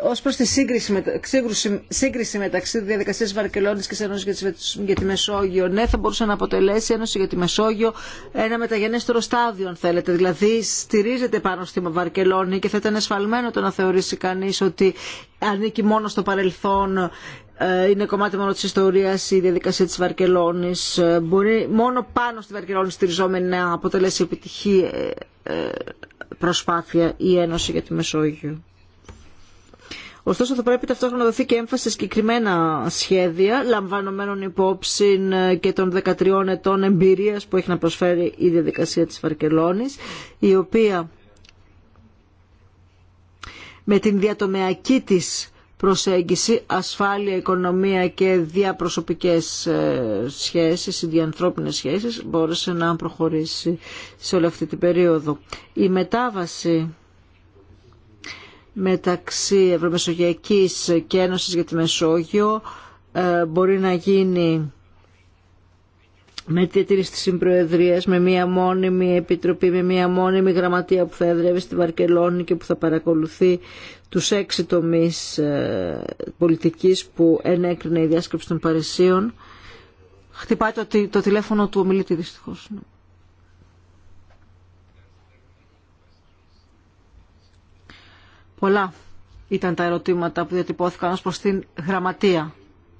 Ω προ τη σύγκριση, μετα... τη σύγκριση μεταξύ διαδικασία Βαρκελόνη και Ένωση για τη Μεσόγειο, ναι, θα μπορούσε να αποτελέσει η Ένωση για τη Μεσόγειο ένα μεταγενέστερο στάδιο, αν θέλετε. Δηλαδή, στηρίζεται πάνω στη Βαρκελόνη και θα ήταν εσφαλμένο το να θεωρήσει κανεί ότι ανήκει μόνο στο παρελθόν ε, είναι κομμάτι μόνο της ιστορίας η διαδικασία της Βαρκελόνης. Ε, μπορεί μόνο πάνω στη Βαρκελόνη στηριζόμενη να αποτελέσει επιτυχή ε, προσπάθεια η Ένωση για τη Μεσόγειο. Ωστόσο θα πρέπει ταυτόχρονα να δοθεί και έμφαση σε συγκεκριμένα σχέδια, λαμβανομένων υπόψη ε, και των 13 ετών εμπειρία που έχει να προσφέρει η διαδικασία της Βαρκελόνη, η οποία με την διατομεακή της προσέγγιση, ασφάλεια, οικονομία και διαπροσωπικές ε, σχέσεις, οι διανθρώπινες σχέσεις, μπόρεσε να προχωρήσει σε όλη αυτή την περίοδο. Η μετάβαση μεταξύ Ευρωμεσογειακής και Ένωσης για τη Μεσόγειο ε, μπορεί να γίνει με τη διατήρηση συμπροεδρίας, με μία μόνιμη επιτροπή, με μία μόνιμη γραμματεία που θα εδρεύει στη Βαρκελόνη και που θα παρακολουθεί τους έξι τομείς ε, πολιτικής που ενέκρινε η διάσκεψη των Παρισίων. Χτυπάει το, το τηλέφωνο του ομιλητή δυστυχώς. Πολλά ήταν τα ερωτήματα που διατυπώθηκαν ως προς την γραμματεία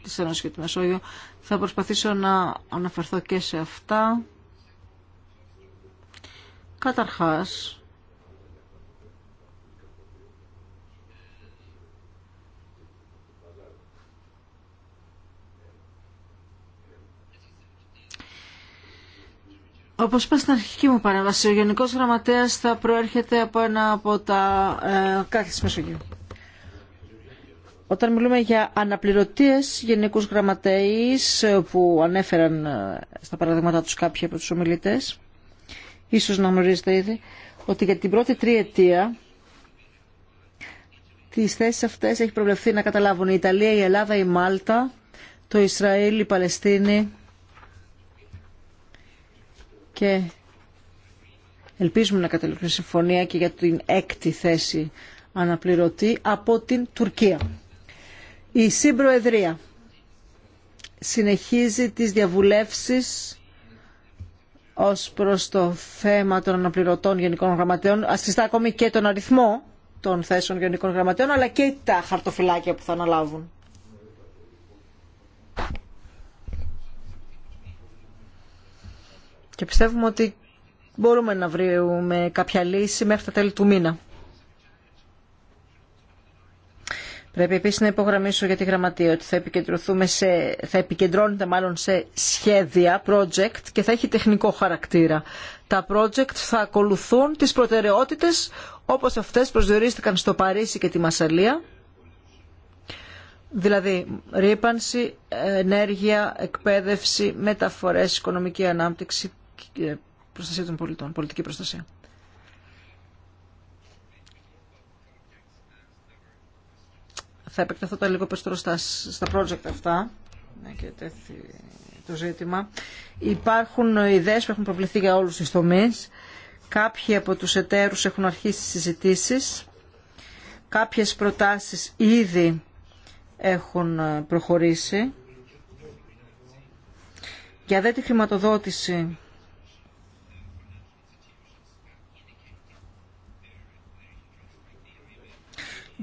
της Ένωσης για τη Μεσόγειο. Θα προσπαθήσω να αναφερθώ και σε αυτά. Καταρχάς, Όπως είπα στην αρχική μου παρέμβαση, ο Γενικός Γραμματέας θα προέρχεται από ένα από τα ε, κάθε της Μεσογείου. Όταν μιλούμε για αναπληρωτές γενικούς γραμματέης ε, που ανέφεραν ε, στα παραδείγματα τους κάποιοι από τους ομιλητές, ίσως να γνωρίζετε ήδη, ότι για την πρώτη τριετία τις θέσεις αυτές έχει προβλεφθεί να καταλάβουν η Ιταλία, η Ελλάδα, η Μάλτα, το Ισραήλ, η Παλαιστίνη, και ελπίζουμε να καταλήξουμε συμφωνία και για την έκτη θέση αναπληρωτή από την Τουρκία. Η Συμπροεδρία συνεχίζει τις διαβουλεύσεις ως προς το θέμα των αναπληρωτών γενικών γραμματέων. Ασυστά ακόμη και τον αριθμό των θέσεων γενικών γραμματέων, αλλά και τα χαρτοφυλάκια που θα αναλάβουν. και πιστεύουμε ότι μπορούμε να βρούμε κάποια λύση μέχρι τα τέλη του μήνα. Πρέπει επίσης να υπογραμμίσω για τη γραμματεία ότι θα, επικεντρωθούμε σε, θα επικεντρώνεται μάλλον σε σχέδια, project και θα έχει τεχνικό χαρακτήρα. Τα project θα ακολουθούν τις προτεραιότητες όπως αυτές προσδιορίστηκαν στο Παρίσι και τη Μασαλία. Δηλαδή ρήπανση, ενέργεια, εκπαίδευση, μεταφορές, οικονομική ανάπτυξη, προστασία των πολιτών, πολιτική προστασία. Θα επεκταθώ λίγο περισσότερο στα, στα project αυτά, ναι, και το ζήτημα. Υπάρχουν ιδέες που έχουν προβληθεί για όλους τους τομείς. Κάποιοι από τους εταίρους έχουν αρχίσει συζητήσεις. Κάποιες προτάσεις ήδη έχουν ε, προχωρήσει. Για δε τη χρηματοδότηση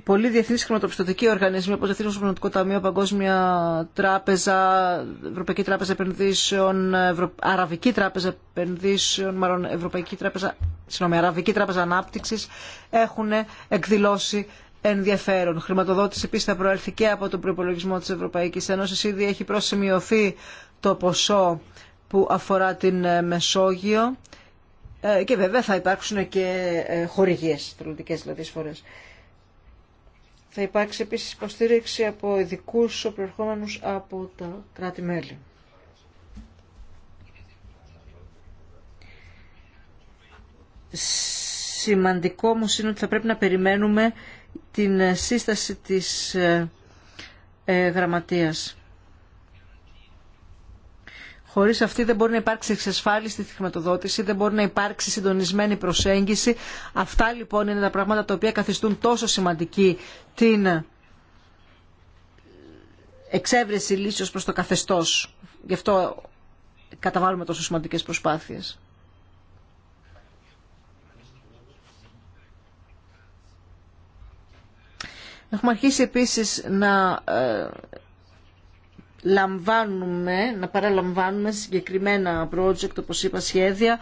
πολλοί διεθνεί χρηματοπιστωτικοί οργανισμοί, όπω Διεθνέ Χρηματοπιστωτικό Ταμείο, Παγκόσμια Τράπεζα, Ευρωπαϊκή Τράπεζα Επενδύσεων, Ευρω... Αραβική Τράπεζα Επενδύσεων, μάλλον Ευρωπαϊκή Τράπεζα, συγγνώμη, Αραβική Τράπεζα Ανάπτυξη, έχουν εκδηλώσει ενδιαφέρον. Χρηματοδότηση επίση θα προέλθει και από τον προπολογισμό τη Ευρωπαϊκή Ένωση. Ήδη έχει προσημειωθεί το ποσό που αφορά την ε, Μεσόγειο ε, και βέβαια θα υπάρξουν και ε, χορηγίες, τελωτικές δηλαδή εισφορές. Θα υπάρξει επίσης υποστήριξη από ειδικού προερχόμενους από τα κράτη-μέλη. Σημαντικό όμω είναι ότι θα πρέπει να περιμένουμε την σύσταση της ε, ε, γραμματείας. Χωρίς αυτή δεν μπορεί να υπάρξει εξασφάλιση στη χρηματοδότηση, δεν μπορεί να υπάρξει συντονισμένη προσέγγιση. Αυτά λοιπόν είναι τα πράγματα τα οποία καθιστούν τόσο σημαντική την εξέβρεση λύσεως προς το καθεστώς. Γι' αυτό καταβάλουμε τόσο σημαντικές προσπάθειες. Έχουμε αρχίσει επίσης να ε, λαμβάνουμε, να παραλαμβάνουμε συγκεκριμένα project, όπως είπα, σχέδια,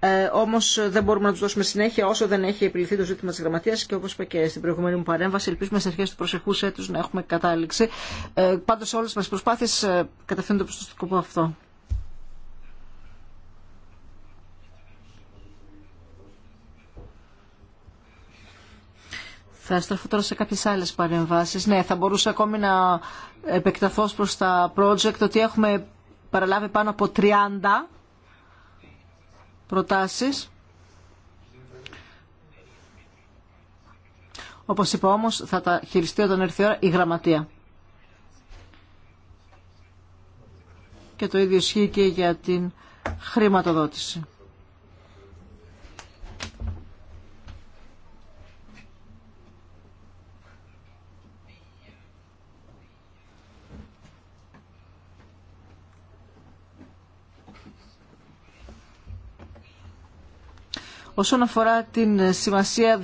ε, Όμω δεν μπορούμε να του δώσουμε συνέχεια όσο δεν έχει επιληθεί το ζήτημα τη γραμματεία και όπω είπα και στην προηγούμενη μου παρέμβαση, ελπίζουμε στι αρχέ του προσεχού έτου να έχουμε κατάληξη. Ε, Πάντω, όλε μα οι προσπάθειε ε, κατευθύνονται προ το αυτό. Θα στραφώ τώρα σε κάποιες άλλες παρεμβάσεις. Ναι, θα μπορούσα ακόμη να επεκταθώ προς τα project ότι έχουμε παραλάβει πάνω από 30 προτάσεις. Όπως είπα όμως θα τα χειριστεί όταν έρθει η ώρα η γραμματεία. Και το ίδιο ισχύει και για την χρηματοδότηση. όσον αφορά την σημασία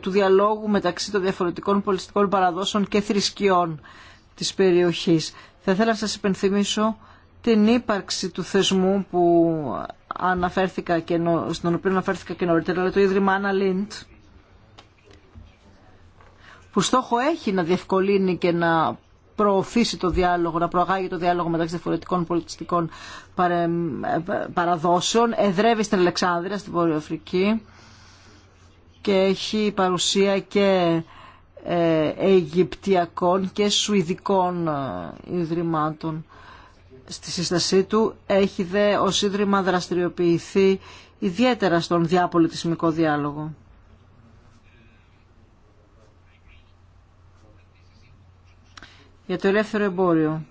του διαλόγου μεταξύ των διαφορετικών πολιτικών παραδόσεων και θρησκειών της περιοχής. Θα ήθελα να σας υπενθυμίσω την ύπαρξη του θεσμού που αναφέρθηκα και στον οποίο αναφέρθηκα και νωρίτερα, αλλά το Ίδρυμα Άννα Λίντ, που στόχο έχει να διευκολύνει και να προωθήσει το διάλογο, να προαγάγει το διάλογο μεταξύ διαφορετικών πολιτιστικών παραδόσεων. Εδρεύει στην Αλεξάνδρεια, στην Βόρεια και έχει παρουσία και ε, Αιγυπτιακών και Σουηδικών ε, Ιδρυμάτων. Στη σύστασή του έχει δε ως Ίδρυμα δραστηριοποιηθεί ιδιαίτερα στον διάπολιτισμικό διάλογο. για το ελεύθερο εμπόριο.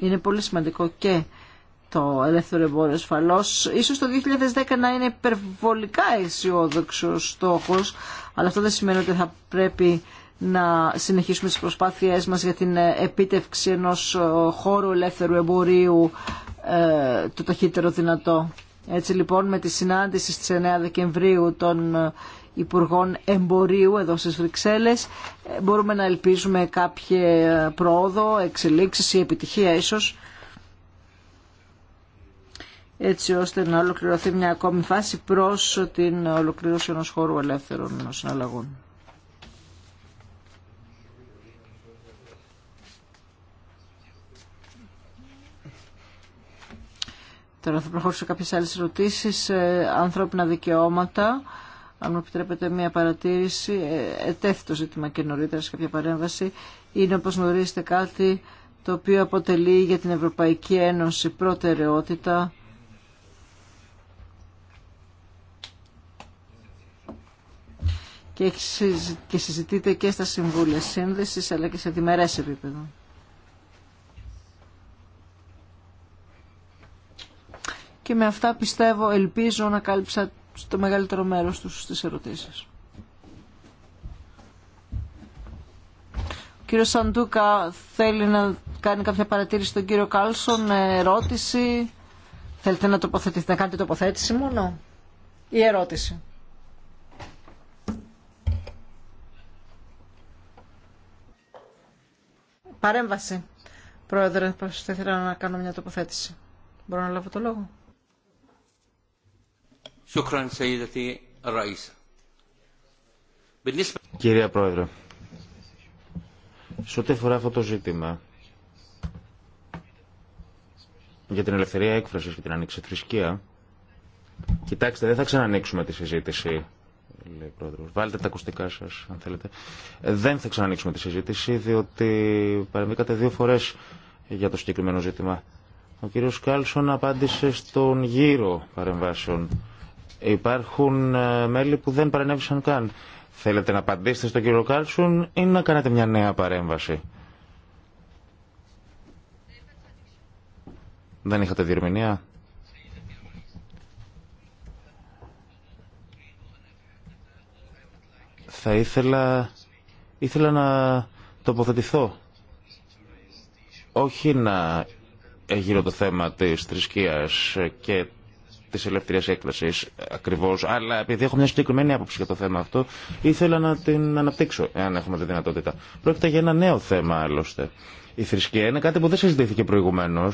Είναι πολύ σημαντικό και το ελεύθερο εμπόριο ασφαλώ. Ίσως το 2010 να είναι υπερβολικά αισιόδοξο στόχος, αλλά αυτό δεν σημαίνει ότι θα πρέπει να συνεχίσουμε τις προσπάθειές μας για την επίτευξη ενός ε, χώρου ελεύθερου εμπορίου ε, το ταχύτερο δυνατό. Έτσι λοιπόν με τη συνάντηση στις 9 Δεκεμβρίου των ε, Υπουργών Εμπορίου εδώ στις Βρυξέλλες. Ε, μπορούμε να ελπίζουμε κάποια πρόοδο, εξελίξεις ή επιτυχία ίσως έτσι ώστε να ολοκληρωθεί μια ακόμη φάση προς την ολοκλήρωση ενός χώρου ελεύθερων συναλλαγών. Τώρα θα προχωρήσω σε κάποιες άλλες ερωτήσεις. Ε, ανθρώπινα δικαιώματα αν μου επιτρέπετε μια παρατήρηση, ε, ετέθη το ζήτημα και νωρίτερα σε κάποια παρέμβαση, είναι όπως γνωρίζετε κάτι το οποίο αποτελεί για την Ευρωπαϊκή Ένωση προτεραιότητα και συζητείται και στα Συμβούλια Σύνδεσης αλλά και σε διμερές επίπεδο. Και με αυτά πιστεύω, ελπίζω να κάλυψα στο μεγαλύτερο μέρος τους στις ερωτήσεις. Ο κύριος Σαντούκα θέλει να κάνει κάποια παρατήρηση στον κύριο Κάλσον, ερώτηση. Θέλετε να να κάνετε τοποθέτηση μόνο ή ερώτηση. Παρέμβαση. Πρόεδρε, θα ήθελα να κάνω μια τοποθέτηση. Μπορώ να λάβω το λόγο. Κυρία Πρόεδρε, σε ό,τι αφορά αυτό το ζήτημα για την ελευθερία έκφρασης και την ανοίξη θρησκεία κοιτάξτε, δεν θα ξανανοίξουμε τη συζήτηση λέει πρόεδρο. Βάλτε τα ακουστικά σας αν θέλετε. Δεν θα ξανανοίξουμε τη συζήτηση, διότι παρεμβήκατε δύο φορές για το συγκεκριμένο ζήτημα. Ο κύριος Κάλσον απάντησε στον γύρο παρεμβάσεων Υπάρχουν ε, μέλη που δεν παρενέβησαν καν. Θέλετε να απαντήσετε στον κύριο Κάλσον ή να κάνετε μια νέα παρέμβαση. Δεν είχατε διερμηνία. Θα ήθελα, ήθελα να τοποθετηθώ. Όχι να γύρω το θέμα της θρησκείας και της ελευθερίας έκφρασης ακριβώ, αλλά επειδή έχω μια συγκεκριμένη άποψη για το θέμα αυτό, ήθελα να την αναπτύξω, εάν έχουμε τη δυνατότητα. Πρόκειται για ένα νέο θέμα, άλλωστε. Η θρησκεία είναι κάτι που δεν συζητήθηκε προηγουμένω.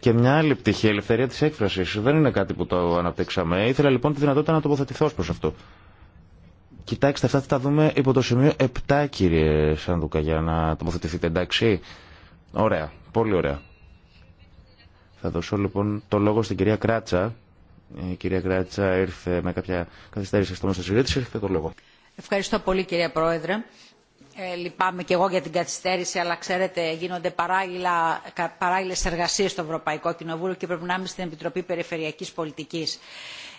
Και μια άλλη πτυχή, η ελευθερία τη έκφραση. Δεν είναι κάτι που το αναπτύξαμε. Ήθελα λοιπόν τη δυνατότητα να τοποθετηθώ προ αυτό. Κοιτάξτε, αυτά θα τα δούμε υπό το σημείο 7, κύριε Σανδούκα, για να τοποθετηθείτε, εντάξει. Ωραία, πολύ ωραία. Θα δώσω λοιπόν το λόγο στην κυρία Κράτσα η ε, κυρία Γκράτσα ήρθε με κάποια καθυστέρηση στο μέσο συζήτηση. Έχετε το λόγο. Ευχαριστώ πολύ κυρία Πρόεδρε. Ε, λυπάμαι και εγώ για την καθυστέρηση, αλλά ξέρετε γίνονται παράλληλε εργασίε στο Ευρωπαϊκό Κοινοβούλιο και πρέπει να είμαι στην Επιτροπή Περιφερειακής πολιτική.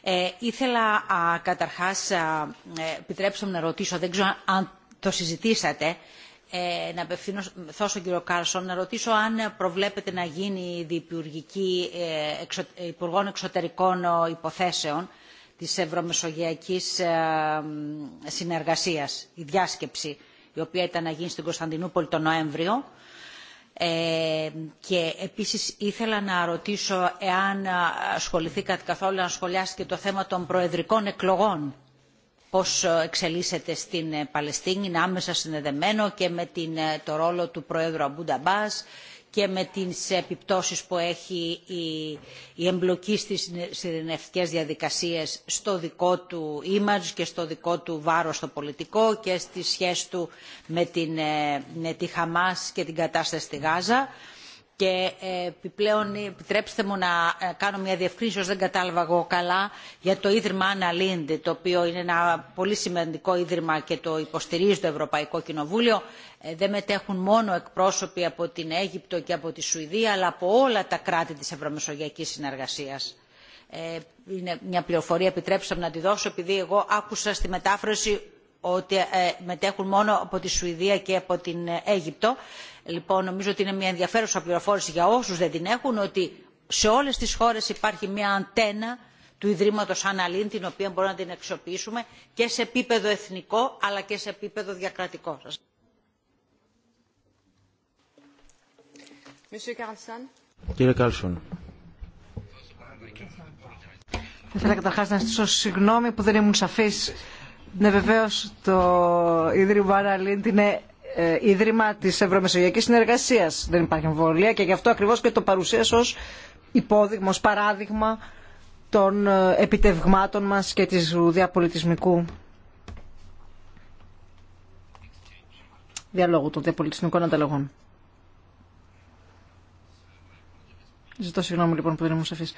Ε, ήθελα καταρχά, καταρχάς, ε, επιτρέψτε μου να ρωτήσω, δεν ξέρω αν το συζητήσατε, ε, να απευθυνθώ στον κύριο Κάρσον, να ρωτήσω αν προβλέπεται να γίνει η διπουργική ε, Υπουργών Εξωτερικών ε, Υποθέσεων της Ευρωμεσογειακής Συνεργασίας, η διάσκεψη η οποία ήταν να γίνει στην Κωνσταντινούπολη τον Νοέμβριο. και επίσης ήθελα να ρωτήσω εάν ασχοληθήκατε καθόλου να σχολιάσετε το θέμα των προεδρικών εκλογών πώς ε, εξελίσσεται στην ε, Παλαιστίνη, είναι άμεσα συνδεδεμένο και με την, ε, το ρόλο του Προέδρου Αμπούντα και με τις επιπτώσεις που έχει η, εμπλοκή στις συνδυνευτικές διαδικασίες στο δικό του image και στο δικό του βάρος στο πολιτικό και στη σχέση του με, την, με τη Χαμάς και την κατάσταση στη Γάζα και ε, επιπλέον επιτρέψτε μου να ε, κάνω μια διευκρίνηση όσο δεν κατάλαβα εγώ καλά για το Ίδρυμα Άννα το οποίο είναι ένα πολύ σημαντικό Ίδρυμα και το υποστηρίζει το Ευρωπαϊκό Κοινοβούλιο ε, δεν μετέχουν μόνο εκπρόσωποι από την Αίγυπτο και από τη Σουηδία αλλά από όλα τα κράτη της Ευρωμεσογειακής Συνεργασίας. Είναι μια πληροφορία, επιτρέψτε μου να τη δώσω, επειδή εγώ άκουσα στη μετάφραση ότι μετέχουν μόνο από τη Σουηδία και από την Αίγυπτο Λοιπόν, νομίζω ότι είναι μια ενδιαφέρουσα πληροφόρηση για όσους δεν την έχουν, ότι σε όλες τις χώρες υπάρχει μια αντένα του Ιδρύματος Αναλύν, την οποία μπορούμε να την αξιοποιήσουμε και σε επίπεδο εθνικό, αλλά και σε επίπεδο διακρατικό. Κύριε Κάλσον. Θα ήθελα καταρχάς να στήσω συγγνώμη που δεν ήμουν σαφής. Ναι, βεβαίω το Ίδρυμα είναι ε, Ίδρυμα της Ευρωμεσογειακής Συνεργασίας. Δεν υπάρχει εμβολία και γι' αυτό ακριβώς και το παρουσίασε ως υπόδειγμα, ως παράδειγμα των ε, επιτευγμάτων μας και της διαπολιτισμικού διαλόγου των διαπολιτισμικών ανταλλαγών. Ζητώ συγγνώμη λοιπόν που δεν ήμουν σαφής.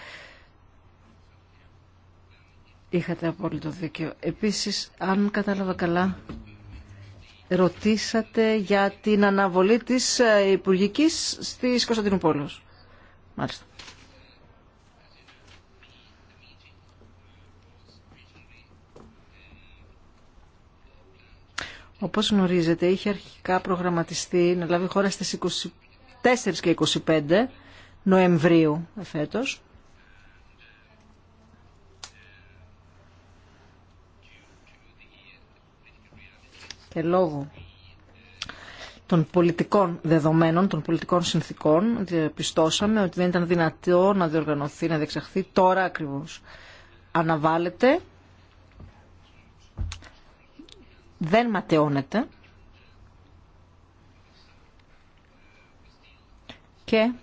Είχατε απόλυτο δίκαιο. Επίσης, αν κατάλαβα καλά, ρωτήσατε για την αναβολή της ε, υπουργική στις Κωνσταντινούπολος. Μάλιστα. Όπως γνωρίζετε, είχε αρχικά προγραμματιστεί να λάβει χώρα στις 24 και 25 Νοεμβρίου εφέτος. και λόγω των πολιτικών δεδομένων, των πολιτικών συνθήκων, πιστώσαμε ότι δεν ήταν δυνατό να διοργανωθεί, να διεξαχθεί τώρα ακριβώς. Αναβάλλεται, δεν ματαιώνεται και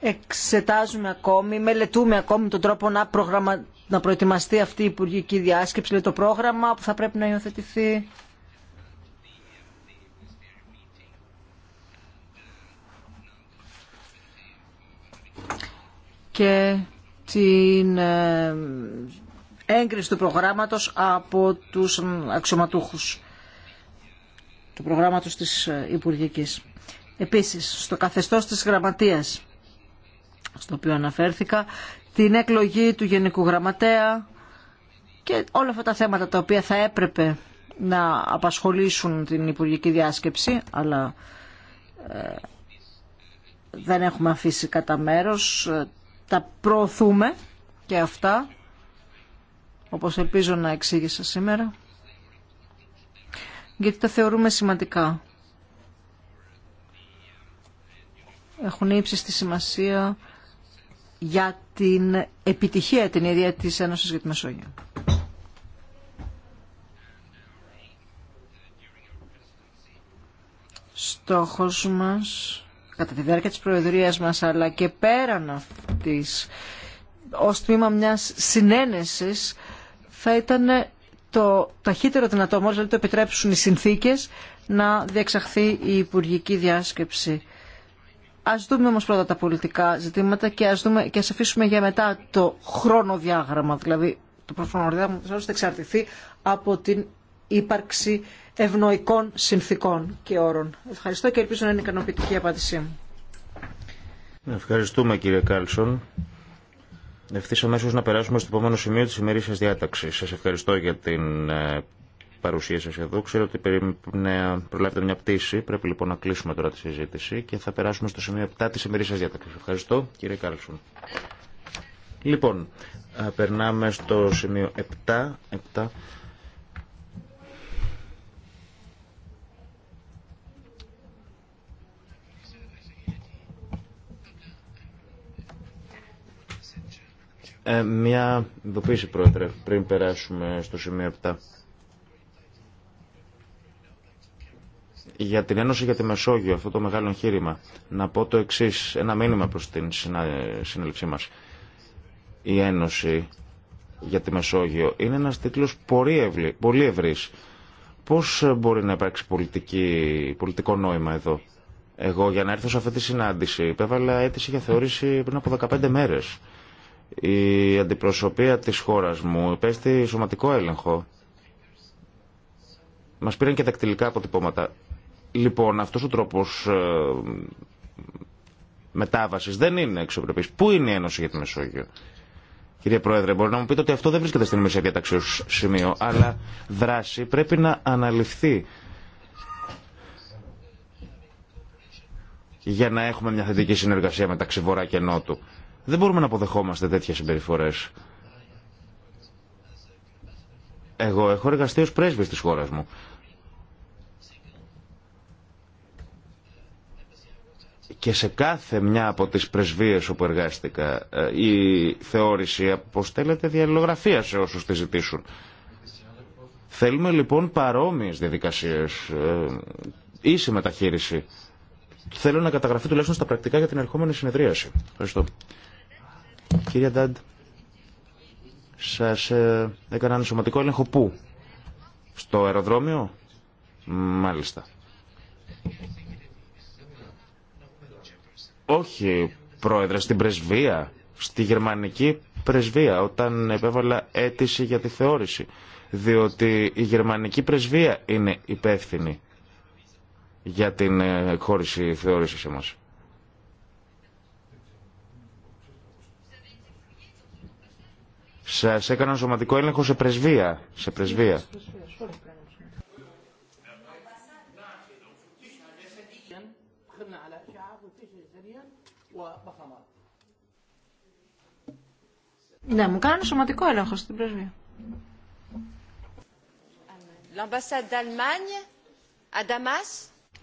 εξετάζουμε ακόμη, μελετούμε ακόμη τον τρόπο να προγραμματίσουμε να προετοιμαστεί αυτή η υπουργική διάσκεψη, λέει, το πρόγραμμα που θα πρέπει να υιοθετηθεί. και την ε, έγκριση του προγράμματος από τους αξιωματούχους του προγράμματος της ε, Υπουργικής. Επίσης, στο καθεστώς της γραμματείας, στο οποίο αναφέρθηκα, την εκλογή του Γενικού Γραμματέα και όλα αυτά τα θέματα τα οποία θα έπρεπε να απασχολήσουν την Υπουργική Διάσκεψη, αλλά ε, δεν έχουμε αφήσει κατά μέρος. Τα προωθούμε και αυτά, όπως ελπίζω να εξήγησα σήμερα, γιατί τα θεωρούμε σημαντικά. Έχουν ύψιστη σημασία για την επιτυχία την ίδια της Ένωσης για τη Μεσόγειο. Στόχος μας, κατά τη διάρκεια της Προεδρίας μας, αλλά και πέραν αυτής, ως τμήμα μιας συνένεσης, θα ήταν το ταχύτερο δυνατό, μόλις δηλαδή το επιτρέψουν οι συνθήκες, να διεξαχθεί η Υπουργική Διάσκεψη Ας δούμε όμως πρώτα τα πολιτικά ζητήματα και ας, δούμε, και ας αφήσουμε για μετά το χρόνο-διάγραμμα, Δηλαδή το διάγραμμα θα εξαρτηθεί από την ύπαρξη ευνοϊκών συνθήκων και όρων. Ευχαριστώ και ελπίζω να είναι ικανοποιητική η απάντησή μου. Ευχαριστούμε κύριε Κάλσον. Ευθύ αμέσω να περάσουμε στο επόμενο σημείο τη ημερήσια διάταξη. Σα ευχαριστώ για την ε, παρουσία σα εδώ. Ξέρω ότι πρέπει να προλάβετε μια πτήση. Πρέπει λοιπόν να κλείσουμε τώρα τη συζήτηση και θα περάσουμε στο σημείο 7 της ημερήσιας διάταξη. Ευχαριστώ κύριε Κάρλσον. Λοιπόν, περνάμε στο σημείο 7. 7. Ε, μια ειδοποίηση, Πρόεδρε, πριν περάσουμε στο σημείο 7. για την Ένωση για τη Μεσόγειο, αυτό το μεγάλο εγχείρημα, να πω το εξή, ένα μήνυμα προς την συνέλευσή μας. Η Ένωση για τη Μεσόγειο είναι ένας τίτλος πολύ ευρύς. Πώς μπορεί να υπάρξει πολιτική, πολιτικό νόημα εδώ. Εγώ για να έρθω σε αυτή τη συνάντηση υπέβαλα αίτηση για θεώρηση πριν από 15 μέρες. Η αντιπροσωπεία της χώρας μου υπέστη σωματικό έλεγχο. Μας πήραν και δακτυλικά αποτυπώματα. Λοιπόν, αυτός ο τρόπος ε, μετάβαση δεν είναι εξωπρεπής. Πού είναι η Ένωση για τη Μεσόγειο. Κύριε Πρόεδρε, μπορεί να μου πείτε ότι αυτό δεν βρίσκεται στην ημερησία διαταξή σημείο, αλλά δράση πρέπει να αναλυφθεί για να έχουμε μια θετική συνεργασία μεταξύ Βορρά και Νότου. Δεν μπορούμε να αποδεχόμαστε τέτοιες συμπεριφορές. Εγώ έχω εργαστεί ως πρέσβης της χώρας μου και σε κάθε μια από τις πρεσβείες όπου εργάστηκα ε, η θεώρηση αποστέλλεται διαλληλογραφία σε όσους τη ζητήσουν. Θέλουμε λοιπόν παρόμοιες διαδικασίες, ε, ίση μεταχείριση. Θέλω να καταγραφεί τουλάχιστον στα πρακτικά για την ερχόμενη συνεδρίαση. Ευχαριστώ. Κύριε Ντάντ, σας ε, έκαναν σωματικό έλεγχο πού? Στο αεροδρόμιο? Μάλιστα. Όχι, πρόεδρε, στην πρεσβεία, στη γερμανική πρεσβεία, όταν επέβαλα αίτηση για τη θεώρηση. Διότι η γερμανική πρεσβεία είναι υπεύθυνη για την εκχώρηση θεώρησης εμάς. Σα έκαναν σωματικό έλεγχο σε πρεσβεία. Σε πρεσβεία. Ναι, μου κάνανε σωματικό έλεγχο στην πρεσβεία.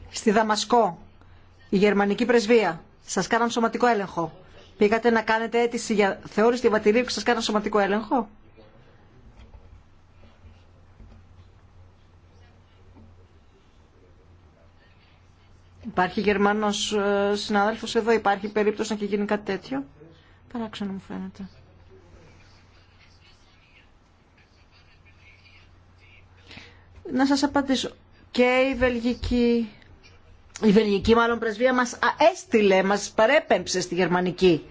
Στη Δαμασκό, η γερμανική πρεσβεία, σας κάνει σωματικό έλεγχο. Πήγατε να κάνετε αίτηση για θεώρηση διαβατηρίου και σας κάνανε σωματικό έλεγχο. Υπάρχει Γερμανός ε, συνάδελφος εδώ, υπάρχει περίπτωση να έχει γίνει κάτι τέτοιο. Παράξενο μου φαίνεται. να σας απαντήσω. Και η Βελγική, η Βελγική μάλλον πρεσβεία μας έστειλε, μας παρέπεμψε στη Γερμανική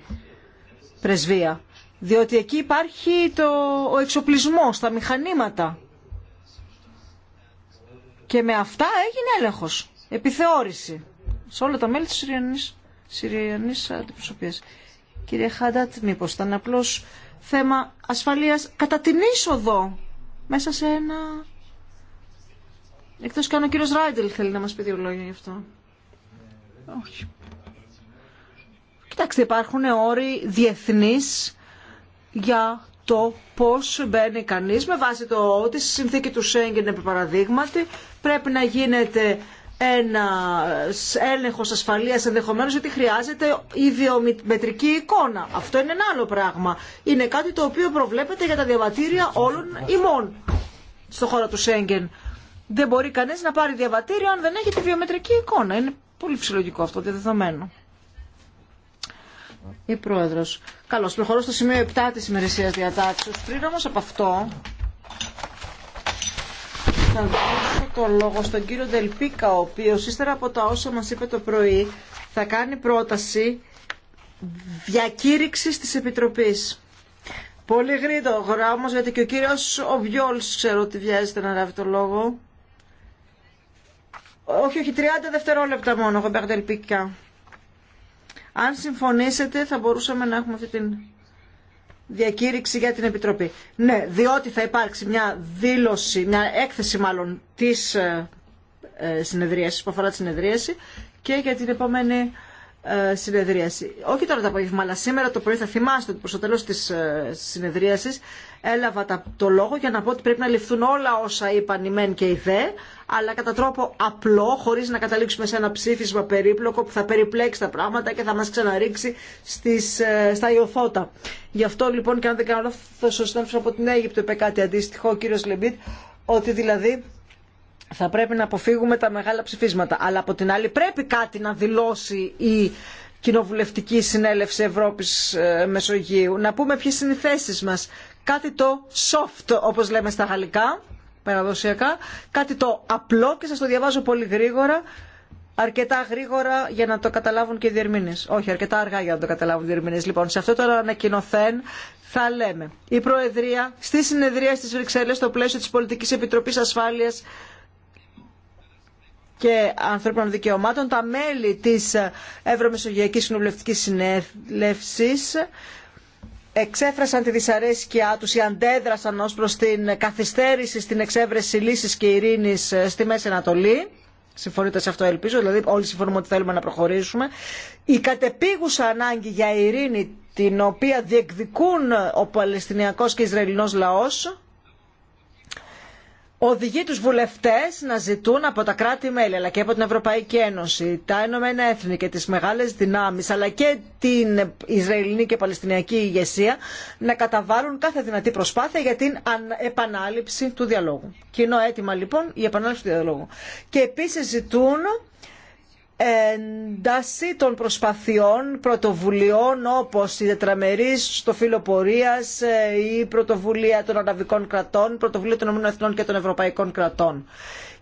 πρεσβεία. Διότι εκεί υπάρχει το, ο εξοπλισμός, τα μηχανήματα. Και με αυτά έγινε έλεγχος, επιθεώρηση σε όλα τα μέλη της Συριανής, Συριανής αντιπροσωπείας. Κύριε Χάντατ, μήπως ήταν απλώς θέμα ασφαλείας κατά την είσοδο μέσα σε ένα Εκτός και αν ο κύριος Ράιντελ θέλει να μας πει δύο λόγια γι' αυτό. Όχι. Κοιτάξτε, υπάρχουν όροι διεθνείς για το πώς μπαίνει κανείς με βάση το στη συνθήκη του Σέγγεν επί παραδείγματι πρέπει να γίνεται ένα έλεγχο ασφαλεία ενδεχομένω ότι χρειάζεται ιδιομετρική εικόνα. Αυτό είναι ένα άλλο πράγμα. Είναι κάτι το οποίο προβλέπεται για τα διαβατήρια όλων ημών στο χώρο του Σέγγεν δεν μπορεί κανείς να πάρει διαβατήριο αν δεν έχει τη βιομετρική εικόνα. Είναι πολύ φυσιολογικό αυτό διαδεδομένο. Η Πρόεδρος. Καλώς, προχωρώ στο σημείο 7 της ημερησίας διατάξεως. Πριν όμως από αυτό, θα δώσω το λόγο στον κύριο Ντελπίκα, ο οποίος ύστερα από τα όσα μας είπε το πρωί, θα κάνει πρόταση διακήρυξης της Επιτροπής. Πολύ γρήγορα όμως, γιατί και ο κύριος Οβιόλ ξέρω ότι βιάζεται να λάβει το λόγο. Όχι, όχι, 30 δευτερόλεπτα μόνο, Γομπέρντελ Πικά. Αν συμφωνήσετε θα μπορούσαμε να έχουμε αυτή την διακήρυξη για την Επιτροπή. Ναι, διότι θα υπάρξει μια δήλωση, μια έκθεση μάλλον της ε, ε, συνεδρίασης, που αφορά τη συνεδρίαση και για την επόμενη ε, συνεδρίαση. Όχι τώρα το απόγευμα, αλλά σήμερα το πρωί θα θυμάστε ότι προ το τέλο τη ε, συνεδρίαση έλαβα το λόγο για να πω ότι πρέπει να ληφθούν όλα όσα είπαν οι μεν και οι δε, αλλά κατά τρόπο απλό, χωρί να καταλήξουμε σε ένα ψήφισμα περίπλοκο που θα περιπλέξει τα πράγματα και θα μα ξαναρίξει στις, ε, στα ιωθώτα. Γι' αυτό λοιπόν και αν δεν κάνω λάθο, ο συνάδελφο από την Αίγυπτο είπε κάτι αντίστοιχο, ο κύριο Λεμπίτ, ότι δηλαδή θα πρέπει να αποφύγουμε τα μεγάλα ψηφίσματα. Αλλά από την άλλη πρέπει κάτι να δηλώσει η Κοινοβουλευτική Συνέλευση Ευρώπης ε, Μεσογείου. Να πούμε ποιες είναι οι θέσεις μας. Κάτι το soft όπως λέμε στα γαλλικά, παραδοσιακά. Κάτι το απλό και σας το διαβάζω πολύ γρήγορα. Αρκετά γρήγορα για να το καταλάβουν και οι διερμηνεί. Όχι, αρκετά αργά για να το καταλάβουν οι διερμηνεί. Λοιπόν, σε αυτό το ανακοινοθέν θα λέμε. Η Προεδρία στη συνεδρία τη Βρυξέλλε στο πλαίσιο τη Πολιτική Επιτροπή Ασφάλεια και ανθρώπινων δικαιωμάτων τα μέλη της Ευρωμεσογειακής Συνοβουλευτικής Συνέλευσης εξέφρασαν τη δυσαρέσκειά τους ή αντέδρασαν ως προς την καθυστέρηση στην εξέβρεση λύσης και ειρήνης στη Μέση Ανατολή. Συμφωνείτε σε αυτό ελπίζω, δηλαδή όλοι συμφωνούμε ότι θέλουμε να προχωρήσουμε. Η κατεπίγουσα ανάγκη για ειρήνη την οποία διεκδικούν ο Παλαιστινιακός και Ισραηλινός λαός οδηγεί τους βουλευτές να ζητούν από τα κράτη-μέλη αλλά και από την Ευρωπαϊκή Ένωση, τα Ηνωμένα Έθνη και τις μεγάλες δυνάμεις αλλά και την Ισραηλινή και Παλαιστινιακή ηγεσία να καταβάλουν κάθε δυνατή προσπάθεια για την επανάληψη του διαλόγου. Κοινό αίτημα λοιπόν η επανάληψη του διαλόγου. Και επίσης ζητούν ένταση των προσπαθειών πρωτοβουλειών όπως η τετραμερής στο φύλλο ε, η πρωτοβουλία των Αραβικών κρατών, πρωτοβουλία των ΗΕ και των Ευρωπαϊκών κρατών.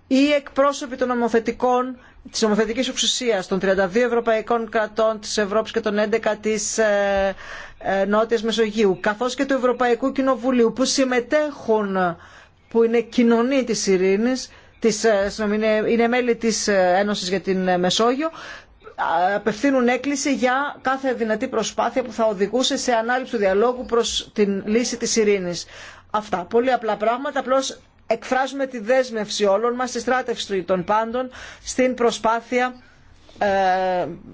Οι εκπρόσωποι των νομοθετικών της νομοθετικής εξουσίας των 32 ευρωπαϊκών κρατών της Ευρώπης και των 11 της ε, ε, Νότιας Μεσογείου καθώς και του Ευρωπαϊκού Κοινοβουλίου που συμμετέχουν, που είναι κοινωνοί της ειρήνης ε, είναι μέλη της ε, Ένωσης για την ε, Μεσόγειο απευθύνουν έκκληση για κάθε δυνατή προσπάθεια που θα οδηγούσε σε ανάληψη του διαλόγου προς την λύση της ειρήνης. Αυτά. Πολύ απλά πράγματα. Απλώς εκφράζουμε τη δέσμευση όλων μας, τη στράτευση των πάντων, στην προσπάθεια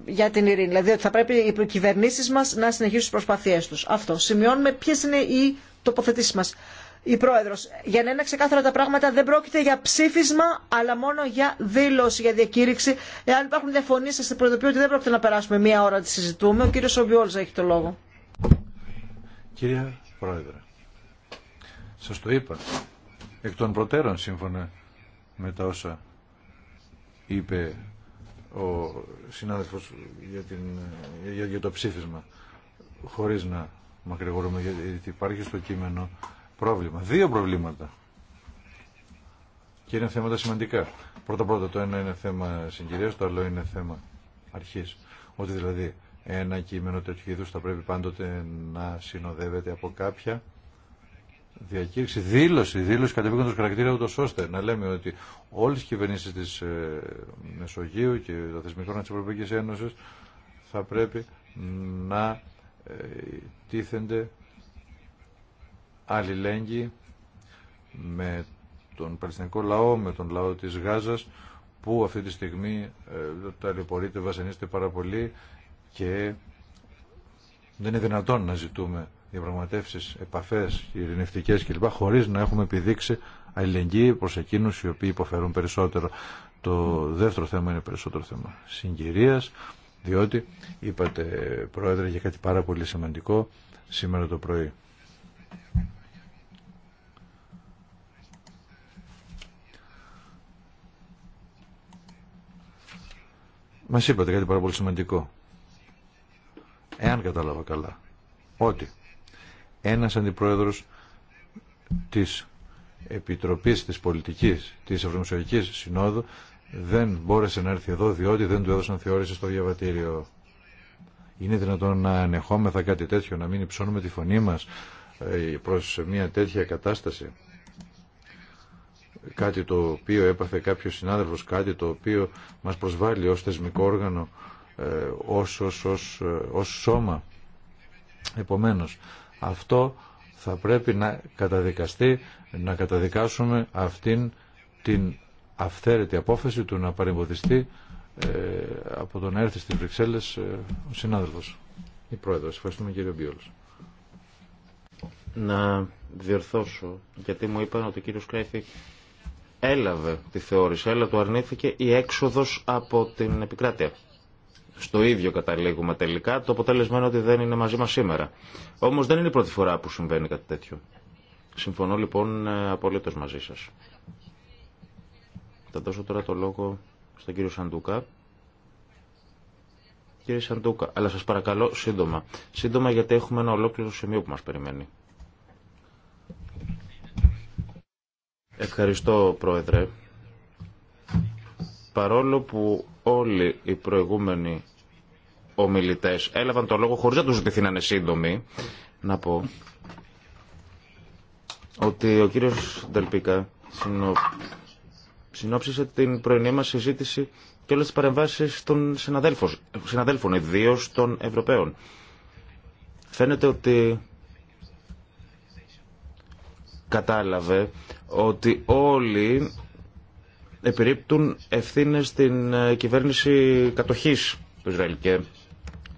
για την ειρήνη. Δηλαδή ότι θα πρέπει οι κυβερνήσεις μας να συνεχίσουν τις προσπαθίες τους. Αυτό. Σημειώνουμε ποιες είναι οι τοποθετήσεις μας η Πρόεδρος. Για να είναι ξεκάθαρα τα πράγματα δεν πρόκειται για ψήφισμα αλλά μόνο για δήλωση, για διακήρυξη. Εάν υπάρχουν διαφωνίε, σα προειδοποιώ ότι δεν πρόκειται να περάσουμε μία ώρα να τη συζητούμε. Ο κύριος Σοβιόλζα έχει το λόγο. Κυρία Πρόεδρε, Σα το είπα, εκ των προτέρων σύμφωνα με τα όσα είπε ο συνάδελφος για, για, το ψήφισμα χωρίς να μακρηγορούμε γιατί υπάρχει στο κείμενο πρόβλημα. Δύο προβλήματα. Και είναι θέματα σημαντικά. Πρώτα-πρώτα το ένα είναι θέμα συγκυρία, το άλλο είναι θέμα αρχή. Ότι δηλαδή ένα κείμενο τέτοιου είδου θα πρέπει πάντοτε να συνοδεύεται από κάποια διακήρυξη, δήλωση, δήλωση κατεβήκοντος χαρακτήρα ούτω ώστε να λέμε ότι όλε οι κυβερνήσεις της ε, Μεσογείου και των θεσμικών τη Ευρωπαϊκή Ένωση θα πρέπει να ε, τίθενται αλληλέγγυη με τον Παλαιστινικό λαό, με τον λαό της Γάζας που αυτή τη στιγμή ε, ταλαιπωρείται, βασανίστε πάρα πολύ και δεν είναι δυνατόν να ζητούμε διαπραγματεύσεις, επαφές, ειρηνευτικές κλπ. χωρίς να έχουμε επιδείξει αλληλεγγύη προς εκείνους οι οποίοι υποφέρουν περισσότερο. Το δεύτερο θέμα είναι περισσότερο θέμα συγκυρίας, διότι είπατε πρόεδρε για κάτι πάρα πολύ σημαντικό σήμερα το πρωί. Μα είπατε κάτι πάρα πολύ σημαντικό. Εάν κατάλαβα καλά, ότι ένας αντιπρόεδρος της Επιτροπής της Πολιτικής της Ευρωμεσογειακή Συνόδου δεν μπόρεσε να έρθει εδώ διότι δεν του έδωσαν θεώρηση στο διαβατήριο. Είναι δυνατόν να ανεχόμεθα κάτι τέτοιο, να μην υψώνουμε τη φωνή μας, ε, προς μια τέτοια κατάσταση. Κάτι το οποίο έπαθε κάποιος συνάδελφος, κάτι το οποίο μας προσβάλλει ως θεσμικό όργανο, ε, ως, ε, ως, σώμα. Επομένως, αυτό θα πρέπει να καταδικαστεί, να καταδικάσουμε αυτήν την αυθαίρετη απόφαση του να παρεμποδιστεί από το να έρθει στις Βρυξέλλες ο συνάδελφος, η πρόεδρος. Ευχαριστούμε κύριο Μπιόλος να διορθώσω, γιατί μου είπαν ότι ο κύριος Κρέφη έλαβε τη θεώρηση, αλλά του αρνήθηκε η έξοδος από την επικράτεια. Στο ίδιο καταλήγουμε τελικά, το αποτέλεσμα είναι ότι δεν είναι μαζί μας σήμερα. Όμως δεν είναι η πρώτη φορά που συμβαίνει κάτι τέτοιο. Συμφωνώ λοιπόν ε, απολύτως μαζί σας. Θα δώσω τώρα το λόγο στον κύριο Σαντούκα. Κύριε Σαντούκα, αλλά σας παρακαλώ σύντομα. Σύντομα γιατί έχουμε ένα ολόκληρο σημείο που μας περιμένει. Ευχαριστώ, Πρόεδρε. Παρόλο που όλοι οι προηγούμενοι ομιλητές έλαβαν το λόγο χωρίς να τους ζητηθεί να είναι σύντομοι, να πω ότι ο κύριος Δελπίκα συνόψισε την πρωινή μας συζήτηση και όλες τις παρεμβάσεις των συναδέλφων, ιδίω των Ευρωπαίων. Φαίνεται ότι κατάλαβε ότι όλοι επιρρύπτουν ευθύνες στην ε, κυβέρνηση κατοχής του Ισραήλ και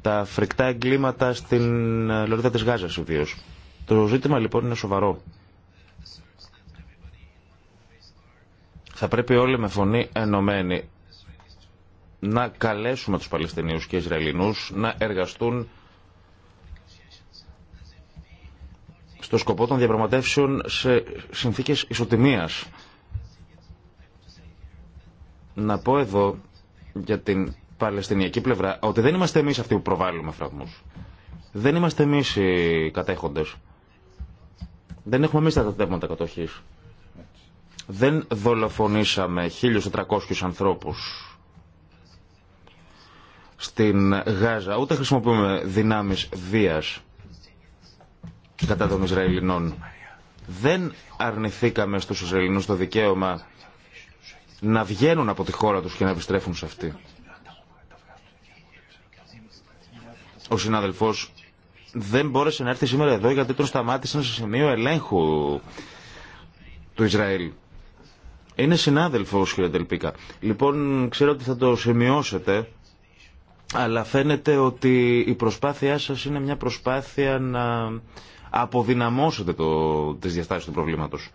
τα φρικτά εγκλήματα στην ε, λωρίδα της Γάζας ιδίως. Το ζήτημα λοιπόν είναι σοβαρό. Θα πρέπει όλοι με φωνή ενωμένη να καλέσουμε τους Παλαιστινίους και Ισραηλινούς να εργαστούν στο σκοπό των διαπραγματεύσεων σε συνθήκες ισοτιμίας. Να πω εδώ για την Παλαιστινιακή πλευρά ότι δεν είμαστε εμείς αυτοί που προβάλλουμε φραγμούς. Δεν είμαστε εμείς οι κατέχοντες. Δεν έχουμε εμείς τα κατεύματα κατοχής. Δεν δολοφονήσαμε 1.400 ανθρώπους στην Γάζα, ούτε χρησιμοποιούμε δυνάμεις βίας κατά των Ισραηλινών. Δεν αρνηθήκαμε στους Ισραηλινούς το δικαίωμα να βγαίνουν από τη χώρα τους και να επιστρέφουν σε αυτή. Ο συνάδελφός δεν μπόρεσε να έρθει σήμερα εδώ γιατί τον σταμάτησαν σε σημείο ελέγχου του Ισραήλ. Είναι συνάδελφος κύριε Τελπίκα. Λοιπόν, ξέρω ότι θα το σημειώσετε, αλλά φαίνεται ότι η προσπάθειά σας είναι μια προσπάθεια να αποδυναμώσετε το, τις διαστάσεις του προβλήματος.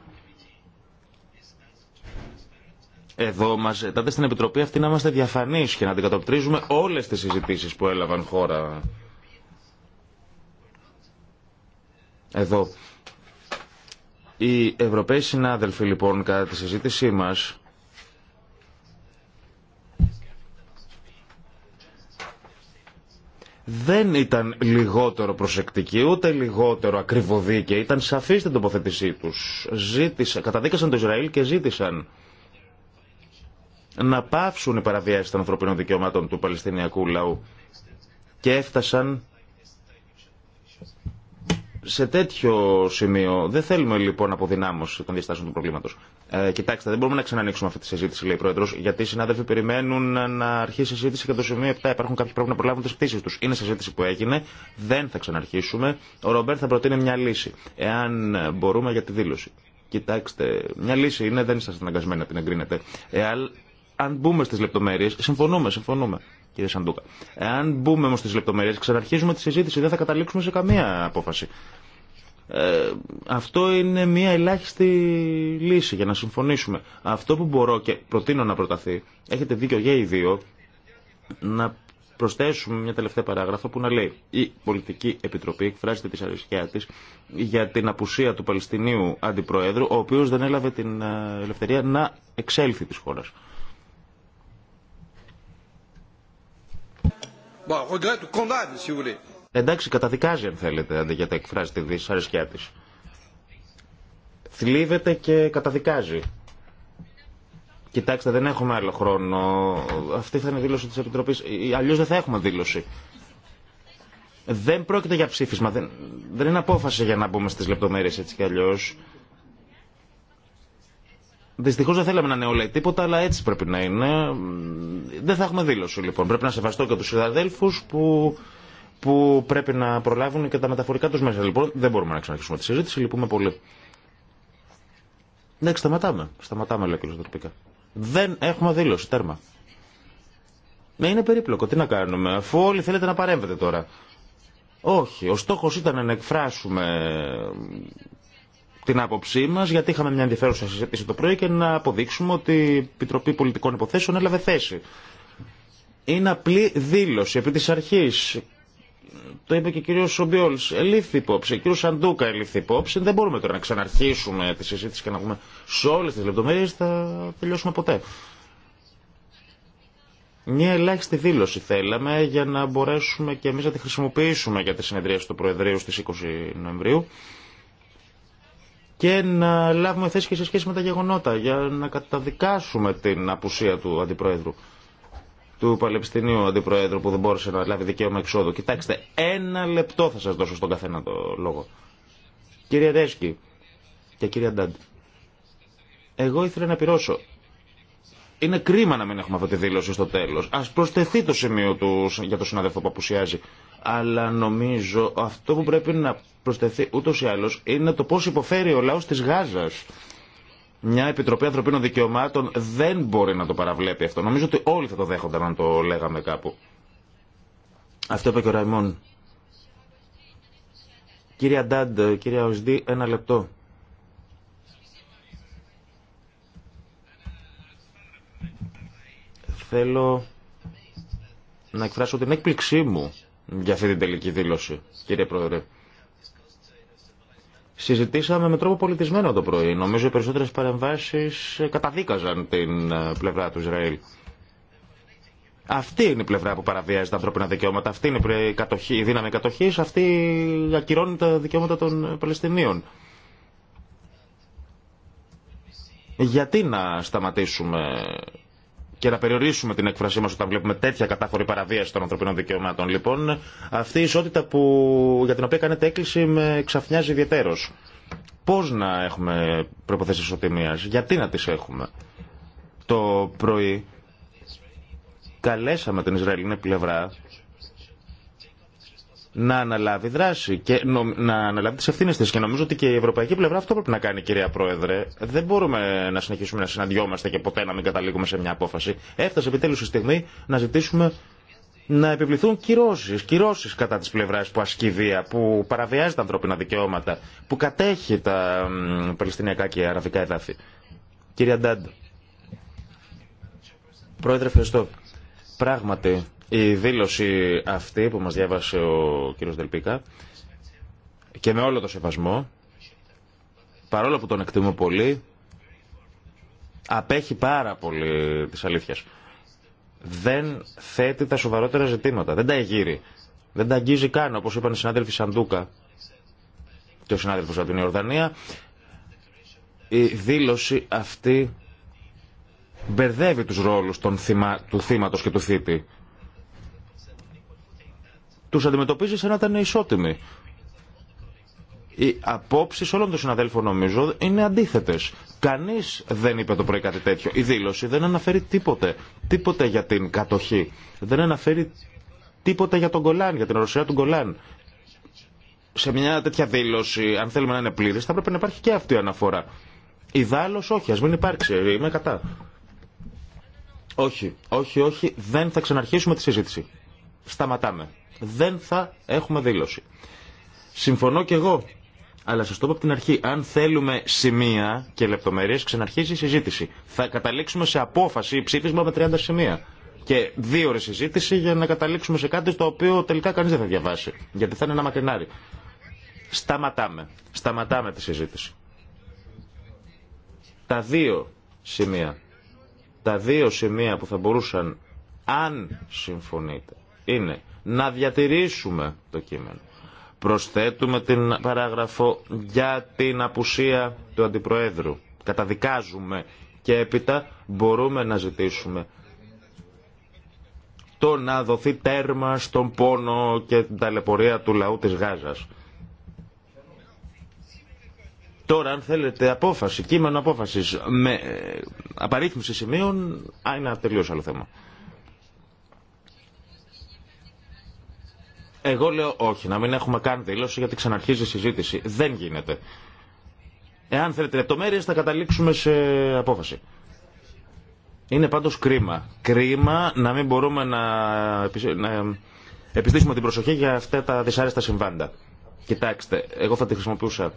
Εδώ μα ζητάτε στην Επιτροπή αυτή να είμαστε διαφανεί και να αντικατοπτρίζουμε όλε τι συζητήσει που έλαβαν χώρα. Εδώ. Οι Ευρωπαίοι συνάδελφοι λοιπόν κατά τη συζήτησή μας δεν ήταν λιγότερο προσεκτικοί, ούτε λιγότερο ακριβοδίκαιοι. Ήταν σαφή στην τοποθέτησή του. Καταδίκασαν το Ισραήλ και ζήτησαν να πάυσουν οι παραβιάσει των ανθρωπίνων δικαιωμάτων του Παλαιστινιακού λαού. Και έφτασαν σε τέτοιο σημείο δεν θέλουμε λοιπόν αποδυνάμωση των διαστάσεων του προβλήματο. Ε, κοιτάξτε, δεν μπορούμε να ξανανοίξουμε αυτή τη συζήτηση, λέει ο Πρόεδρο, γιατί οι συνάδελφοι περιμένουν να αρχίσει η συζήτηση για το σημείο 7. Υπάρχουν κάποιοι που πρέπει να προλάβουν τι πτήσει του. Είναι συζήτηση που έγινε, δεν θα ξαναρχίσουμε. Ο Ρομπέρ θα προτείνει μια λύση, εάν μπορούμε για τη δήλωση. Κοιτάξτε, μια λύση είναι, δεν είσαστε αναγκασμένοι να την εγκρίνετε. Ε, αν μπούμε στι λεπτομέρειε, συμφωνούμε, συμφωνούμε κύριε Σαντούκα. Εάν μπούμε όμω στι λεπτομέρειε, ξαναρχίζουμε τη συζήτηση, δεν θα καταλήξουμε σε καμία απόφαση. Ε, αυτό είναι μια ελάχιστη λύση για να συμφωνήσουμε. Αυτό που μπορώ και προτείνω να προταθεί, έχετε δίκιο για οι δύο, να προσθέσουμε μια τελευταία παράγραφο που να λέει «Η Πολιτική Επιτροπή εκφράζεται τη αρισκιά της για την απουσία του Παλαιστινίου Αντιπροέδρου, ο οποίος δεν έλαβε την ε, ελευθερία να εξέλθει της χώρας». Εντάξει, καταδικάζει αν θέλετε, αντί για τα εκφράζει τη δυσαρέσκειά τη. Θλίβεται και καταδικάζει. Κοιτάξτε, δεν έχουμε άλλο χρόνο. Αυτή θα είναι δήλωση τη Επιτροπή. Ε, ε, αλλιώ δεν θα έχουμε δήλωση. Δεν πρόκειται για ψήφισμα. Δεν, δεν είναι απόφαση για να μπούμε στι λεπτομέρειε έτσι κι αλλιώ. Δυστυχώ δεν θέλαμε να είναι όλα τίποτα, αλλά έτσι πρέπει να είναι. Δεν θα έχουμε δήλωση λοιπόν. Πρέπει να σεβαστώ και του συναδέλφου που, που πρέπει να προλάβουν και τα μεταφορικά του μέσα. Λοιπόν, δεν μπορούμε να ξαναρχίσουμε τη συζήτηση, λυπούμε πολύ. Ναι, σταματάμε. Σταματάμε, λέει ο τοπικά. Δεν έχουμε δήλωση, τέρμα. Ναι, είναι περίπλοκο. Τι να κάνουμε, αφού όλοι θέλετε να παρέμβετε τώρα. Όχι, ο στόχος ήταν να εκφράσουμε την άποψή μα, γιατί είχαμε μια ενδιαφέρουσα συζήτηση το πρωί και να αποδείξουμε ότι η Επιτροπή Πολιτικών Υποθέσεων έλαβε θέση. Είναι απλή δήλωση επί τη αρχή. Το είπε και ο κ. Σομπιόλ. Ελήφθη υπόψη. Ο κ. Σαντούκα ελήφθη υπόψη. Δεν μπορούμε τώρα να ξαναρχίσουμε τη συζήτηση και να πούμε σε όλε τι λεπτομέρειε θα τελειώσουμε ποτέ. Μια ελάχιστη δήλωση θέλαμε για να μπορέσουμε και εμεί να τη χρησιμοποιήσουμε για τι συνεδρίε του Προεδρείου στι 20 Νοεμβρίου και να λάβουμε θέση και σε σχέση με τα γεγονότα για να καταδικάσουμε την απουσία του Αντιπροέδρου του Παλαιπιστηνίου Αντιπροέδρου που δεν μπόρεσε να λάβει δικαίωμα εξόδου. Κοιτάξτε, ένα λεπτό θα σας δώσω στον καθένα το λόγο. Κύριε Ρέσκι και κύριε Ντάντ, εγώ ήθελα να πειρώσω. Είναι κρίμα να μην έχουμε αυτή τη δήλωση στο τέλος. Ας προσθεθεί το σημείο του για το συνάδελφο που απουσιάζει αλλά νομίζω αυτό που πρέπει να προσθεθεί ούτω ή άλλω είναι το πώ υποφέρει ο λαό τη Γάζα. Μια Επιτροπή Ανθρωπίνων Δικαιωμάτων δεν μπορεί να το παραβλέπει αυτό. Νομίζω ότι όλοι θα το δέχονταν αν το λέγαμε κάπου. Αυτό είπε και ο Ραϊμόν. Κύριε Ντάντ, κύριε Αουσδί, ένα λεπτό. Θέλω να εκφράσω την έκπληξή μου για αυτή την τελική δήλωση, κύριε Πρόεδρε. Συζητήσαμε με τρόπο πολιτισμένο το πρωί. Νομίζω οι περισσότερε παρεμβάσει καταδίκαζαν την ε, πλευρά του Ισραήλ. Αυτή είναι η πλευρά που παραβιάζει τα ανθρώπινα δικαιώματα. Αυτή είναι η, δύναμη κατοχή. Αυτή ακυρώνει τα δικαιώματα των Παλαιστινίων. Γιατί να σταματήσουμε και να περιορίσουμε την έκφρασή μα όταν βλέπουμε τέτοια κατάφορη παραβίαση των ανθρωπίνων δικαιωμάτων. Λοιπόν, αυτή η ισότητα που, για την οποία κάνετε έκκληση με ξαφνιάζει ιδιαίτερω. Πώ να έχουμε προποθέσει ισοτιμία, γιατί να τι έχουμε. Το πρωί καλέσαμε την Ισραηλινή πλευρά να αναλάβει δράση και να αναλάβει τι ευθύνε τη. Και νομίζω ότι και η ευρωπαϊκή πλευρά αυτό πρέπει να κάνει, κυρία Πρόεδρε. Δεν μπορούμε να συνεχίσουμε να συναντιόμαστε και ποτέ να μην καταλήγουμε σε μια απόφαση. Έφτασε επιτέλου η στιγμή να ζητήσουμε να επιβληθούν κυρώσει. Κυρώσει κατά τη πλευρά που ασκεί βία, που παραβιάζει τα ανθρώπινα δικαιώματα, που κατέχει τα Παλαιστινιακά και Αραβικά εδάφη. Κυρία Ντάντ. Πρόεδρε, ευχαριστώ. Πράγματι, η δήλωση αυτή που μας διάβασε ο κύριος Δελπίκα και με όλο το σεβασμό, παρόλο που τον εκτιμώ πολύ, απέχει πάρα πολύ της αλήθειας. Δεν θέτει τα σοβαρότερα ζητήματα, δεν τα εγείρει, δεν τα αγγίζει καν, όπως είπαν οι συνάδελφοι Σαντούκα και ο συνάδελφος από την Ιορδανία. Η δήλωση αυτή μπερδεύει τους ρόλους των του θύματος και του θήτη τους αντιμετωπίζει σαν να ήταν ισότιμοι. Οι απόψει όλων των συναδέλφων νομίζω είναι αντίθετε. Κανεί δεν είπε το πρωί κάτι τέτοιο. Η δήλωση δεν αναφέρει τίποτε. Τίποτε για την κατοχή. Δεν αναφέρει τίποτε για τον Κολάν, για την Ρωσία του Κολάν. Σε μια τέτοια δήλωση, αν θέλουμε να είναι πλήρη, θα πρέπει να υπάρχει και αυτή η αναφορά. Ιδάλω όχι, α μην υπάρξει. Είμαι κατά. Όχι, όχι, όχι, δεν θα ξαναρχίσουμε τη συζήτηση. Σταματάμε δεν θα έχουμε δήλωση. Συμφωνώ και εγώ. Αλλά σα το είπα από την αρχή. Αν θέλουμε σημεία και λεπτομέρειε, ξαναρχίζει η συζήτηση. Θα καταλήξουμε σε απόφαση ψήφισμα με 30 σημεία. Και δύο ώρε συζήτηση για να καταλήξουμε σε κάτι στο οποίο τελικά κανεί δεν θα διαβάσει. Γιατί θα είναι ένα μακρινάρι. Σταματάμε. Σταματάμε τη συζήτηση. Τα δύο σημεία. Τα δύο σημεία που θα μπορούσαν, αν συμφωνείτε, είναι να διατηρήσουμε το κείμενο. Προσθέτουμε την παράγραφο για την απουσία του Αντιπροέδρου. Καταδικάζουμε και έπειτα μπορούμε να ζητήσουμε το να δοθεί τέρμα στον πόνο και την ταλαιπωρία του λαού της Γάζας. Τώρα, αν θέλετε απόφαση, κείμενο απόφασης με ε, απαρίθμιση σημείων, α, είναι ένα άλλο θέμα. Εγώ λέω όχι, να μην έχουμε καν δήλωση γιατί ξαναρχίζει η συζήτηση. Δεν γίνεται. Εάν θέλετε λεπτομέρειε θα καταλήξουμε σε απόφαση. Είναι πάντως κρίμα. Κρίμα να μην μπορούμε να, να επιστήσουμε την προσοχή για αυτά τα δυσάρεστα συμβάντα. Κοιτάξτε, εγώ θα τη χρησιμοποιούσα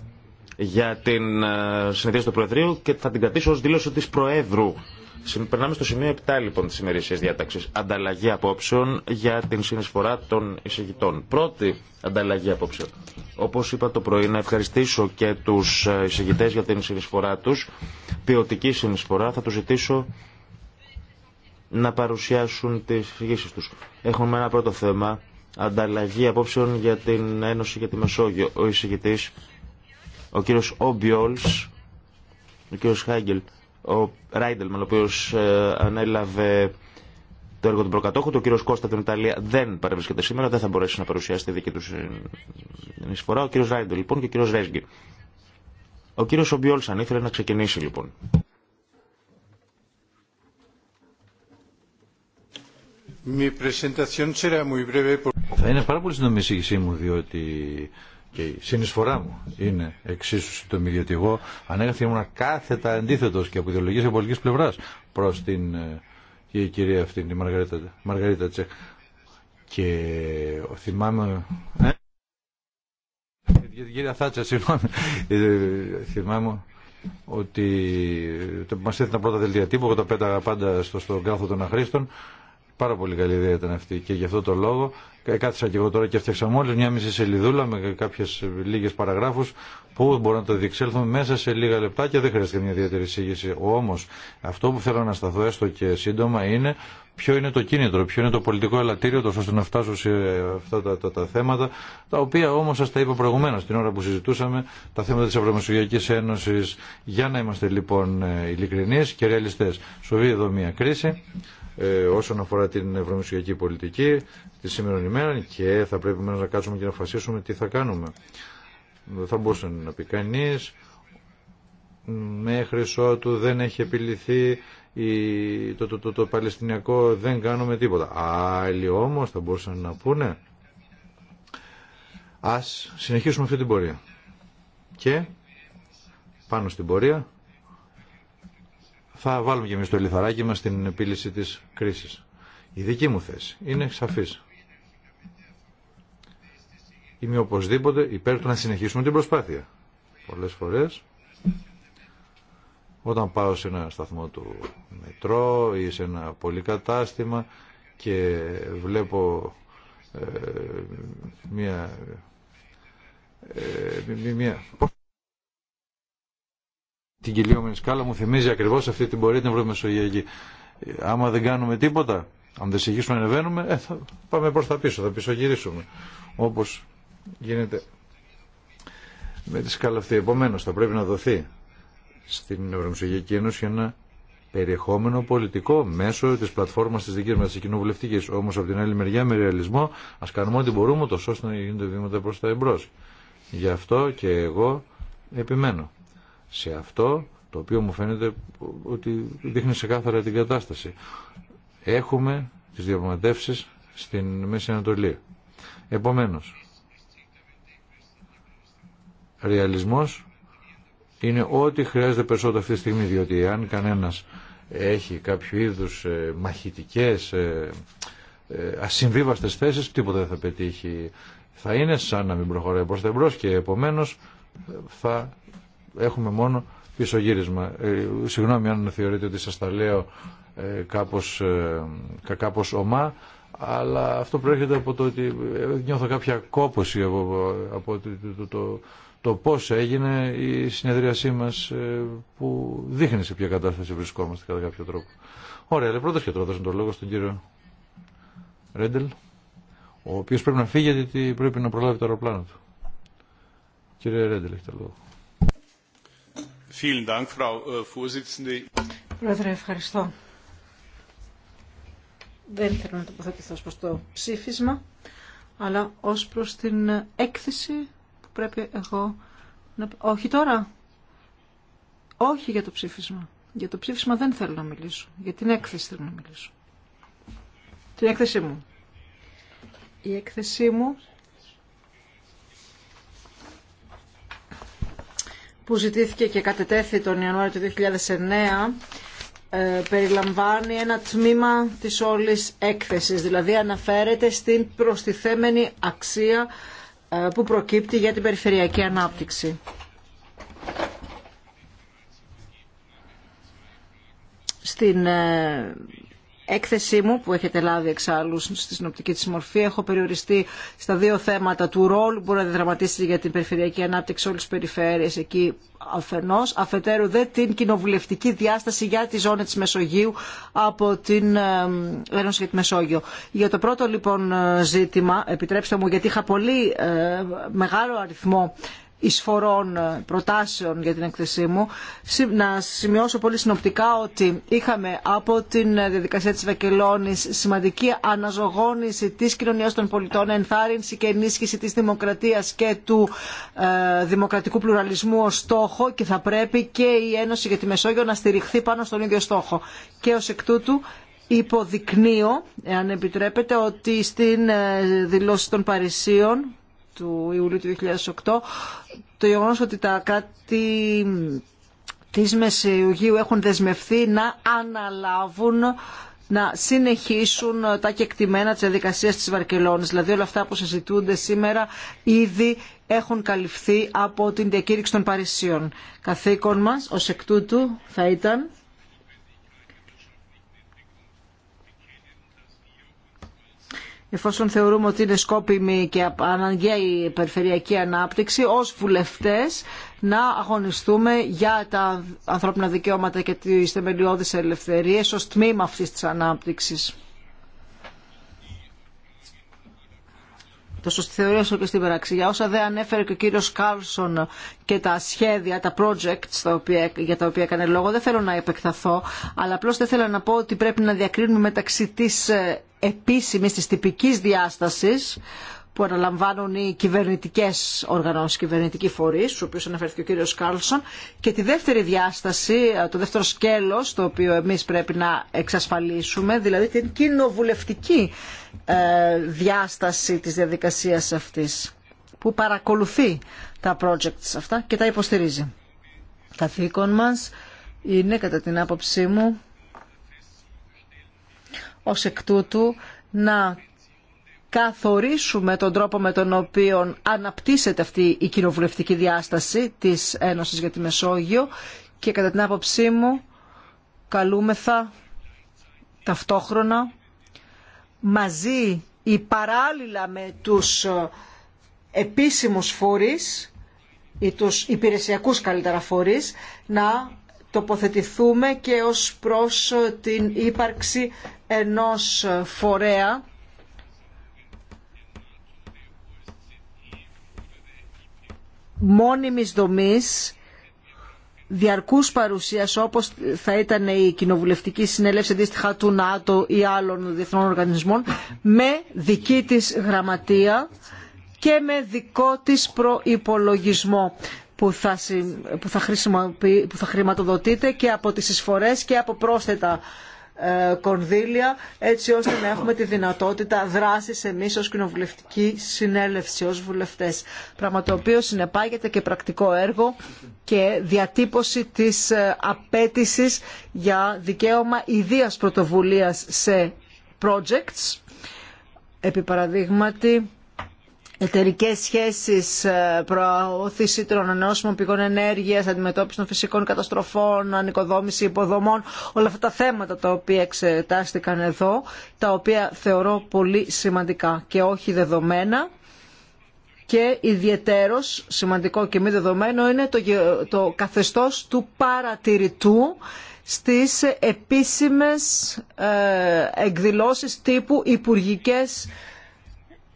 για την ε, συνεδρίαση του Προεδρείου και θα την κρατήσω ως δήλωση της Προέδρου Περνάμε στο σημείο 7 λοιπόν τη ημερήσια διάταξη. Ανταλλαγή απόψεων για την συνεισφορά των εισηγητών. Πρώτη ανταλλαγή απόψεων. Όπω είπα το πρωί, να ευχαριστήσω και του ε, εισηγητέ για την συνεισφορά του. Ποιοτική συνεισφορά. Θα του ζητήσω να παρουσιάσουν τι εισηγήσει του. Έχουμε ένα πρώτο θέμα. Ανταλλαγή απόψεων για την Ένωση για τη Μεσόγειο. Ο εισηγητή, ο κύριο Όμπιολ, ο κύριο Χάγκελ ο Ράιντελμαν, ο οποίο ε, ανέλαβε το έργο του προκατόχου, το κύριο Κώστα την Ιταλία δεν παρευρίσκεται σήμερα, δεν θα μπορέσει να παρουσιάσει τη δική του εισφορά. Ο κύριο Ράιντελ λοιπόν και ο κύριο Ρέσγκη. Ο κύριο Ομπιόλσαν ήθελε να ξεκινήσει λοιπόν. Θα είναι πάρα πολύ σύντομη η μου, διότι και η συνεισφορά μου είναι εξίσου σύντομη, εγώ μου ήμουν κάθετα αντίθετο και από ιδεολογική και πολιτική πλευρά προ την ε, η κυρία αυτή, τη Μαργαρίτα, Μαργαρίτα Τσέχ. Και θυμάμαι. Ε, κυρία Θάτσα, συγγνώμη. Ε, θυμάμαι ότι το που μα τα πρώτα δελτία τύπου, εγώ τα πέταγα πάντα στο, στον κάθο των αχρήστων. Πάρα πολύ καλή ιδέα ήταν αυτή και γι' αυτό το λόγο ε, κάθισα και εγώ τώρα και έφτιαξα μόλι, μια μισή σελίδουλα με κάποιε λίγε παραγράφου που μπορώ να το διεξέλθω μέσα σε λίγα λεπτά και δεν χρειάζεται μια ιδιαίτερη εισήγηση. Όμω, αυτό που θέλω να σταθώ έστω και σύντομα είναι ποιο είναι το κίνητρο, ποιο είναι το πολιτικό ελαττήριο τόσο ώστε να φτάσω σε αυτά τα, θέματα τα οποία όμω σα τα είπα προηγουμένω την ώρα που συζητούσαμε τα θέματα τη Ευρωμεσογειακή Ένωση, για να είμαστε λοιπόν ε, ειλικρινεί και ρεαλιστέ. Σοβεί εδώ μια κρίση ε, όσον αφορά την ευρωμεσογειακή πολιτική τη σήμερα ημέρα και θα πρέπει να κάτσουμε και να αποφασίσουμε τι θα κάνουμε. Δεν θα μπορούσε να πει κανεί μέχρι ότου δεν έχει επιληθεί η, το, το, το, το, Παλαιστινιακό δεν κάνουμε τίποτα. Άλλοι όμως θα μπορούσαν να πούνε ας συνεχίσουμε αυτή την πορεία. Και πάνω στην πορεία θα βάλουμε και εμεί το λιθαράκι μας στην επίλυση της κρίσης. Η δική μου θέση είναι σαφή. Είμαι οπωσδήποτε υπέρ του να συνεχίσουμε την προσπάθεια. πολλέ φορές όταν πάω σε ένα σταθμό του μετρό ή σε ένα πολυκατάστημα και βλέπω ε, μία ε, μία την κυλιόμενη σκάλα μου θυμίζει ακριβώ αυτή την πορεία την Ευρωμεσογειακή. Άμα δεν κάνουμε τίποτα, αν δεν συνεχίσουμε να ανεβαίνουμε, ε, θα πάμε προ τα πίσω, θα πισωγυρίσουμε. Όπω γίνεται με τη σκάλα αυτή. Επομένω, θα πρέπει να δοθεί στην Ευρωμεσογειακή Ένωση ένα περιεχόμενο πολιτικό μέσω τη πλατφόρμα τη δική μα, τη κοινοβουλευτική. Όμω, από την άλλη μεριά, με ρεαλισμό, α κάνουμε ό,τι μπορούμε, τόσο ώστε να γίνονται βήματα προ τα εμπρό. Γι' αυτό και εγώ επιμένω σε αυτό το οποίο μου φαίνεται ότι δείχνει σε κάθαρα την κατάσταση. Έχουμε τις διαπραγματεύσεις στην Μέση Ανατολή. Επομένως, ρεαλισμός είναι ό,τι χρειάζεται περισσότερο αυτή τη στιγμή, διότι αν κανένας έχει κάποιο είδους ε, μαχητικές, ε, ε, ασυμβίβαστες θέσεις, τίποτα δεν θα πετύχει. Θα είναι σαν να μην προχωράει προς τα και επομένως θα έχουμε μόνο πισωγύρισμα. Ε, συγγνώμη αν θεωρείτε ότι σας τα λέω ε, κάπως, ε, κάπως ομά, αλλά αυτό προέρχεται από το ότι ε, νιώθω κάποια κόποση από, από το, το, πώς έγινε η συνεδρίασή μας ε, που δείχνει σε ποια κατάσταση βρισκόμαστε κατά κάποιο τρόπο. Ωραία, αλλά πρώτος και δώσω τον λόγο στον κύριο Ρέντελ, ο οποίος πρέπει να φύγει γιατί πρέπει να προλάβει το αεροπλάνο του. Κύριε Ρέντελ, έχετε λόγο. Äh, Πρόεδρε, ευχαριστώ. Δεν θέλω να τοποθετηθώ ως προς το ψήφισμα, αλλά ως προς την έκθεση που πρέπει εγώ να... Όχι τώρα. Όχι για το ψήφισμα. Για το ψήφισμα δεν θέλω να μιλήσω. Για την έκθεση θέλω να μιλήσω. Την έκθεσή μου. Η έκθεσή μου που ζητήθηκε και κατετέθη τον Ιανουάριο του 2009 ε, περιλαμβάνει ένα τμήμα της όλης έκθεσης, δηλαδή αναφέρεται στην προστιθέμενη αξία ε, που προκύπτει για την περιφερειακή ανάπτυξη. Στην ε, έκθεσή μου που έχετε λάβει εξάλλου στη συνοπτική της μορφή έχω περιοριστεί στα δύο θέματα του ρόλου που μπορεί να διδραματίσει για την περιφερειακή ανάπτυξη όλες τις περιφέρειες εκεί αφενός, αφετέρου δε την κοινοβουλευτική διάσταση για τη ζώνη της Μεσογείου από την ε, Ένωση για τη Μεσόγειο. Για το πρώτο λοιπόν ε, ζήτημα, επιτρέψτε μου γιατί είχα πολύ ε, μεγάλο αριθμό εισφορών ε, προτάσεων για την έκθεσή μου. Να σημειώσω πολύ συνοπτικά ότι είχαμε από την ε, διαδικασία της Βακελώνης σημαντική αναζωγόνηση της κοινωνίας των πολιτών, ενθάρρυνση και ενίσχυση της δημοκρατίας και του ε, δημοκρατικού πλουραλισμού ως στόχο και θα πρέπει και η Ένωση για τη Μεσόγειο να στηριχθεί πάνω στον ίδιο στόχο. Και ως εκ τούτου υποδεικνύω, εάν επιτρέπετε, ότι στην δηλώση των Παρισίων του Ιουλίου του 2008 το γεγονός ότι τα κράτη της Μεσαιουγίου έχουν δεσμευθεί να αναλάβουν να συνεχίσουν τα κεκτημένα της διαδικασία της Βαρκελόνης. Δηλαδή όλα αυτά που συζητούνται σήμερα ήδη έχουν καλυφθεί από την διακήρυξη των Παρισίων. Καθήκον μας ως εκ τούτου θα ήταν εφόσον θεωρούμε ότι είναι σκόπιμη και αναγκαία η περιφερειακή ανάπτυξη, ως βουλευτές να αγωνιστούμε για τα ανθρώπινα δικαιώματα και τις θεμελιώδεις ελευθερίες ως τμήμα αυτής της ανάπτυξης. το θεωρία όσο και στην πράξη. Για όσα δεν ανέφερε και ο κύριο Κάρλσον και τα σχέδια, τα projects τα οποία, για τα οποία έκανε λόγο, δεν θέλω να επεκταθώ, αλλά απλώ δεν θέλω να πω ότι πρέπει να διακρίνουμε μεταξύ τη ε, επίσημη, τη τυπική διάσταση που αναλαμβάνουν οι κυβερνητικέ οργανώσει, κυβερνητικοί φορεί, στου οποίου αναφέρθηκε ο κύριο Κάρλσον, και τη δεύτερη διάσταση, ε, το δεύτερο σκέλο, το οποίο εμεί πρέπει να εξασφαλίσουμε, δηλαδή την κοινοβουλευτική ε, διάσταση της διαδικασίας αυτής που παρακολουθεί τα projects αυτά και τα υποστηρίζει. Καθήκον μας είναι κατά την άποψή μου ως εκ τούτου να καθορίσουμε τον τρόπο με τον οποίο αναπτύσσεται αυτή η κοινοβουλευτική διάσταση της Ένωσης για τη Μεσόγειο και κατά την άποψή μου καλούμεθα ταυτόχρονα μαζί ή παράλληλα με τους ε, επίσημους φορείς ή τους υπηρεσιακούς καλύτερα φορείς να τοποθετηθούμε και ως προς ε, την ύπαρξη ενός ε, φορέα μόνιμης δομής διαρκούς παρουσίας όπως θα ήταν η κοινοβουλευτική συνέλευση αντίστοιχα του ΝΑΤΟ ή άλλων διεθνών οργανισμών με δική της γραμματεία και με δικό της προϋπολογισμό που θα, που χρηματοδοτείται και από τις εισφορές και από πρόσθετα ε, κονδύλια έτσι ώστε να έχουμε τη δυνατότητα δράσης εμείς ως κοινοβουλευτική συνέλευση, ως βουλευτές. Πράγμα το οποίο συνεπάγεται και πρακτικό έργο και διατύπωση της ε, απέτησης για δικαίωμα ιδίας πρωτοβουλίας σε projects. Επί εταιρικές σχέσεις, ε, προώθηση των ανανεώσιμων πηγών ενέργειας, αντιμετώπιση των φυσικών καταστροφών, ανοικοδόμηση υποδομών, όλα αυτά τα θέματα τα οποία εξετάστηκαν εδώ, τα οποία θεωρώ πολύ σημαντικά και όχι δεδομένα. Και ιδιαιτέρως σημαντικό και μη δεδομένο είναι το, το καθεστώς του παρατηρητού στις επίσημες ε, εκδηλώσεις τύπου υπουργικές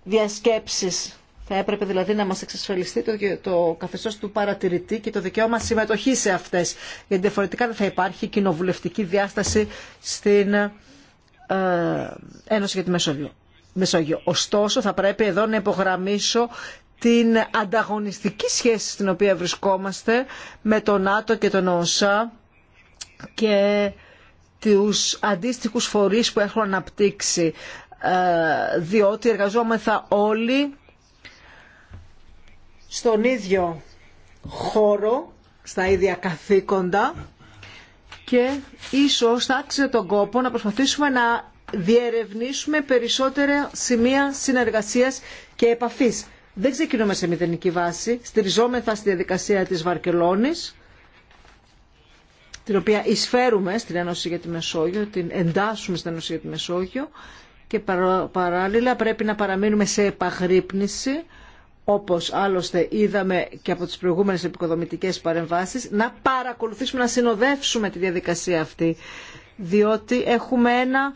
διασκέψεις θα έπρεπε δηλαδή να μας εξασφαλιστεί το, το καθεστώς του παρατηρητή και το δικαίωμα συμμετοχή σε αυτές. Γιατί διαφορετικά δεν θα υπάρχει κοινοβουλευτική διάσταση στην ε, Ένωση για τη Μεσόγειο. Μεσόγειο. Ωστόσο θα πρέπει εδώ να υπογραμμίσω την ανταγωνιστική σχέση στην οποία βρισκόμαστε με τον Άτο και τον ΩΣΑ και τους αντίστοιχους φορείς που έχουν αναπτύξει ε, διότι εργαζόμεθα όλοι στον ίδιο χώρο, στα ίδια καθήκοντα και ίσως θα άξιζε τον κόπο να προσπαθήσουμε να διερευνήσουμε περισσότερα σημεία συνεργασίας και επαφής. Δεν ξεκινούμε σε μηδενική βάση, στηριζόμεθα στη διαδικασία της Βαρκελόνης, την οποία εισφέρουμε στην Ένωση για τη Μεσόγειο, την εντάσσουμε στην Ένωση για τη Μεσόγειο και παράλληλα πρέπει να παραμείνουμε σε επαγρύπνηση όπως άλλωστε είδαμε και από τις προηγούμενες επικοδομητικές παρεμβάσεις, να παρακολουθήσουμε, να συνοδεύσουμε τη διαδικασία αυτή, διότι έχουμε ένα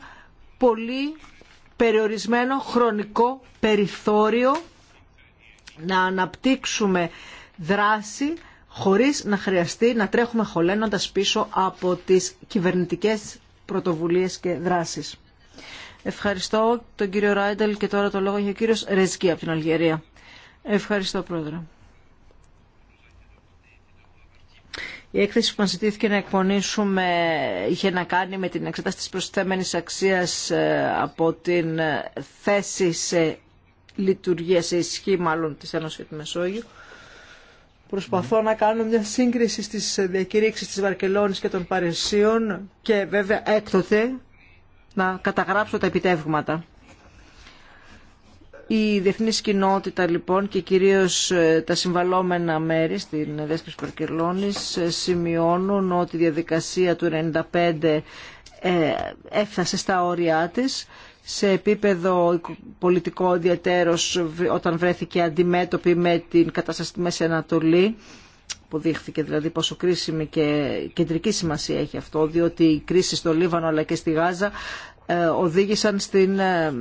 πολύ περιορισμένο χρονικό περιθώριο να αναπτύξουμε δράση χωρίς να χρειαστεί να τρέχουμε χωλένοντας πίσω από τις κυβερνητικές πρωτοβουλίες και δράσεις. Ευχαριστώ τον κύριο Ράιντελ και τώρα το λόγο για ο κύριος Ρεζκή από την Αλγερία. Ευχαριστώ, Πρόεδρε. Η έκθεση που μας ζητήθηκε να εκπονήσουμε είχε να κάνει με την εξέταση της προσθέμενης αξίας ε, από την ε, θέση σε λειτουργία, σε ισχύ μάλλον της Ένωσης για τη Μεσόγειο. Προσπαθώ να κάνω μια σύγκριση στις διακηρύξεις της Βαρκελόνης και των Παρισίων και βέβαια έκτοτε να καταγράψω τα επιτεύγματα. Η διεθνή κοινότητα λοιπόν και κυρίως ε, τα συμβαλόμενα μέρη στην Δέσπης Παρκελώνης ε, σημειώνουν ότι η διαδικασία του 1995 ε, έφτασε στα όρια της σε επίπεδο πολιτικό ιδιαίτερος όταν βρέθηκε αντιμέτωπη με την κατάσταση στη Μέση Ανατολή που δείχθηκε δηλαδή πόσο κρίσιμη και κεντρική σημασία έχει αυτό διότι η κρίση στο Λίβανο αλλά και στη Γάζα ε, οδήγησαν στην, ε,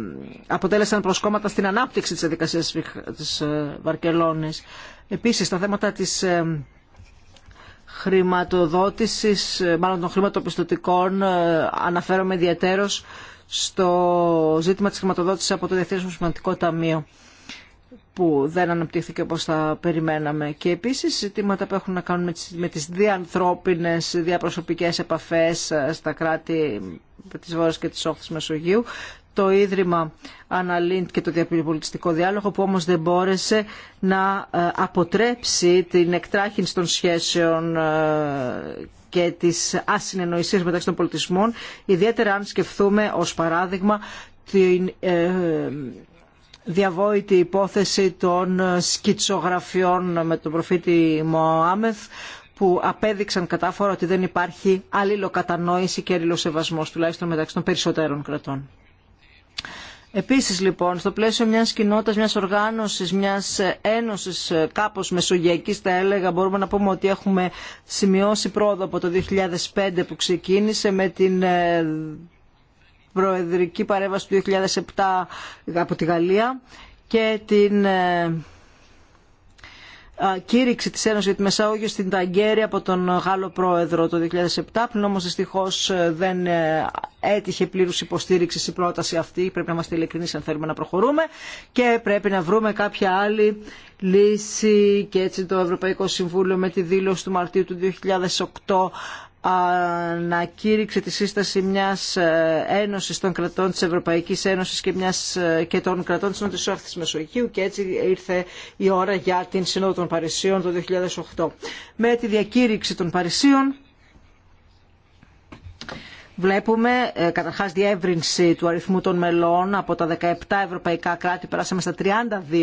αποτέλεσαν προσκόμματα στην ανάπτυξη της διαδικασία της ε, Βαρκελόνης. Επίσης, τα θέματα της χρηματοδότησης, μάλλον των χρηματοπιστωτικών, αναφέρομαι ιδιαίτερος στο ζήτημα της χρηματοδότησης από το Διεθνές Σημαντικό Ταμείο που δεν αναπτύχθηκε όπως θα περιμέναμε. Και επίσης ζητήματα που έχουν να κάνουν με τις διανθρώπινες, διαπροσωπικές επαφές ε, στα κράτη ε, της Βόρειας και της Όχθης Μεσογείου. Το Ίδρυμα αναλύντ και το διαπολιτιστικό διάλογο που όμως δεν μπόρεσε να ε, αποτρέψει την εκτράχυνση των σχέσεων και τις ασυνεννοησίες μεταξύ των πολιτισμών, ιδιαίτερα αν σκεφτούμε ως παράδειγμα διαβόητη υπόθεση των σκητσογραφιών με τον προφήτη Μωάμεθ που απέδειξαν κατάφορα ότι δεν υπάρχει αλληλοκατανόηση και αλληλοσεβασμός τουλάχιστον μεταξύ των περισσότερων κρατών. Επίσης λοιπόν στο πλαίσιο μιας κοινότητας, μιας οργάνωσης, μιας ένωσης κάπως μεσογειακής θα έλεγα μπορούμε να πούμε ότι έχουμε σημειώσει πρόοδο από το 2005 που ξεκίνησε με την ε, προεδρική παρέμβαση του 2007 από τη Γαλλία και την ε, κήρυξη της Ένωσης για τη Μεσαόγειο στην Ταγκέρη από τον Γάλλο Πρόεδρο το 2007, πλην όμως δυστυχώς ε, δεν ε, έτυχε πλήρους υποστήριξη η πρόταση αυτή, πρέπει να είμαστε ειλικρινείς αν θέλουμε να προχωρούμε και πρέπει να βρούμε κάποια άλλη λύση και έτσι το Ευρωπαϊκό Συμβούλιο με τη δήλωση του Μαρτίου του 2008 ανακήρυξε τη σύσταση μιας ε, ένωσης των κρατών της Ευρωπαϊκής Ένωσης και, μιας, ε, και των κρατών της Όχθης Μεσογείου και έτσι ήρθε η ώρα για την Σύνοδο των Παρισίων το 2008. Με τη διακήρυξη των Παρισίων βλέπουμε ε, καταρχά διεύρυνση του αριθμού των μελών από τα 17 ευρωπαϊκά κράτη περάσαμε στα 32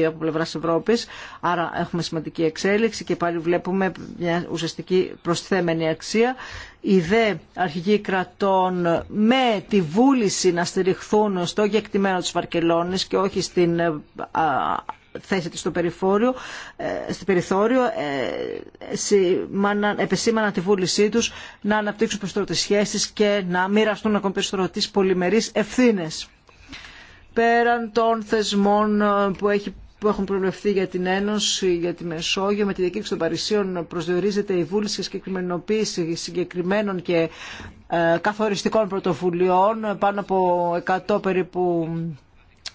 από πλευρά Ευρώπης άρα έχουμε σημαντική εξέλιξη και πάλι βλέπουμε μια ουσιαστική προσθέμενη αξία Η δε αρχηγοί κρατών με τη βούληση να στηριχθούν στο γεκτημένο τη Βαρκελόνη και όχι στην ε, θέση στο ε, στο περιθώριο, ε, επεσήμαναν τη βούλησή του, να αναπτύξουν περισσότερο τι και να μοιραστούν ακόμη περισσότερο τι πολυμερείς ευθύνες. Πέραν των θεσμών ε, που έχει που έχουν προβλεφθεί για την Ένωση, για τη Μεσόγειο, με τη διακήρυξη των Παρισίων προσδιορίζεται η βούληση και συγκεκριμενοποίηση συγκεκριμένων και καθοριστικών πρωτοβουλειών, πάνω από 100 περίπου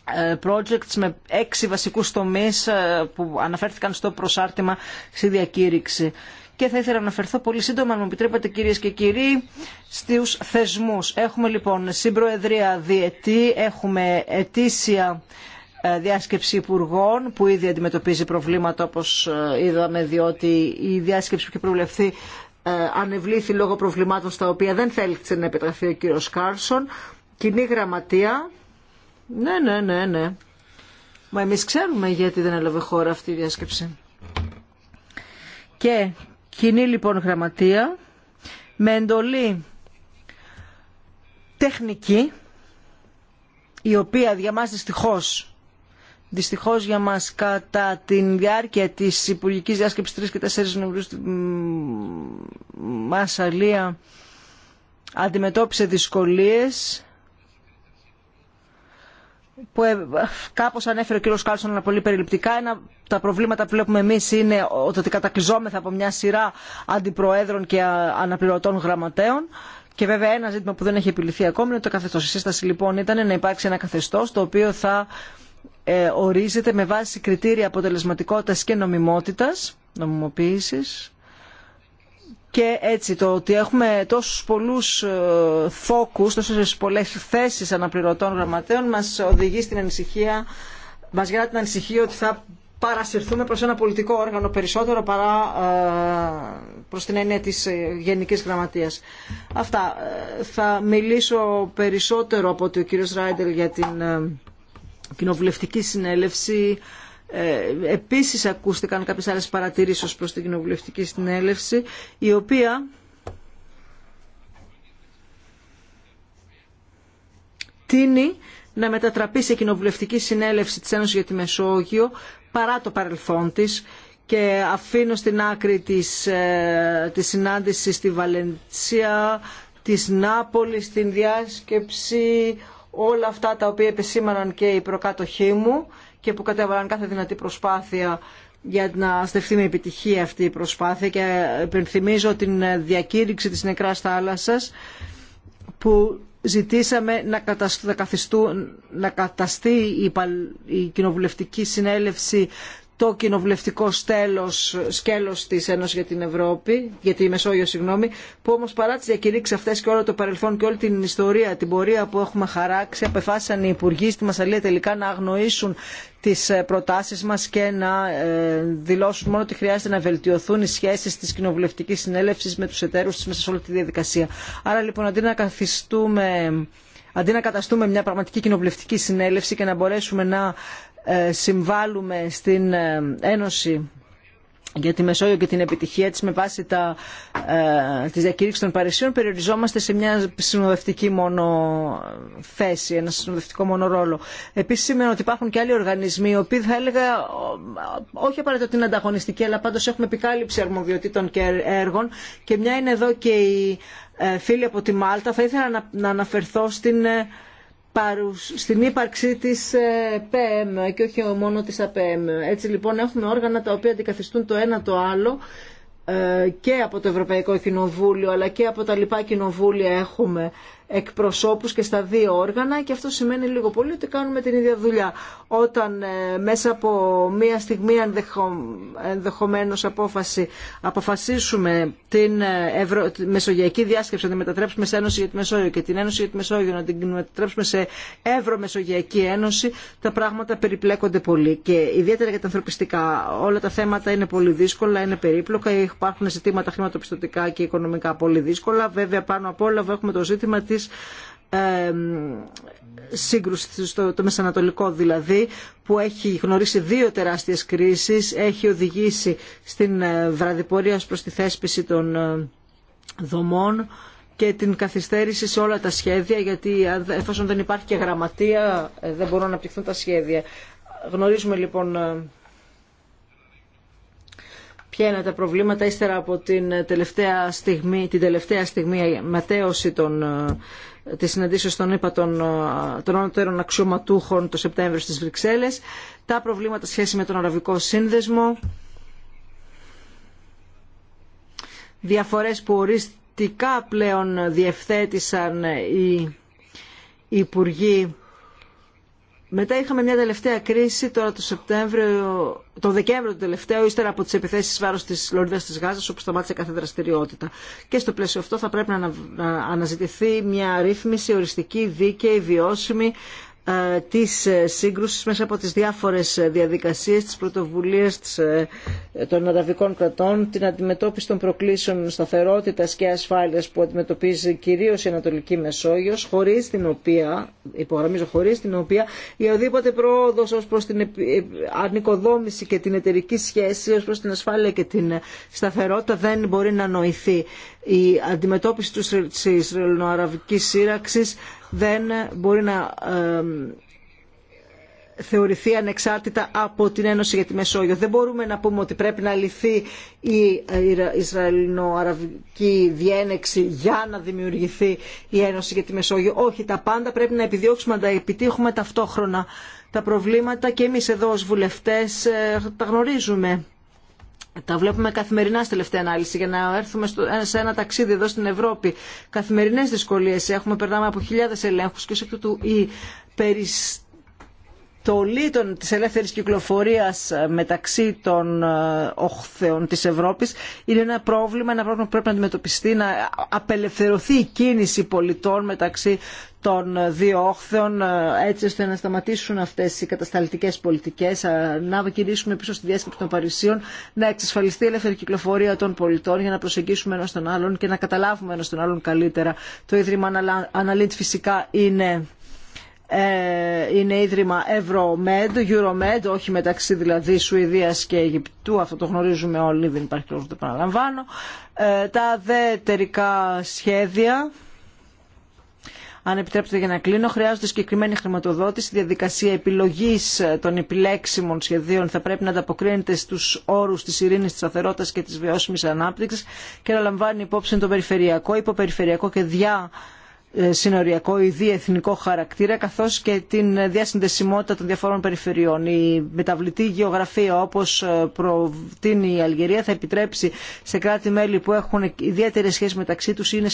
ε, projects με έξι βασικούς τομείς ε, που αναφέρθηκαν στο προσάρτημα στη διακήρυξη. Και θα ήθελα να αναφερθώ πολύ σύντομα, αν μου επιτρέπετε κυρίες και κύριοι, στους θεσμούς. Έχουμε λοιπόν συμπροεδρία διετή, έχουμε ετήσια ε, διάσκεψη υπουργών που ήδη αντιμετωπίζει προβλήματα όπως είδαμε διότι η διάσκεψη που είχε προβλεφθεί ανεβλήθη λόγω προβλημάτων στα οποία δεν θέλησε να επιτραφεί ο κύριος Κάρσον. Κοινή γραμματεία ναι, ναι, ναι, ναι. Μα εμείς ξέρουμε γιατί δεν έλαβε χώρα αυτή η διάσκεψη. Και κοινή λοιπόν γραμματεία με εντολή τεχνική η οποία για μας δυστυχώς για μας κατά την διάρκεια της Υπουργικής Διάσκεψης 3 και 4 Νοεμβρίου στη Μασαλία αντιμετώπισε δυσκολίες που ε, κάπως ανέφερε ο κ. Κάλσον πολύ περιληπτικά, ένα τα προβλήματα που βλέπουμε εμεί είναι ότι κατακλυζόμεθα από μια σειρά αντιπροέδρων και αναπληρωτών γραμματέων. Και βέβαια ένα ζήτημα που δεν έχει επιληθεί ακόμη είναι το καθεστώ. Η σύσταση λοιπόν ήταν να υπάρξει ένα καθεστώ, το οποίο θα ε, ορίζεται με βάση κριτήρια αποτελεσματικότητα και νομιμότητα νομιμοποίηση και έτσι το ότι έχουμε τόσους πολλούς ε, φόκους, τόσες πολλές θέσεις αναπληρωτών γραμματέων μας οδηγεί στην ανησυχία, μας γράφει την ανησυχία ότι θα παρασυρθούμε προς ένα πολιτικό όργανο περισσότερο παρά ε, προς την έννοια της ε, Γενικής Γραμματείας. Αυτά. Θα μιλήσω περισσότερο από ότι ο κύριος Ράιντελ για την κοινοβουλευτική συνέλευση ε, επίσης ακούστηκαν κάποιες άλλες παρατηρήσεις ως προς την κοινοβουλευτική συνέλευση, η οποία τίνει να μετατραπεί σε κοινοβουλευτική συνέλευση της Ένωσης για τη Μεσόγειο παρά το παρελθόν της και αφήνω στην άκρη της, ε, της συνάντησης στη Βαλενσία, της Νάπολης, την διάσκεψη, όλα αυτά τα οποία επισήμαναν και οι προκάτοχοί μου και που κατέβαλαν κάθε δυνατή προσπάθεια για να στεφθεί με επιτυχία αυτή η προσπάθεια και υπενθυμίζω την διακήρυξη της νεκράς θάλασσας που ζητήσαμε να, καθιστού, να καταστεί η, η κοινοβουλευτική συνέλευση το κοινοβουλευτικό στέλος, σκέλος της Ένωσης για την Ευρώπη, για τη Μεσόγειο, συγγνώμη, που όμως παρά τις διακηρύξεις αυτές και όλο το παρελθόν και όλη την ιστορία, την πορεία που έχουμε χαράξει, απεφάσισαν οι υπουργοί στη Μασαλία τελικά να αγνοήσουν τις ε, προτάσεις μας και να ε, δηλώσουν μόνο ότι χρειάζεται να βελτιωθούν οι σχέσεις της κοινοβουλευτικής συνέλευσης με τους εταίρους της μέσα σε όλη τη διαδικασία. Άρα λοιπόν αντί να καθιστούμε αντί να καταστούμε μια πραγματική κοινοβουλευτική συνέλευση και να μπορέσουμε να ε, συμβάλλουμε στην ε, Ένωση για τη Μεσόγειο και την επιτυχία της με βάση τα, ε, των Παρισίων περιοριζόμαστε σε μια συνοδευτική μόνο θέση, ένα συνοδευτικό μόνο ρόλο. Επίσης σήμερα ότι υπάρχουν και άλλοι οργανισμοί, οι οποίοι θα έλεγα όχι απαραίτητα ότι είναι ανταγωνιστικοί, αλλά πάντως έχουμε επικάλυψη αρμοδιοτήτων και έργων και μια είναι εδώ και η ε, φίλοι από τη Μάλτα. Θα ήθελα να αναφερθώ στην στην ύπαρξη της ΠΕΜ ε, και όχι μόνο της ΑΠΕΜ. Έτσι λοιπόν έχουμε όργανα τα οποία αντικαθιστούν το ένα το άλλο ε, και από το Ευρωπαϊκό Κοινοβούλιο αλλά και από τα λοιπά κοινοβούλια έχουμε εκπροσώπους και στα δύο όργανα και αυτό σημαίνει λίγο πολύ ότι κάνουμε την ίδια δουλειά. Όταν ε, μέσα από μία στιγμή ενδεχομένω απόφαση αποφασίσουμε την ε, Ευρω... τη Μεσογειακή Διάσκεψη να τη μετατρέψουμε σε Ένωση για τη Μεσόγειο και την Ένωση για τη Μεσόγειο να την μετατρέψουμε σε Ευρωμεσογειακή Ένωση, τα πράγματα περιπλέκονται πολύ και ιδιαίτερα για τα ανθρωπιστικά. Όλα τα θέματα είναι πολύ δύσκολα, είναι περίπλοκα, υπάρχουν ζητήματα χρηματοπιστωτικά και οικονομικά πολύ δύσκολα. Βέβαια πάνω από όλα έχουμε το ζήτημα τη ε, σύγκρουση στο το μεσανατολικό δηλαδή που έχει γνωρίσει δύο τεράστιες κρίσεις έχει οδηγήσει στην ε, βραδιπορία προς τη θέσπιση των ε, δομών και την καθυστέρηση σε όλα τα σχέδια γιατί εφόσον δεν υπάρχει και γραμματεία ε, δεν μπορούν να αναπτυχθούν τα σχέδια. Γνωρίζουμε λοιπόν ποια είναι τα προβλήματα ύστερα από την τελευταία στιγμή, την τελευταία στιγμή ματέωση των, ε, της συναντήσεως των ΕΠΑ των, ε, των αξιωματούχων το Σεπτέμβριο στις Βρυξέλλες, τα προβλήματα σχέση με τον Αραβικό Σύνδεσμο, διαφορές που οριστικά πλέον διευθέτησαν οι Υπουργοί μετά είχαμε μια τελευταία κρίση τώρα το, Σεπτέμβριο, το Δεκέμβριο του τελευταίου, ύστερα από τις επιθέσεις βάρος της Λορδίας της Γάζας όπου σταμάτησε κάθε δραστηριότητα. Και στο πλαίσιο αυτό θα πρέπει να αναζητηθεί μια ρύθμιση οριστική, δίκαιη, βιώσιμη, ε, της ε, σύγκρουσης μέσα από τις διάφορες ε, διαδικασίες, τις πρωτοβουλίες των αραβικών κρατών, την αντιμετώπιση των προκλήσεων σταθερότητας και ασφάλειας που αντιμετωπίζει κυρίως η Ανατολική Μεσόγειος, χωρίς την οποία, υπογραμμίζω χωρίς την οποία, η οδήποτε πρόοδος ως προς την ανοικοδόμηση και την εταιρική σχέση, ως προς την ασφάλεια και την σταθερότητα δεν μπορεί να νοηθεί. Η αντιμετώπιση της αραβικής σύραξης δεν μπορεί να θεωρηθεί ανεξάρτητα από την Ένωση για τη Μεσόγειο. Δεν μπορούμε να πούμε ότι πρέπει να λυθεί η ε, Ισραηλινο-Αραβική διένεξη για να δημιουργηθεί η Ένωση για τη Μεσόγειο. Όχι, τα πάντα πρέπει να επιδιώξουμε να τα επιτύχουμε ταυτόχρονα. Τα προβλήματα και εμείς εδώ ως βουλευτές ε, τα γνωρίζουμε τα βλέπουμε καθημερινά στη τελευταία ανάλυση για να έρθουμε σε ένα ταξίδι εδώ στην Ευρώπη. Καθημερινές δυσκολίες έχουμε, περνάμε από χιλιάδες ελέγχους και σε τούτου η περιστολή των, της ελεύθερης κυκλοφορίας μεταξύ των ε, οχθεών της Ευρώπης είναι ένα πρόβλημα, ένα πρόβλημα που πρέπει να αντιμετωπιστεί, να απελευθερωθεί η κίνηση πολιτών μεταξύ των δύο όχθεων έτσι ώστε να σταματήσουν αυτές οι κατασταλτικές πολιτικές, να γυρίσουμε πίσω στη διάσκεψη των Παρισίων, να εξασφαλιστεί η ελεύθερη κυκλοφορία των πολιτών για να προσεγγίσουμε ένα τον άλλον και να καταλάβουμε ένα τον άλλον καλύτερα. Το Ίδρυμα Αναλίντ φυσικά είναι ε, είναι ίδρυμα Euromed, Euromed, όχι μεταξύ δηλαδή Σουηδίας και Αιγυπτού, αυτό το γνωρίζουμε όλοι, δεν υπάρχει λόγο να το επαναλαμβάνω. Ε, τα δε σχέδια αν επιτρέπετε για να κλείνω, χρειάζονται συγκεκριμένη χρηματοδότηση. Η διαδικασία επιλογή των επιλέξιμων σχεδίων θα πρέπει να ανταποκρίνεται στου όρου τη ειρήνη, τη σταθερότητα και τη βιώσιμη ανάπτυξη και να λαμβάνει υπόψη τον περιφερειακό, υποπεριφερειακό και δια ε, συνοριακό ή διεθνικό χαρακτήρα καθώς και την διασυνδεσιμότητα των διαφορών περιφερειών. Η μεταβλητή γεωγραφία όπως ε, προτείνει η Αλγερία θα επιτρέψει σε κράτη-μέλη που έχουν ιδιαίτερες σχέσεις μεταξύ τους ή είναι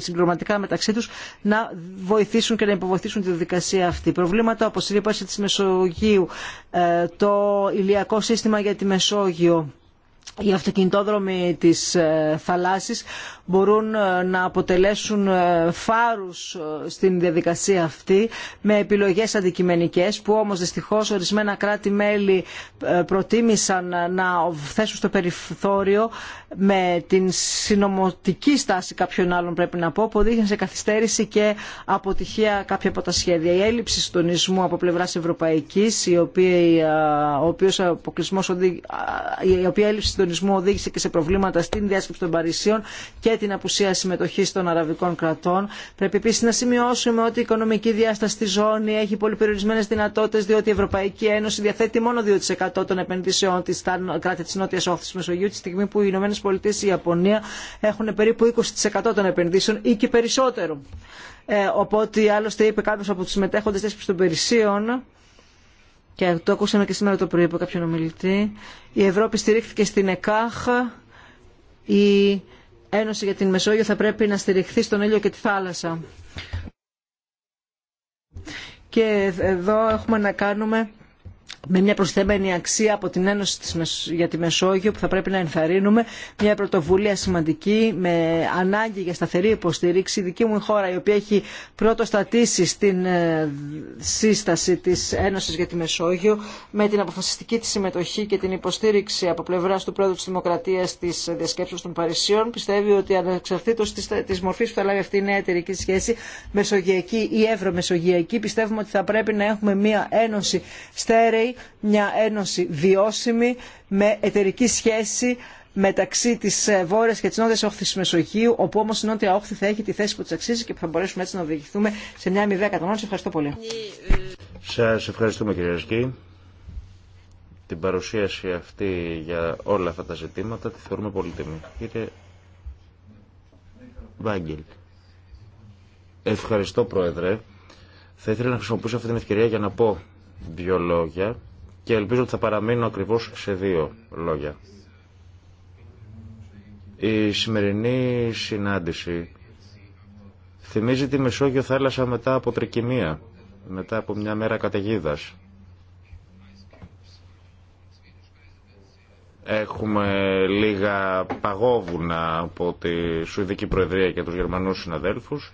συμπληρωματικά μεταξύ τους να βοηθήσουν και να υποβοηθήσουν τη διαδικασία αυτή. Προβλήματα όπως η ρήπαση της Μεσογείου, ε, το ηλιακό σύστημα για τη Μεσόγειο οι αυτοκινητόδρομοι της ε, θαλάσσης μπορούν ε, να αποτελέσουν ε, φάρους στην διαδικασία αυτή με επιλογές αντικειμενικές που όμως δυστυχώς ορισμένα κράτη-μέλη προτίμησαν να θέσουν στο περιθώριο με την συνωμοτική στάση κάποιων άλλων πρέπει να πω που οδήγησαν σε καθυστέρηση και αποτυχία κάποια από τα σχέδια. Η έλλειψη συντονισμού από πλευράς Ευρωπαϊκής η οποία, ο συντονισμού οδήγησε και σε προβλήματα στην διάσκεψη των Παρισίων και την απουσία συμμετοχή των αραβικών κρατών. Πρέπει επίση να σημειώσουμε ότι η οικονομική διάσταση στη ζώνη έχει πολύ περιορισμένε δυνατότητε, διότι η Ευρωπαϊκή Ένωση διαθέτει μόνο 2% των επενδύσεων τη στα κράτη τη Νότια Όχθη Μεσογείου, τη στιγμή που οι ΗΠΑ και η Ιαπωνία έχουν περίπου 20% των επενδύσεων ή και περισσότερο. Ε, οπότε άλλωστε είπε κάποιο από του συμμετέχοντε τη των Περισσίων και το ακούσαμε και σήμερα το πρωί από κάποιον ομιλητή, η Ευρώπη στηρίχθηκε στην ΕΚΑΧ, η Ένωση για την Μεσόγειο θα πρέπει να στηριχθεί στον ήλιο και τη θάλασσα. Και εδώ έχουμε να κάνουμε με μια προσθέμενη αξία από την Ένωση για τη Μεσόγειο που θα πρέπει να ενθαρρύνουμε, μια πρωτοβουλία σημαντική με ανάγκη για σταθερή υποστήριξη. Η δική μου χώρα η οποία έχει πρώτο στατήσει στην ε, σύσταση της Ένωσης για τη Μεσόγειο με την αποφασιστική της συμμετοχή και την υποστήριξη από πλευρά του Πρόεδρου της Δημοκρατίας της Διασκέψεως των Παρισίων πιστεύει ότι ανεξαρτήτως της μορφής που θα λάβει αυτή η νέα εταιρική σχέση μεσογειακή ή ευρωμεσογειακή πιστεύουμε ότι θα πρέπει να έχουμε μια ένωση στέρεη μια ένωση βιώσιμη με εταιρική σχέση μεταξύ τη ε, βόρεια και τη νότια όχθη Μεσογείου, όπου όμω η νότια όχθη θα έχει τη θέση που τη αξίζει και που θα μπορέσουμε έτσι να οδηγηθούμε σε μια μηδέα κατανόηση. Ευχαριστώ πολύ. Σα ευχαριστούμε κύριε Ρασκή. Την παρουσίαση αυτή για όλα αυτά τα ζητήματα τη θεωρούμε πολύτιμη. Κύριε Βάγγελ. Ευχαριστώ Πρόεδρε. Θα ήθελα να χρησιμοποιήσω αυτή την ευκαιρία για να πω δύο λόγια και ελπίζω ότι θα παραμείνω ακριβώς σε δύο λόγια. Η σημερινή συνάντηση θυμίζει τη Μεσόγειο θάλασσα μετά από τρικυμία, μετά από μια μέρα καταιγίδα. Έχουμε λίγα παγόβουνα από τη Σουηδική Προεδρία και τους Γερμανούς συναδέλφους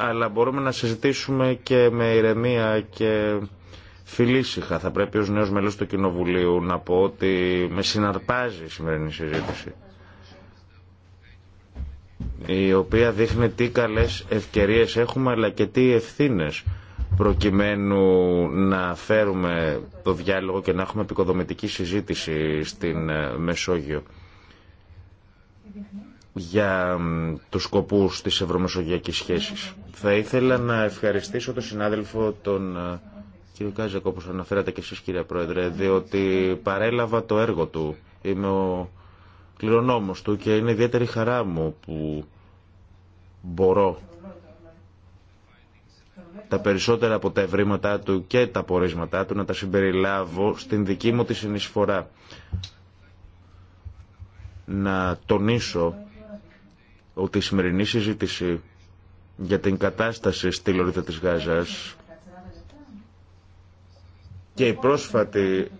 αλλά μπορούμε να συζητήσουμε και με ηρεμία και φιλήσυχα. Θα πρέπει ως νέος μέλος του Κοινοβουλίου να πω ότι με συναρπάζει η σημερινή συζήτηση η οποία δείχνει τι καλές ευκαιρίες έχουμε αλλά και τι ευθύνες προκειμένου να φέρουμε το διάλογο και να έχουμε επικοδομητική συζήτηση στην ε, Μεσόγειο για τους σκοπούς της ευρωμεσογειακής σχέσης. Θα ήθελα να ευχαριστήσω τον συνάδελφο τον ε, κύριο Κάζεκ όπως αναφέρατε και εσείς κύριε Πρόεδρε διότι παρέλαβα το έργο του. Είμαι ο κληρονόμος του και είναι ιδιαίτερη χαρά μου που μπορώ τα περισσότερα από τα ευρήματά του και τα πορίσματά του να τα συμπεριλάβω στην δική μου τη συνεισφορά. Να τονίσω ότι η σημερινή συζήτηση για την κατάσταση στη Λωρίδα της Γάζας και η πρόσφατη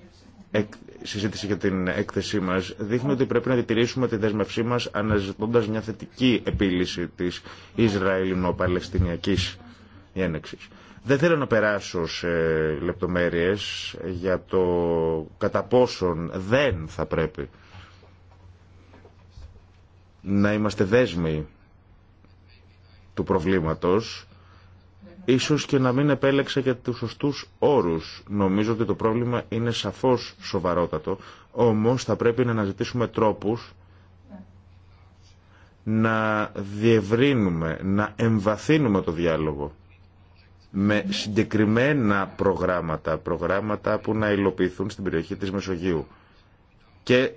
συζήτηση για την έκθεσή μας δείχνει ότι πρέπει να διατηρήσουμε τη δέσμευσή μας αναζητώντας μια θετική επίλυση της Ισραηλινο-Παλαιστινιακής ένεξης. Δεν θέλω να περάσω σε λεπτομέρειες για το κατά πόσον δεν θα πρέπει να είμαστε δέσμοι του προβλήματος, ίσως και να μην επέλεξα για τους σωστούς όρους. Νομίζω ότι το πρόβλημα είναι σαφώς σοβαρότατο, όμως θα πρέπει να αναζητήσουμε τρόπους να διευρύνουμε, να εμβαθύνουμε το διάλογο με συγκεκριμένα προγράμματα, προγράμματα που να υλοποιηθούν στην περιοχή της Μεσογείου. Και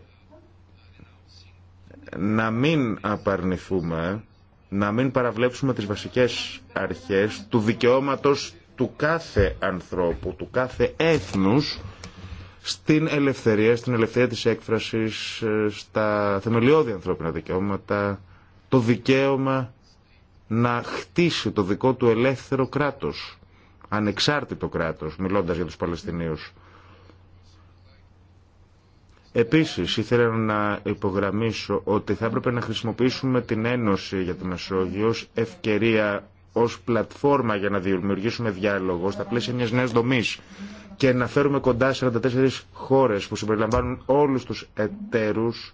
να μην απαρνηθούμε, να μην παραβλέψουμε τις βασικές αρχές του δικαιώματος του κάθε ανθρώπου, του κάθε έθνους στην ελευθερία, στην ελευθερία της έκφρασης, στα θεμελιώδη ανθρώπινα δικαιώματα, το δικαίωμα να χτίσει το δικό του ελεύθερο κράτος, ανεξάρτητο κράτος, μιλώντας για τους Παλαιστινίους. Επίσης, ήθελα να υπογραμμίσω ότι θα έπρεπε να χρησιμοποιήσουμε την Ένωση για τη Μεσόγειο ως ευκαιρία, ως πλατφόρμα για να δημιουργήσουμε διάλογο στα πλαίσια μιας νέας δομής και να φέρουμε κοντά 44 χώρες που συμπεριλαμβάνουν όλους τους εταίρους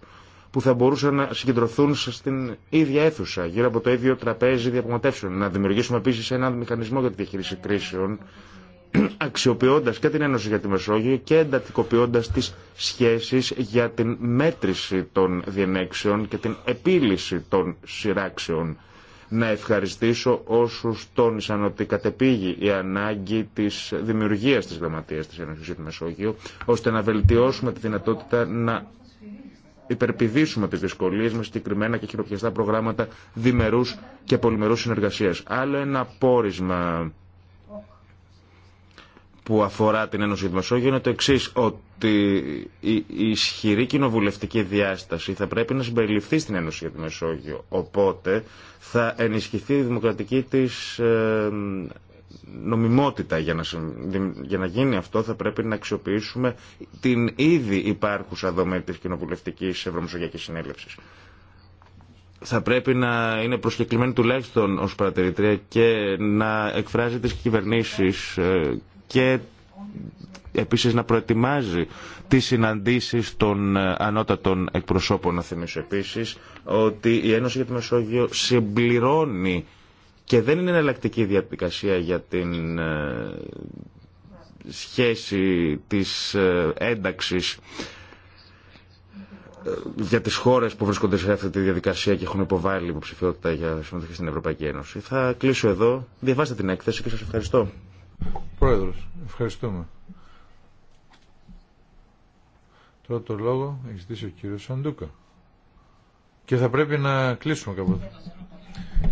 που θα μπορούσαν να συγκεντρωθούν στην ίδια αίθουσα, γύρω από το ίδιο τραπέζι διαπραγματεύσεων. Να δημιουργήσουμε επίση έναν μηχανισμό για τη διαχείριση κρίσεων αξιοποιώντας και την Ένωση για τη Μεσόγειο και εντατικοποιώντας τις σχέσεις για την μέτρηση των διενέξεων και την επίλυση των σειράξεων. Να ευχαριστήσω όσους τόνισαν ότι κατεπήγει η ανάγκη της δημιουργίας της Γραμματείας της Ένωσης για τη Μεσόγειο, ώστε να βελτιώσουμε τη δυνατότητα να υπερπηδήσουμε τις δυσκολίες με συγκεκριμένα και χειροπιαστά προγράμματα διμερούς και πολυμερούς συνεργασία. Άλλο ένα πόρισμα που αφορά την Ένωση Μεσόγειο είναι το εξή, ότι η ισχυρή κοινοβουλευτική διάσταση θα πρέπει να συμπεριληφθεί στην Ένωση για τη Μεσόγειο. Οπότε θα ενισχυθεί η δημοκρατική της ε, νομιμότητα για να, για να γίνει αυτό θα πρέπει να αξιοποιήσουμε την ήδη υπάρχουσα δομή της κοινοβουλευτικής ευρωμεσογειακής συνέλευσης. Θα πρέπει να είναι προσκεκλημένη τουλάχιστον ως παρατηρητρία και να εκφράζει τις κυβερνήσεις ε, και επίσης να προετοιμάζει τις συναντήσεις των ε, ανώτατων εκπροσώπων. Να θυμίσω επίσης ότι η Ένωση για τη Μεσόγειο συμπληρώνει και δεν είναι εναλλακτική διαδικασία για την ε, σχέση της ε, ένταξης για τις χώρες που βρίσκονται σε αυτή τη διαδικασία και έχουν υποβάλει υποψηφιότητα για συμμετοχή στην Ευρωπαϊκή Ένωση. Θα κλείσω εδώ. Διαβάστε την έκθεση και σας ευχαριστώ. Πρόεδρος, ευχαριστούμε. Τώρα το λόγο έχει ζητήσει ο κύριος Σαντούκα. Και θα πρέπει να κλείσουμε κάποτε.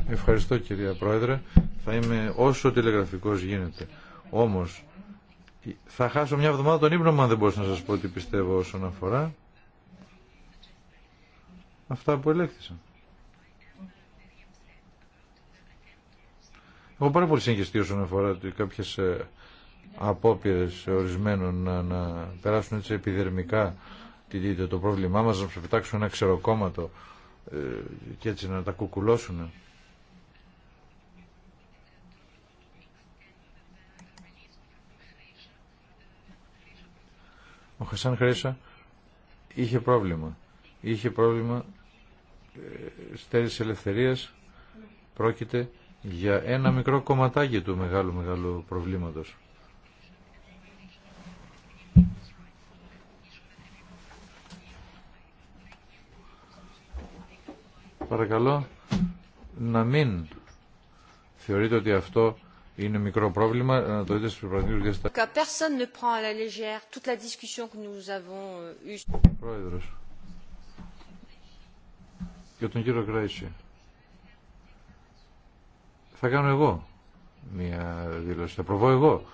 Ευχαριστώ κυρία Πρόεδρε. Θα είμαι όσο τηλεγραφικός γίνεται. Όμως θα χάσω μια εβδομάδα τον ύπνο μου αν δεν μπορούσα να σας πω τι πιστεύω όσον αφορά αυτά που ελέγχθησαν. Εγώ πάρα πολύ συγχυστή όσον αφορά κάποιε απόπειρε ορισμένων να, να περάσουν έτσι επιδερμικά το πρόβλημά μα να ψεφτάξουν ένα ξεροκόμματο ε, και έτσι να τα κουκουλώσουν. Ο Χασάν Χρήσα είχε πρόβλημα. Είχε πρόβλημα ε, στέρηση ελευθερίας. Πρόκειται για ένα μικρό κομματάκι του μεγάλου μεγάλου προβλήματος. Παρακαλώ να μην θεωρείτε ότι αυτό είναι μικρό πρόβλημα, να το δείτε στους πραγματικούς euh, Πρόεδρος. Για τον κύριο Κρέισι θα κάνω εγώ μια δήλωση. Θα προβώ εγώ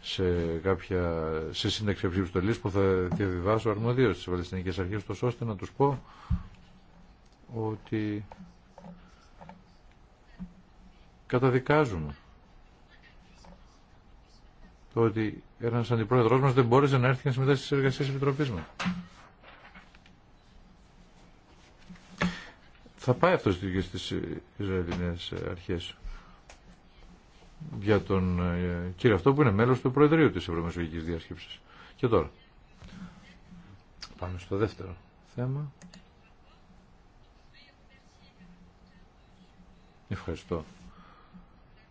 σε, κάποια, σε σύνταξη επιστολής που θα διαβιβάσω αρμοδίως στις Παλαιστινικές Αρχές τόσο ώστε να τους πω ότι καταδικάζουμε το ότι ένας αντιπρόεδρος μας δεν μπόρεσε να έρθει να συμμετάσχει στις εργασίες της Επιτροπής μας. Θα πάει αυτό και στις Ισραηλινές αρχές για τον ε, κύριο αυτό που είναι μέλος του Προεδρείου της Ευρωμεσογικής Διάσκεψης. Και τώρα, πάμε στο δεύτερο θέμα. Ευχαριστώ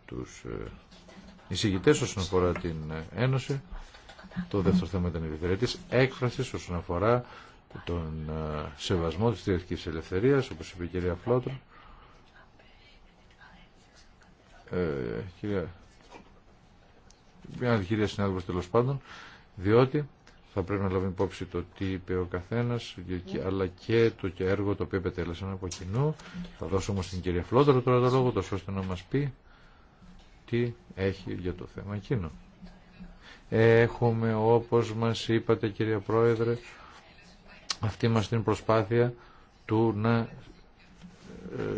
τους ε, εισηγητές όσον αφορά την ε, Ένωση. Το δεύτερο θέμα ήταν η ελευθερία έκφρασης όσον αφορά τον σεβασμό της θρησκευτικής ελευθερίας, όπως είπε η κυρία Φλότρο. Ε, κυρία, μια κυρία συνάδελφος τέλος πάντων, διότι θα πρέπει να λάβουμε υπόψη το τι είπε ο καθένας, ναι. αλλά και το έργο το οποίο επετέλεσαν από κοινού. Θα δώσω όμως την κυρία Φλότερο τώρα το λόγο, τόσο ώστε να μας πει τι έχει για το θέμα εκείνο. Έχουμε, όπως μας είπατε κυρία Πρόεδρε, αυτή μας την προσπάθεια του να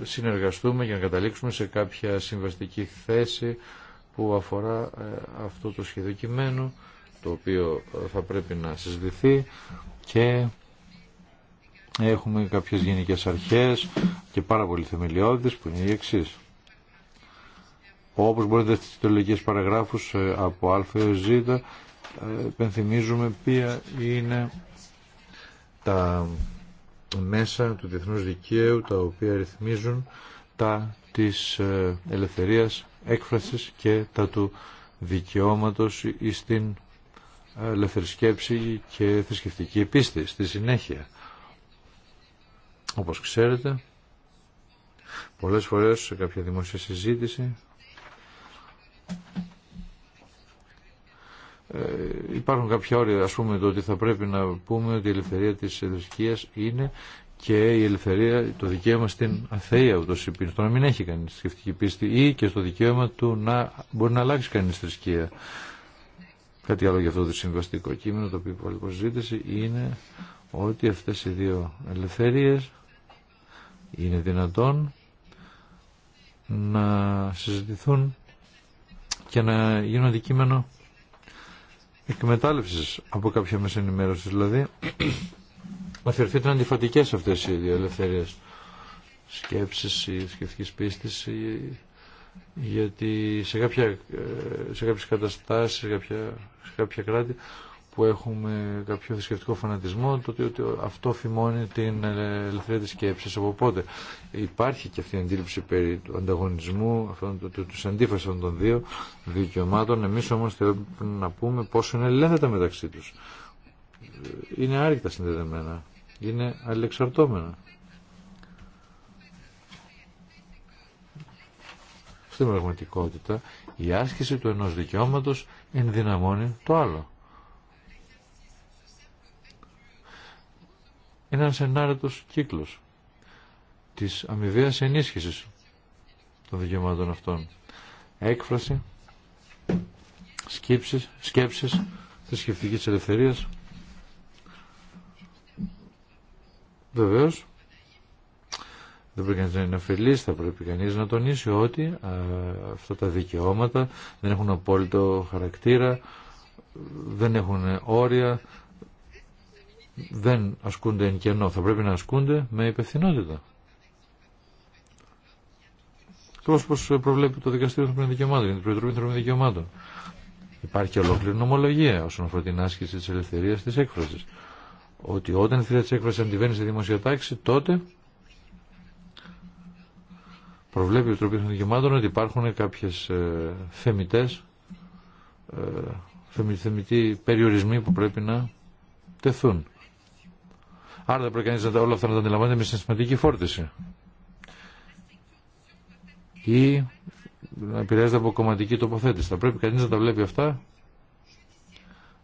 συνεργαστούμε για να καταλήξουμε σε κάποια συμβαστική θέση που αφορά ε, αυτό το σχέδιο το οποίο ε, θα πρέπει να συζητηθεί και έχουμε κάποιες γενικές αρχές και πάρα πολλοί θεμελιώδεις που είναι οι εξή. Όπως μπορείτε στις τις παραγράφους ε, από α έως ζ επενθυμίζουμε ποια είναι τα μέσα του διεθνούς δικαίου τα οποία ρυθμίζουν τα της ε, ελευθερίας έκφρασης και τα του δικαιώματος στην ε, ελεύθερη και θρησκευτική πίστη στη συνέχεια. Όπως ξέρετε, πολλές φορές σε κάποια δημόσια συζήτηση ε, υπάρχουν κάποια όρια, ας πούμε, το ότι θα πρέπει να πούμε ότι η ελευθερία της θρησκείας είναι και η ελευθερία, το δικαίωμα στην αθεία ούτως πίστη στο να μην έχει κανείς σκεφτική πίστη ή και στο δικαίωμα του να μπορεί να αλλάξει κανείς θρησκεία. Κάτι άλλο για αυτό το συμβαστικό κείμενο, το οποίο υπάρχει προσζήτηση είναι ότι αυτές οι δύο ελευθερίες είναι δυνατόν να συζητηθούν και να γίνουν αντικείμενο Εκμετάλλευση από κάποια μέσα ενημέρωση. Δηλαδή, να είναι αντιφατικές αυτές οι δύο ελευθερίες σκέψη ή σκεφτικής πίστης γιατί σε, κάποια, ε, σε κάποιες καταστάσεις, σε σε κάποια κράτη που έχουμε κάποιο θρησκευτικό φανατισμό, το ότι αυτό φημώνει την ελευθερία τη σκέψη. Από υπάρχει και αυτή η αντίληψη περί του ανταγωνισμού, του αντίφαση αυτών των δύο δικαιωμάτων. Εμεί όμως θέλουμε να πούμε πόσο είναι ελεύθερα μεταξύ τους. Είναι άρρηκτα συνδεδεμένα. Είναι αλληλεξαρτώμενα. Στην πραγματικότητα η άσκηση του ενός δικαιώματος ενδυναμώνει το άλλο. ένας ενάρετος κύκλος της αμοιβαίας ενίσχυσης των δικαιωμάτων αυτών. Έκφραση, σκέψεις, σκέψεις θρησκευτικής ελευθερίας. Βεβαίως, δεν πρέπει κανείς να είναι αφελής, θα πρέπει κανείς να τονίσει ότι αυτά τα δικαιώματα δεν έχουν απόλυτο χαρακτήρα, δεν έχουν όρια, δεν ασκούνται εν κενό, θα πρέπει να ασκούνται με υπευθυνότητα. Ακριβώ όπω προβλέπει το Δικαστήριο των Δικαιωμάτων, την των Δικαιωμάτων. Υπάρχει ολόκληρη νομολογία όσον αφορά την άσκηση της ελευθερίας της έκφρασης. Ότι όταν η ελευθερία της έκφραση αντιβαίνει στη δημόσια τάξη, τότε προβλέπει η Επιτροπή των Δικαιωμάτων ότι υπάρχουν κάποιε θεμητέ, ε, θεμητοί περιορισμοί που πρέπει να τεθούν. Άρα δεν πρέπει κανείς όλα αυτά να τα αντιλαμβάνεται με συναισθηματική φόρτιση. Ή να επηρεάζεται από κομματική τοποθέτηση. Θα πρέπει κανεί να τα βλέπει αυτά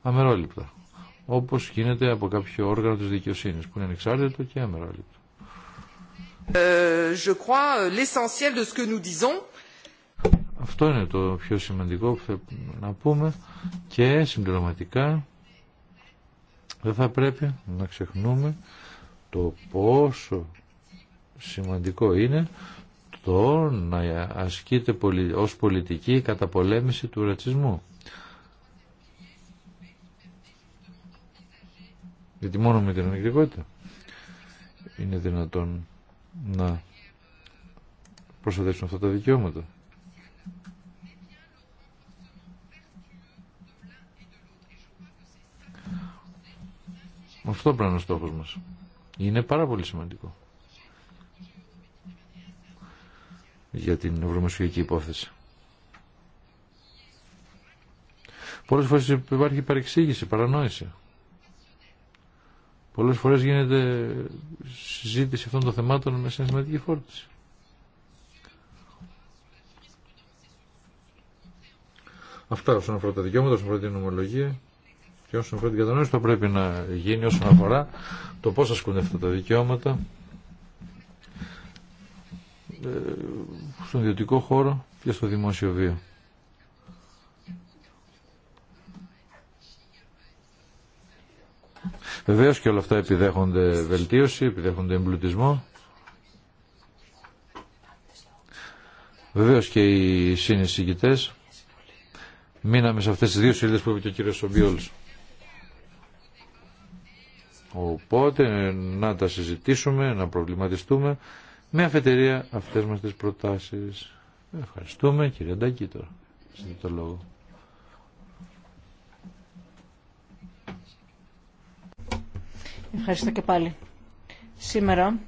αμερόληπτα. Όπω γίνεται από κάποιο όργανο τη δικαιοσύνη που είναι ανεξάρτητο και αμερόληπτο. Αυτό είναι το πιο σημαντικό που θα να πούμε και συμπληρωματικά δεν θα πρέπει να ξεχνούμε το πόσο σημαντικό είναι το να ασκείται ως πολιτική καταπολέμηση του ρατσισμού. Γιατί μόνο με την ανεκτικότητα είναι δυνατόν να προστατεύσουν αυτά τα δικαιώματα. Αυτό πρέπει να είναι ο στόχος μας. Είναι πάρα πολύ σημαντικό. Για την ευρωμεσογειακή υπόθεση. Πολλές φορές υπάρχει παρεξήγηση, παρανόηση. Πολλές φορές γίνεται συζήτηση αυτών των θεμάτων με συναισθηματική φόρτιση. Αυτά όσον αφορά τα δικαιώματα, όσον αφορά την ομολογία. Και όσον αφορά την κατανόηση, θα πρέπει να γίνει όσον αφορά το πώ ασκούν αυτά τα δικαιώματα ε, στον ιδιωτικό χώρο και στο δημόσιο βίο. Βεβαίως και όλα αυτά επιδέχονται βελτίωση, επιδέχονται εμπλουτισμό. Βεβαίως και οι συνεισηγητές μείναμε σε αυτές τις δύο σελίδες που είπε και ο κύριος Σομπιόλς. Οπότε να τα συζητήσουμε, να προβληματιστούμε με αφετηρία αυτές μας τις προτάσεις. Ευχαριστούμε κύριε Ντάκη τώρα. το λόγο. Ευχαριστώ και πάλι. Σήμερα,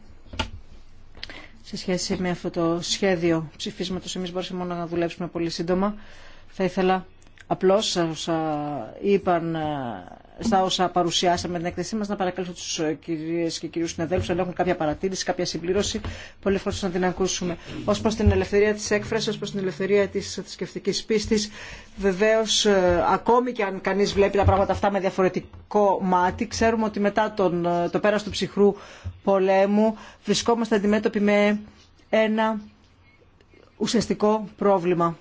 σε σχέση με αυτό το σχέδιο ψηφίσματος, εμείς μπορούσαμε μόνο να δουλέψουμε πολύ σύντομα. Θα ήθελα απλώς, όσα είπαν ε, στα όσα παρουσιάσαμε την έκθεσή μα, να παρακαλέσω του ε, κυρίε και κυρίου συναδέλφου αν έχουν κάποια παρατήρηση, κάποια συμπλήρωση. Πολύ ευχαριστώ να την ακούσουμε. Ω προ την ελευθερία τη έκφραση, ω προ την ελευθερία τη θρησκευτική πίστη, βεβαίω ε, ακόμη και αν κανεί βλέπει τα πράγματα αυτά με διαφορετικό μάτι, ξέρουμε ότι μετά τον, ε, το πέρα του ψυχρού πολέμου βρισκόμαστε αντιμέτωποι με ένα ουσιαστικό πρόβλημα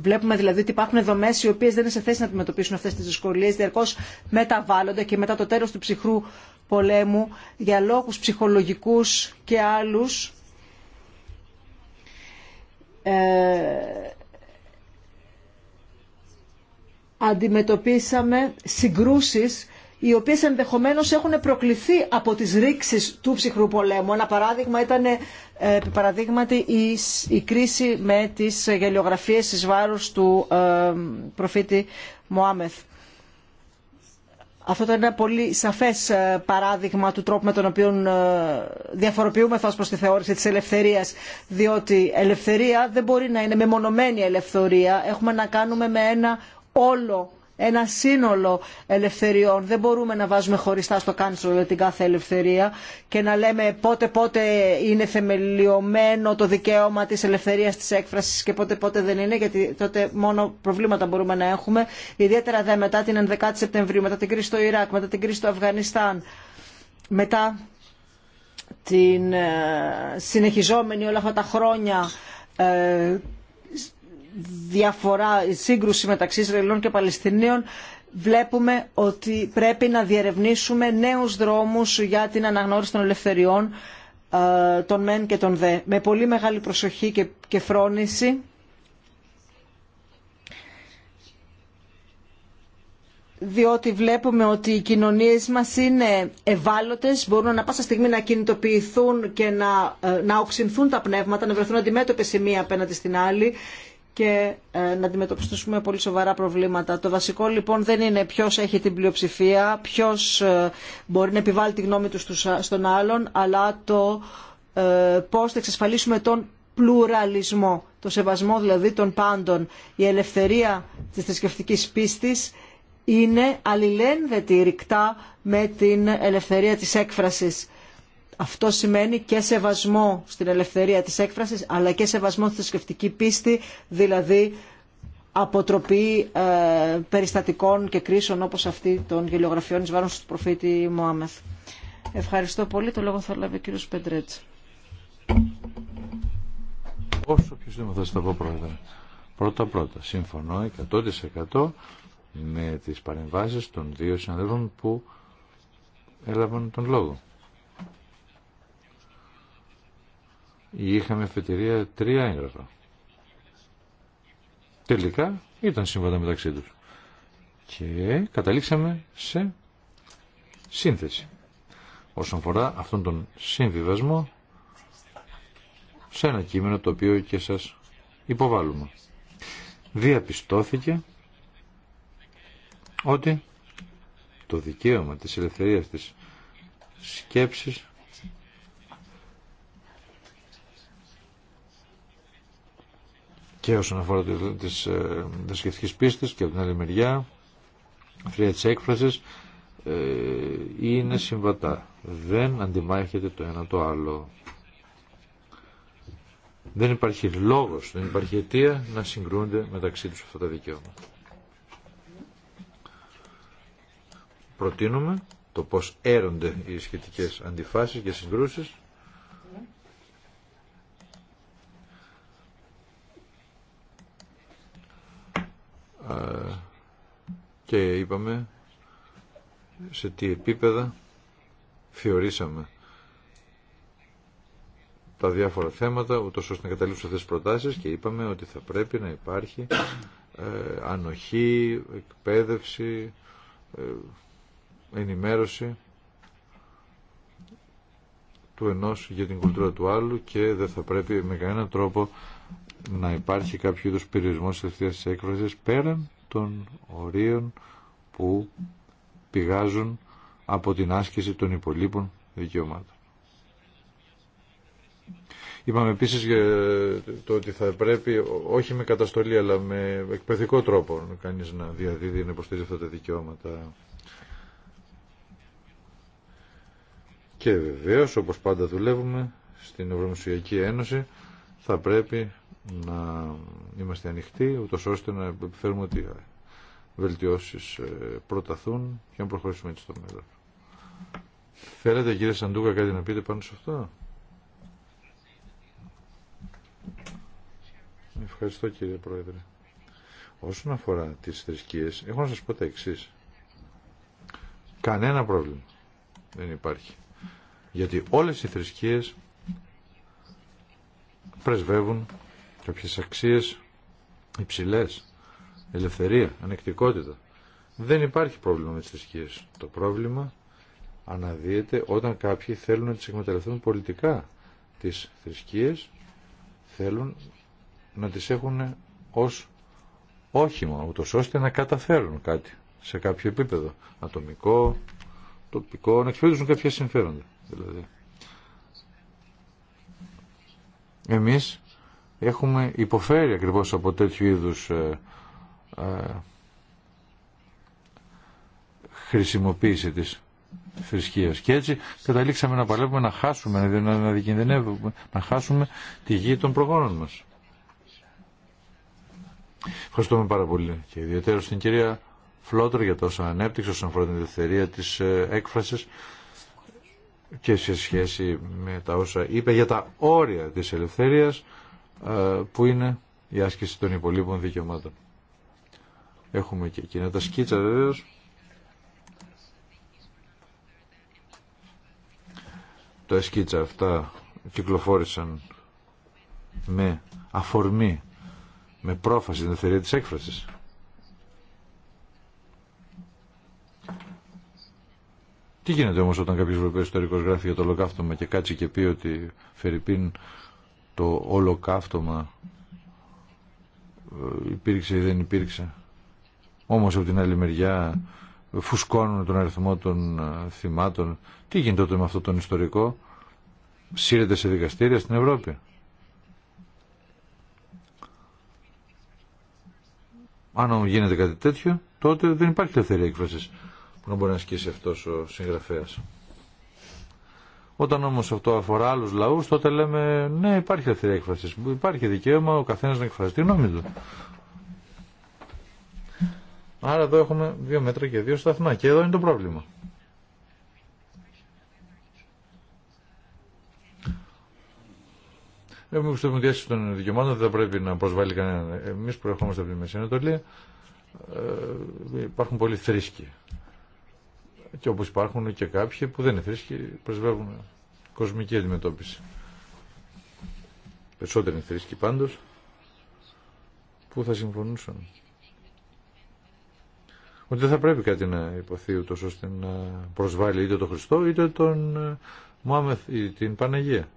Βλέπουμε δηλαδή ότι υπάρχουν δομέ οι οποίε δεν είναι σε θέση να αντιμετωπίσουν αυτέ τι δυσκολίε, διαρκώ μεταβάλλονται και μετά το τέλο του ψυχρού πολέμου για λόγου ψυχολογικού και άλλου. Ε, αντιμετωπίσαμε συγκρούσεις οι οποίες ενδεχομένως έχουν προκληθεί από τις ρήξεις του ψυχρού πολέμου. Ένα παράδειγμα ήταν ε, η, η κρίση με τις γελιογραφίες εις βάρους του ε, προφήτη Μωάμεθ. Αυτό ήταν ένα πολύ σαφές ε, παράδειγμα του τρόπου με τον οποίο διαφοροποιούμε, ως προς τη θεώρηση της ελευθερίας. Διότι ελευθερία δεν μπορεί να είναι μεμονωμένη ελευθερία. Έχουμε να κάνουμε με ένα όλο ένα σύνολο ελευθεριών. Δεν μπορούμε να βάζουμε χωριστά στο κάνσολο την κάθε ελευθερία και να λέμε πότε πότε είναι θεμελιωμένο το δικαίωμα της ελευθερίας της έκφρασης και πότε πότε δεν είναι γιατί τότε μόνο προβλήματα μπορούμε να έχουμε. Ιδιαίτερα δε μετά την 11η Σεπτεμβρίου, μετά την κρίση στο Ιράκ, μετά την κρίση στο Αφγανιστάν, μετά την ε, συνεχιζόμενη όλα αυτά τα χρόνια ε, διαφορά, σύγκρουση μεταξύ Ισραηλών και Παλαιστινίων βλέπουμε ότι πρέπει να διερευνήσουμε νέους δρόμους για την αναγνώριση των ελευθεριών ε, των μεν και των δε. Με πολύ μεγάλη προσοχή και, και φρόνηση. διότι βλέπουμε ότι οι κοινωνίες μας είναι ευάλωτες, μπορούν να πάσα στιγμή να κινητοποιηθούν και να, ε, να οξυνθούν τα πνεύματα, να βρεθούν αντιμέτωπες η μία απέναντι στην άλλη και ε, να αντιμετωπιστούμε πολύ σοβαρά προβλήματα. Το βασικό λοιπόν δεν είναι ποιο έχει την πλειοψηφία, ποιο ε, μπορεί να επιβάλλει τη γνώμη του στον άλλον, αλλά το ε, πώ θα εξασφαλίσουμε τον πλουραλισμό, το σεβασμό δηλαδή των πάντων. Η ελευθερία της θρησκευτική πίστης είναι αλληλένδετη ρηκτά με την ελευθερία της έκφρασης αυτό σημαίνει και σεβασμό στην ελευθερία της έκφρασης αλλά και σεβασμό στη σκεφτική πίστη, δηλαδή αποτροπή ε, περιστατικών και κρίσεων όπως αυτή των γελιογραφιών εις βάρος του προφήτη Μωάμεθ. Ευχαριστώ πολύ. Το λόγο θα λάβει ο κύριος Πεντρέτς. Όσο πιο σύντομα θα πω πρώτα. Πρώτα πρώτα, συμφωνώ 100% με τις παρεμβάσεις των δύο συναδέλφων που έλαβαν τον λόγο. είχαμε φετηρία τρία έγγραφα. Τελικά ήταν σύμβατα μεταξύ τους. Και καταλήξαμε σε σύνθεση. Όσον αφορά αυτόν τον συμβιβασμό σε ένα κείμενο το οποίο και σας υποβάλλουμε. Διαπιστώθηκε ότι το δικαίωμα της ελευθερίας της σκέψης και όσον αφορά ε, τις σχετικές πίστης και από την άλλη μεριά φρία της έκφρασης ε, είναι συμβατά δεν αντιμάχεται το ένα το άλλο δεν υπάρχει λόγος, δεν υπάρχει αιτία να συγκρούνται μεταξύ τους αυτά τα δικαιώματα προτείνουμε το πώς έρονται οι σχετικές αντιφάσεις και συγκρούσεις και είπαμε σε τι επίπεδα θεωρήσαμε τα διάφορα θέματα, ούτως ώστε να καταλήψουμε αυτές τις προτάσεις και είπαμε ότι θα πρέπει να υπάρχει ε, ανοχή, εκπαίδευση, ε, ενημέρωση του ενός για την κουλτούρα του άλλου και δεν θα πρέπει με κανέναν τρόπο να υπάρχει κάποιο είδος περιορισμός της έκφρασης πέραν των ορίων που πηγάζουν από την άσκηση των υπολείπων δικαιωμάτων. Είπαμε επίσης το ότι θα πρέπει όχι με καταστολή αλλά με εκπαιδευτικό τρόπο κανείς να διαδίδει να υποστηρίζει αυτά τα δικαιώματα. Και βεβαίως όπως πάντα δουλεύουμε στην Ευρωμουσιακή Ένωση θα πρέπει να είμαστε ανοιχτοί, ούτως ώστε να επιφέρουμε ότι βελτιώσεις ε, προταθούν και να προχωρήσουμε έτσι στο μέλλον. Θέλετε κύριε Σαντούκα κάτι να πείτε πάνω σε αυτό. Ευχαριστώ κύριε Πρόεδρε. Όσον αφορά τις θρησκείες, έχω να σας πω τα εξή. Κανένα πρόβλημα δεν υπάρχει. Γιατί όλες οι θρησκείες πρεσβεύουν κάποιες αξίες υψηλές, ελευθερία, ανεκτικότητα. Δεν υπάρχει πρόβλημα με τις θρησκείες. Το πρόβλημα αναδύεται όταν κάποιοι θέλουν να τις εκμεταλλευτούν πολιτικά τις θρησκείες, θέλουν να τις έχουν ως όχημα, ούτως ώστε να καταφέρουν κάτι σε κάποιο επίπεδο, ατομικό, τοπικό, να εξυπηρετήσουν κάποια συμφέροντα. Δηλαδή. Εμείς έχουμε υποφέρει ακριβώς από τέτοιου είδους ε, ε, χρησιμοποίηση της θρησκείας. Και έτσι καταλήξαμε να παλεύουμε να χάσουμε, να, να δικινδυνεύουμε, να χάσουμε τη γη των προγόνων μας. Ευχαριστούμε πάρα πολύ και ιδιαίτερα στην κυρία Φλότρο για τόσα ανέπτυξη όσον αφορά την ελευθερία της ε, έκφρασης και σε σχέση με τα όσα είπε για τα όρια της ελευθερίας ε, που είναι η άσκηση των υπολείπων δικαιωμάτων. Έχουμε και εκείνα τα σκίτσα βεβαίω. Τα σκίτσα αυτά κυκλοφόρησαν με αφορμή, με πρόφαση την ελευθερία της έκφρασης. Τι γίνεται όμως όταν κάποιος Ευρωπαίος ιστορικός γράφει για το ολοκαύτωμα και κάτσει και πει ότι Φερρυπίν το ολοκαύτωμα ε, υπήρξε ή δεν υπήρξε. Όμως από την άλλη μεριά φουσκώνουν τον αριθμό των ε, θυμάτων. Τι γίνεται τότε με αυτό τον ιστορικό. Σύρεται σε δικαστήρια στην Ευρώπη. Αν γίνεται κάτι τέτοιο, τότε δεν υπάρχει ελευθερία έκφραση που να μπορεί να ασκήσει αυτός ο συγγραφέας. Όταν όμως αυτό αφορά άλλου λαούς, τότε λέμε ναι υπάρχει αυτή έκφραση. Υπάρχει δικαίωμα ο καθένα να εκφραστεί γνώμη του. Άρα εδώ έχουμε δύο μέτρα και δύο σταθμά και εδώ είναι το πρόβλημα. Εμεί που ότι διάσταση των δικαιωμάτων δεν θα πρέπει να προσβάλλει κανέναν. Εμεί ερχόμαστε από τη Μέση ε, υπάρχουν πολλοί θρήσκοι και όπως υπάρχουν και κάποιοι που δεν είναι θρήσκοι πρεσβεύουν κοσμική αντιμετώπιση. Περισσότεροι είναι θρήσκοι πάντως που θα συμφωνούσαν. Ότι δεν θα πρέπει κάτι να υποθεί ούτως ώστε να προσβάλλει είτε τον Χριστό είτε τον ε, Μωάμεθ ή την Παναγία.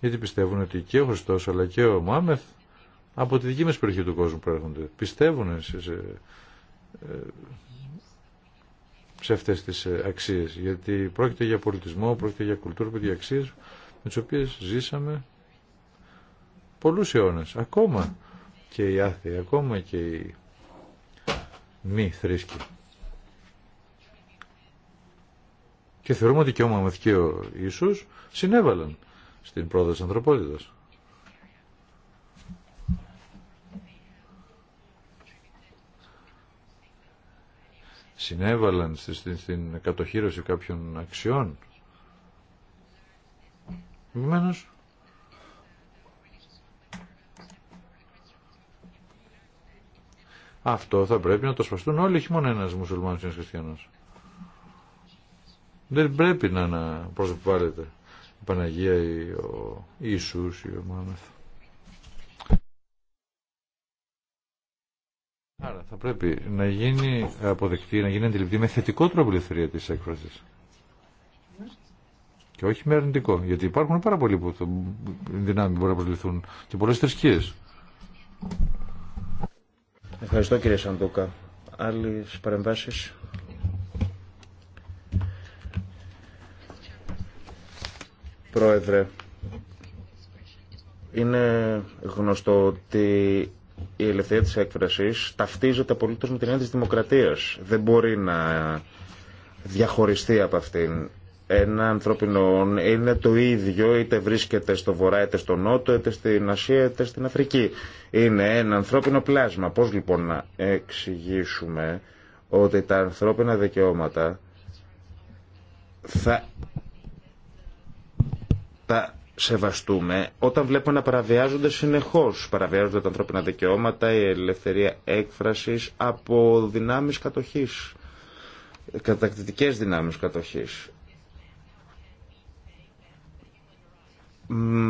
Γιατί πιστεύουν ότι και ο Χριστός αλλά και ο Μωάμεθ από τη δική μας περιοχή του κόσμου προέρχονται. Πιστεύουν σε, σε, ε, σε αυτές τις ε, αξίες. Γιατί πρόκειται για πολιτισμό, πρόκειται για κουλτούρα, πρόκειται για αξίες με τις οποίες ζήσαμε πολλούς αιώνες. Ακόμα και οι άθεοι, ακόμα και οι μη θρήσκοι. Και θεωρούμε ότι και ο μαμαθικείο Ιησούς συνέβαλαν στην πρόοδο της ανθρωπότητας. συνέβαλαν στην, στην κατοχήρωση κάποιων αξιών. Επομένως, αυτό θα πρέπει να το σπαστούν όλοι, όχι μόνο ένας μουσουλμάνος η ένας χριστιανός. Δεν πρέπει να, να προσβάλλεται η Παναγία ή ο Ιησούς ή ο Μάμεθ. Άρα θα πρέπει να γίνει αποδεκτή, να γίνει αντιληπτή με θετικό τρόπο η ελευθερία της έκφρασης. Και όχι με αρνητικό. Γιατί υπάρχουν πάρα πολλοί που δυνάμει μπορεί να προσληφθούν και πολλές θρησκείες. Ευχαριστώ κύριε Σαντούκα. Άλλες παρεμβάσεις. Πρόεδρε, είναι γνωστό ότι η ελευθερία της έκφρασης ταυτίζεται απολύτως με την έννοια της δημοκρατίας. Δεν μπορεί να διαχωριστεί από αυτήν. Ένα ανθρώπινο είναι το ίδιο είτε βρίσκεται στο βορρά είτε στο νότο είτε στην Ασία είτε στην Αφρική. Είναι ένα ανθρώπινο πλάσμα. Πώς λοιπόν να εξηγήσουμε ότι τα ανθρώπινα δικαιώματα θα σεβαστούμε όταν βλέπουμε να παραβιάζονται συνεχώς. Παραβιάζονται τα ανθρώπινα δικαιώματα, η ελευθερία έκφρασης από δυνάμεις κατοχής, κατακτητικές δυνάμεις κατοχής.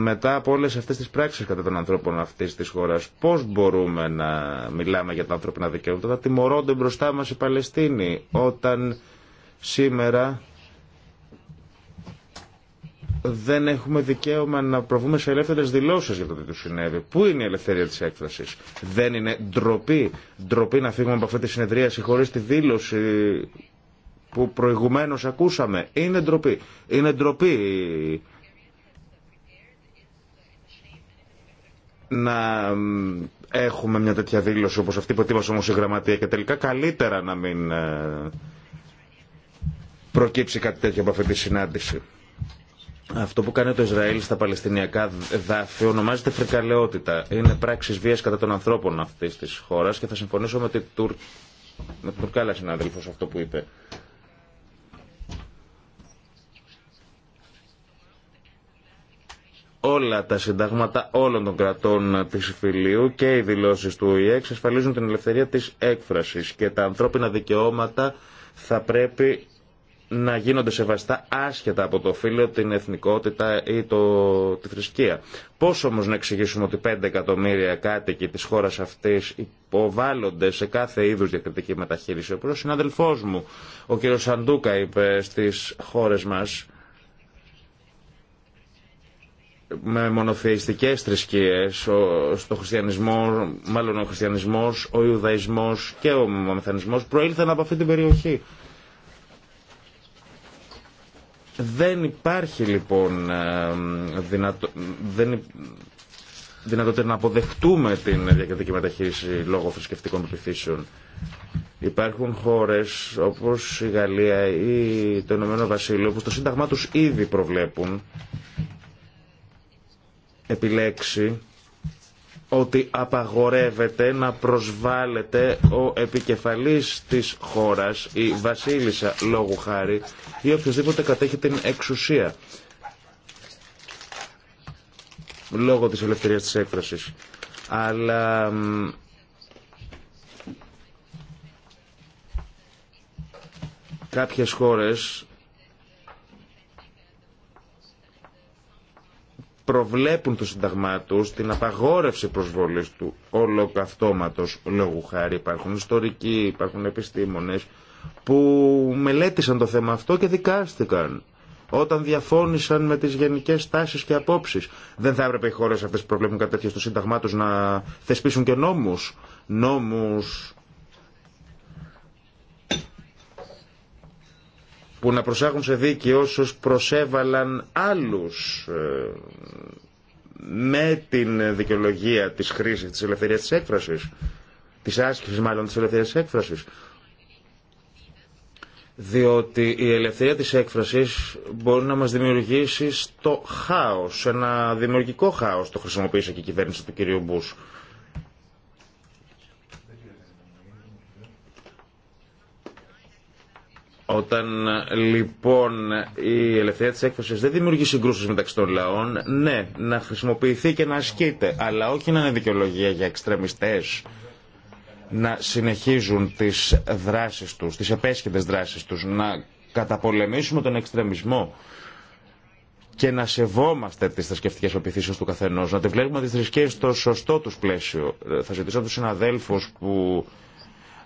μετά από όλες αυτές τις πράξεις κατά των ανθρώπων αυτής της χώρας, πώς μπορούμε να μιλάμε για τα ανθρώπινα δικαιώματα, τιμωρώνται μπροστά μας οι Παλαιστίνοι, όταν σήμερα δεν έχουμε δικαίωμα να προβούμε σε ελεύθερε δηλώσει για το τι του συνέβη. Πού είναι η ελευθερία τη έκφραση, Δεν είναι ντροπή. Ντροπή να φύγουμε από αυτή τη συνεδρίαση χωρί τη δήλωση που προηγουμένω ακούσαμε. Είναι ντροπή. Είναι ντροπή να έχουμε μια τέτοια δήλωση όπως αυτή που ετοίμασε όμως η γραμματεία και τελικά καλύτερα να μην ε, προκύψει κάτι τέτοιο από αυτή τη συνάντηση. Αυτό που κάνει το Ισραήλ στα Παλαιστινιακά δάφη ονομάζεται φρικαλαιότητα. Είναι πράξεις βίας κατά των ανθρώπων αυτή τη χώρα και θα συμφωνήσω με την, Τουρ... με Τουρκάλα αυτό που είπε. όλα τα συντάγματα όλων των κρατών της Φιλίου και οι δηλώσεις του ΟΗΕ εξασφαλίζουν την ελευθερία της έκφρασης και τα ανθρώπινα δικαιώματα θα πρέπει να γίνονται σεβαστά άσχετα από το φίλο, την εθνικότητα ή το, τη θρησκεία. Πώς όμως να εξηγήσουμε ότι 5 εκατομμύρια κάτοικοι της χώρας αυτής υποβάλλονται σε κάθε είδους διακριτική μεταχείριση. Ο συνάδελφός μου, ο κύριος Σαντούκα, είπε στις χώρες μας με μονοθεϊστικές θρησκείες, στο χριστιανισμό, μάλλον ο χριστιανισμός, ο Ιουδαϊσμός και ο μεθανισμός προήλθαν από αυτή την περιοχή. Δεν υπάρχει λοιπόν ε, δυνατο... δεν... δυνατότητα να αποδεχτούμε την διακριτική μεταχείριση λόγω θρησκευτικών επιθύσεων. Υπάρχουν χώρες όπως η Γαλλία ή το Ηνωμένο Βασίλειο που στο Σύνταγμά τους ήδη προβλέπουν επιλέξει ότι απαγορεύεται να προσβάλλεται ο επικεφαλής της χώρας, η βασίλισσα λόγου χάρη ή οποιοδήποτε κατέχει την εξουσία λόγω της ελευθερίας της έκφρασης. Αλλά κάποιες χώρες προβλέπουν το συνταγμά του την απαγόρευση προσβολή του ολοκαυτώματο λόγου χάρη. Υπάρχουν ιστορικοί, υπάρχουν επιστήμονε που μελέτησαν το θέμα αυτό και δικάστηκαν όταν διαφώνησαν με τι γενικέ τάσει και απόψει. Δεν θα έπρεπε οι χώρε αυτέ που προβλέπουν κάτι τέτοιο στο Σύνταγμά του να θεσπίσουν και νόμου. Νόμου που να προσάγουν σε δίκη όσους προσέβαλαν άλλους ε, με την δικαιολογία της χρήσης της ελευθερίας της έκφρασης, της άσκησης μάλλον της ελευθερίας της έκφρασης. Διότι η ελευθερία της έκφρασης μπορεί να μας δημιουργήσει στο χάος, ένα δημιουργικό χάος το χρησιμοποίησε και η κυβέρνηση του κυρίου Μπούς. Όταν λοιπόν η ελευθερία της έκφρασης δεν δημιουργεί συγκρούσεις μεταξύ των λαών, ναι, να χρησιμοποιηθεί και να ασκείται, αλλά όχι να είναι δικαιολογία για εξτρεμιστές να συνεχίζουν τις δράσεις τους, τις επέσχετες δράσεις τους, να καταπολεμήσουμε τον εξτρεμισμό και να σεβόμαστε τις θρησκευτικέ οπιθήσεις του καθενός, να τη βλέπουμε τις θρησκείες στο σωστό του πλαίσιο. Ε, θα ζητήσω από τους συναδέλφους που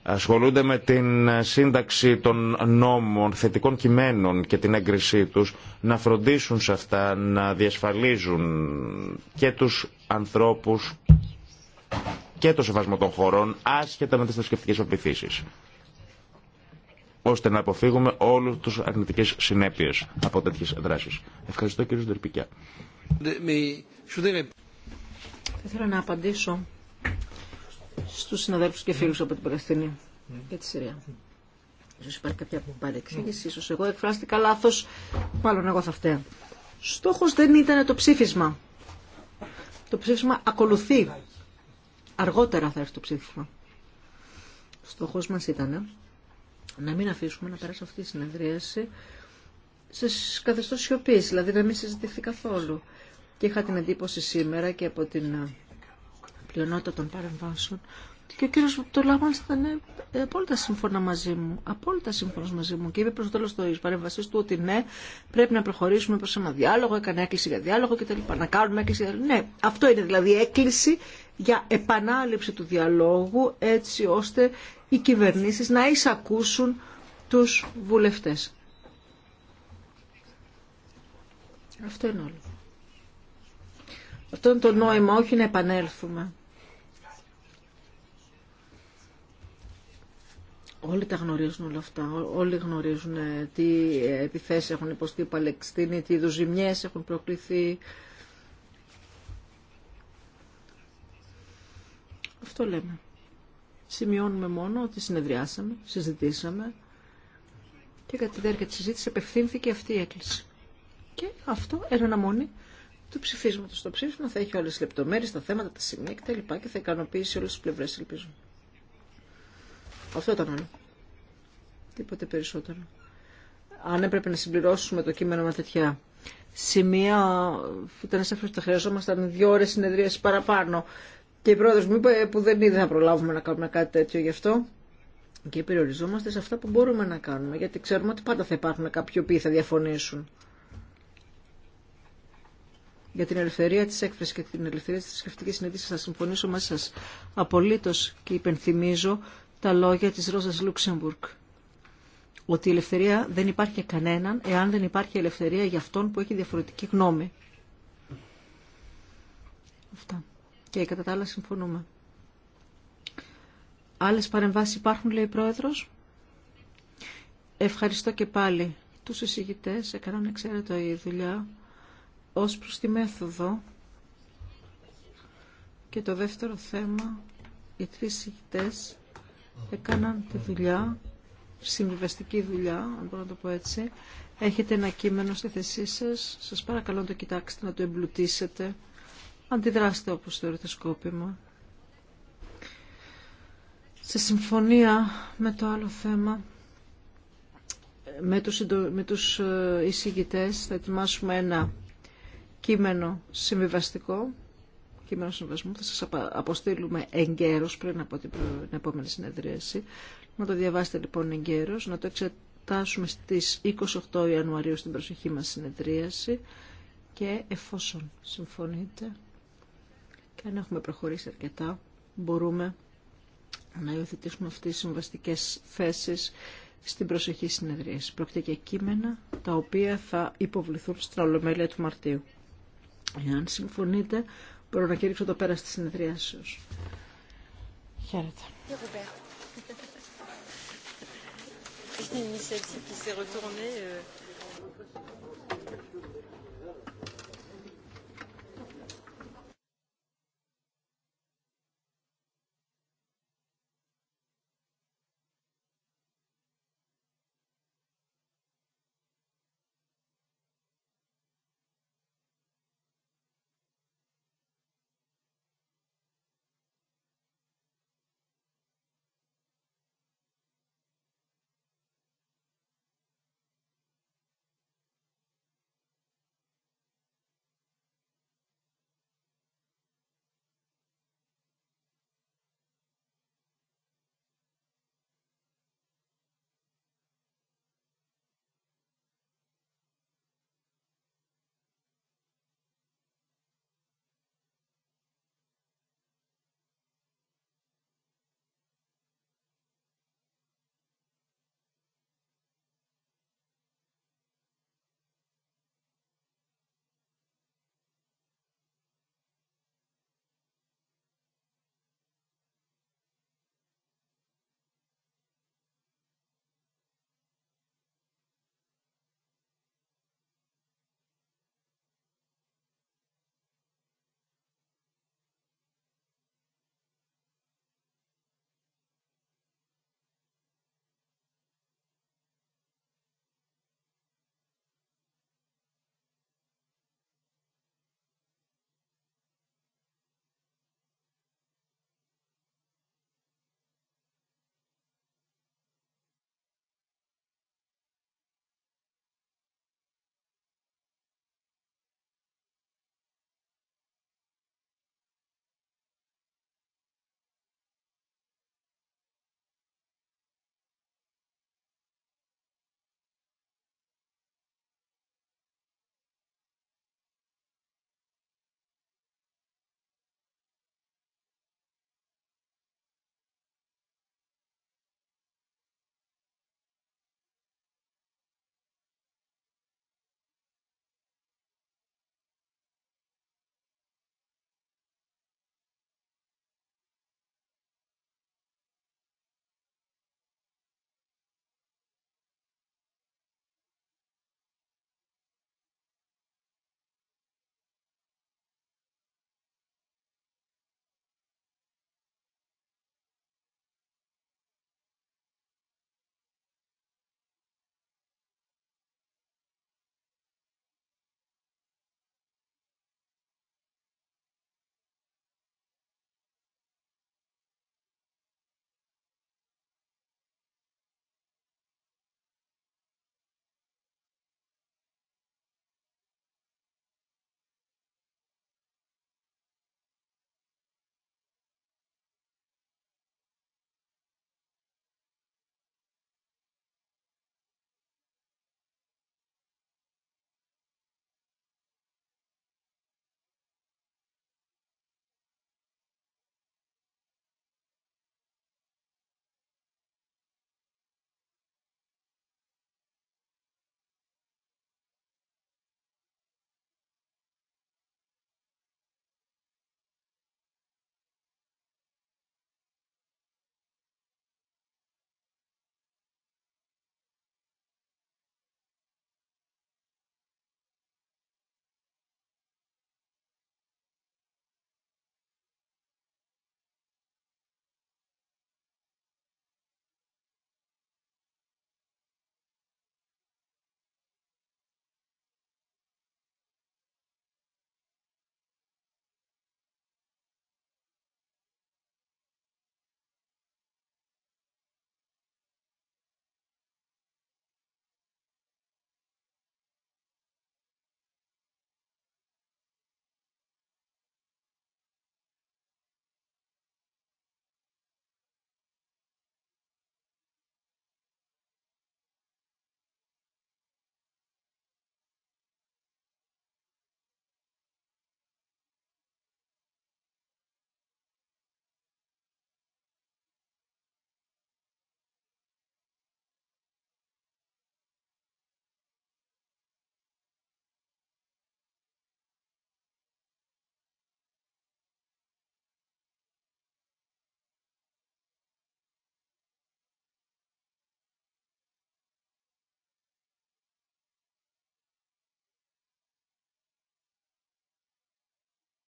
ασχολούνται με την σύνταξη των νόμων, θετικών κειμένων και την έγκρισή τους, να φροντίσουν σε αυτά, να διασφαλίζουν και τους ανθρώπους και το σεβασμό των χωρών, άσχετα με τις θρησκευτικές οπιθήσεις ώστε να αποφύγουμε όλους τους αρνητικές συνέπειες από τέτοιες δράσεις. Ευχαριστώ κύριο Δερπικιά. Θα να απαντήσω στους συναδέλφους και φίλους από την Παλαιστινή και τη Συρία. Ίσως υπάρχει κάποια παρεξήγηση, ίσως εγώ εκφράστηκα λάθος, μάλλον εγώ θα φταίω. Στόχος δεν ήταν το ψήφισμα. Το ψήφισμα ακολουθεί. Αργότερα θα έρθει το ψήφισμα. Στόχος μας ήταν να μην αφήσουμε να περάσει αυτή η συνεδρίαση σε καθεστώς σιωπής, δηλαδή να μην συζητηθεί καθόλου. Και είχα την εντύπωση σήμερα και από την πλειονότητα των παρεμβάσεων. Και ο κύριο Τολάμαν ήταν ε, απόλυτα σύμφωνα μαζί μου. Απόλυτα σύμφωνο μαζί μου. Και είπε προ το τέλο τη παρέμβασή του ότι ναι, πρέπει να προχωρήσουμε προ ένα διάλογο. Έκανε έκκληση για διάλογο κτλ. Να κάνουμε έκκληση. για διάλογο. Ναι, αυτό είναι δηλαδή έκκληση για επανάληψη του διαλόγου έτσι ώστε οι κυβερνήσει να εισακούσουν του βουλευτέ. Αυτό είναι όλο. Αυτό είναι το νόημα, όχι να επανέλθουμε. Όλοι τα γνωρίζουν όλα αυτά. Όλοι γνωρίζουν ε, τι ε, επιθέσεις έχουν υποστεί οι τι είδους ζημιές έχουν προκληθεί. Αυτό λέμε. Σημειώνουμε μόνο ότι συνεδριάσαμε, συζητήσαμε και κατά τη διάρκεια της συζήτησης επευθύνθηκε αυτή η έκκληση. Και αυτό εν αναμονή του ψηφίσματος. Το ψήφισμα θα έχει όλες τις λεπτομέρειες, τα θέματα, τα σημεία κτλ. Και θα ικανοποιήσει όλες τις πλευρές, ελπίζω. Αυτό ήταν όλο. Τίποτε περισσότερο. Αν έπρεπε να συμπληρώσουμε το κείμενο με τέτοια σημεία, ήταν σαφέ ότι θα χρειαζόμασταν δύο ώρε συνεδρίαση παραπάνω. Και η πρόεδρο μου είπε ε, που δεν είδε να προλάβουμε να κάνουμε κάτι τέτοιο γι' αυτό. Και περιοριζόμαστε σε αυτά που μπορούμε να κάνουμε, γιατί ξέρουμε ότι πάντα θα υπάρχουν κάποιοι οποίοι θα διαφωνήσουν. Για την ελευθερία τη έκφραση και την ελευθερία τη θρησκευτική συνείδηση θα συμφωνήσω μαζί σας απολύτω και υπενθυμίζω τα λόγια της Ρόζας Λούξεμβουργκ. Ότι η ελευθερία δεν υπάρχει για κανέναν εάν δεν υπάρχει ελευθερία για αυτόν που έχει διαφορετική γνώμη. Αυτά. Και κατά τα άλλα συμφωνούμε. Άλλες παρεμβάσεις υπάρχουν, λέει η Πρόεδρος. Ευχαριστώ και πάλι τους εισηγητές. Έκαναν εξαίρετο η δουλειά ως προς τη μέθοδο. Και το δεύτερο θέμα, οι τρεις εισηγητές έκαναν τη δουλειά, συμβιβαστική δουλειά, αν μπορώ να το πω έτσι. Έχετε ένα κείμενο στη θέσή σας. Σας παρακαλώ να το κοιτάξετε, να το εμπλουτίσετε. Αντιδράστε όπως θεωρείτε σκόπιμα. Σε συμφωνία με το άλλο θέμα, με τους, με τους ε, εισηγητές θα ετοιμάσουμε ένα κείμενο συμβιβαστικό κείμενο συμβασμού θα σας αποστείλουμε εγκαίρως πριν από την επόμενη συνεδρίαση. Να το διαβάσετε λοιπόν εγκαίρως, να το εξετάσουμε στις 28 Ιανουαρίου στην προσοχή μας συνεδρίαση και εφόσον συμφωνείτε και αν έχουμε προχωρήσει αρκετά μπορούμε να υιοθετήσουμε αυτές τις συμβαστικές θέσεις στην προσοχή συνεδρίαση. Πρόκειται και κείμενα τα οποία θα υποβληθούν στην Ολομέλεια του Μαρτίου. Εάν συμφωνείτε, Μπορώ να κηρύξω το πέρα τη συνεδρίασεως. Χαίρετε. Une qui s'est retournée.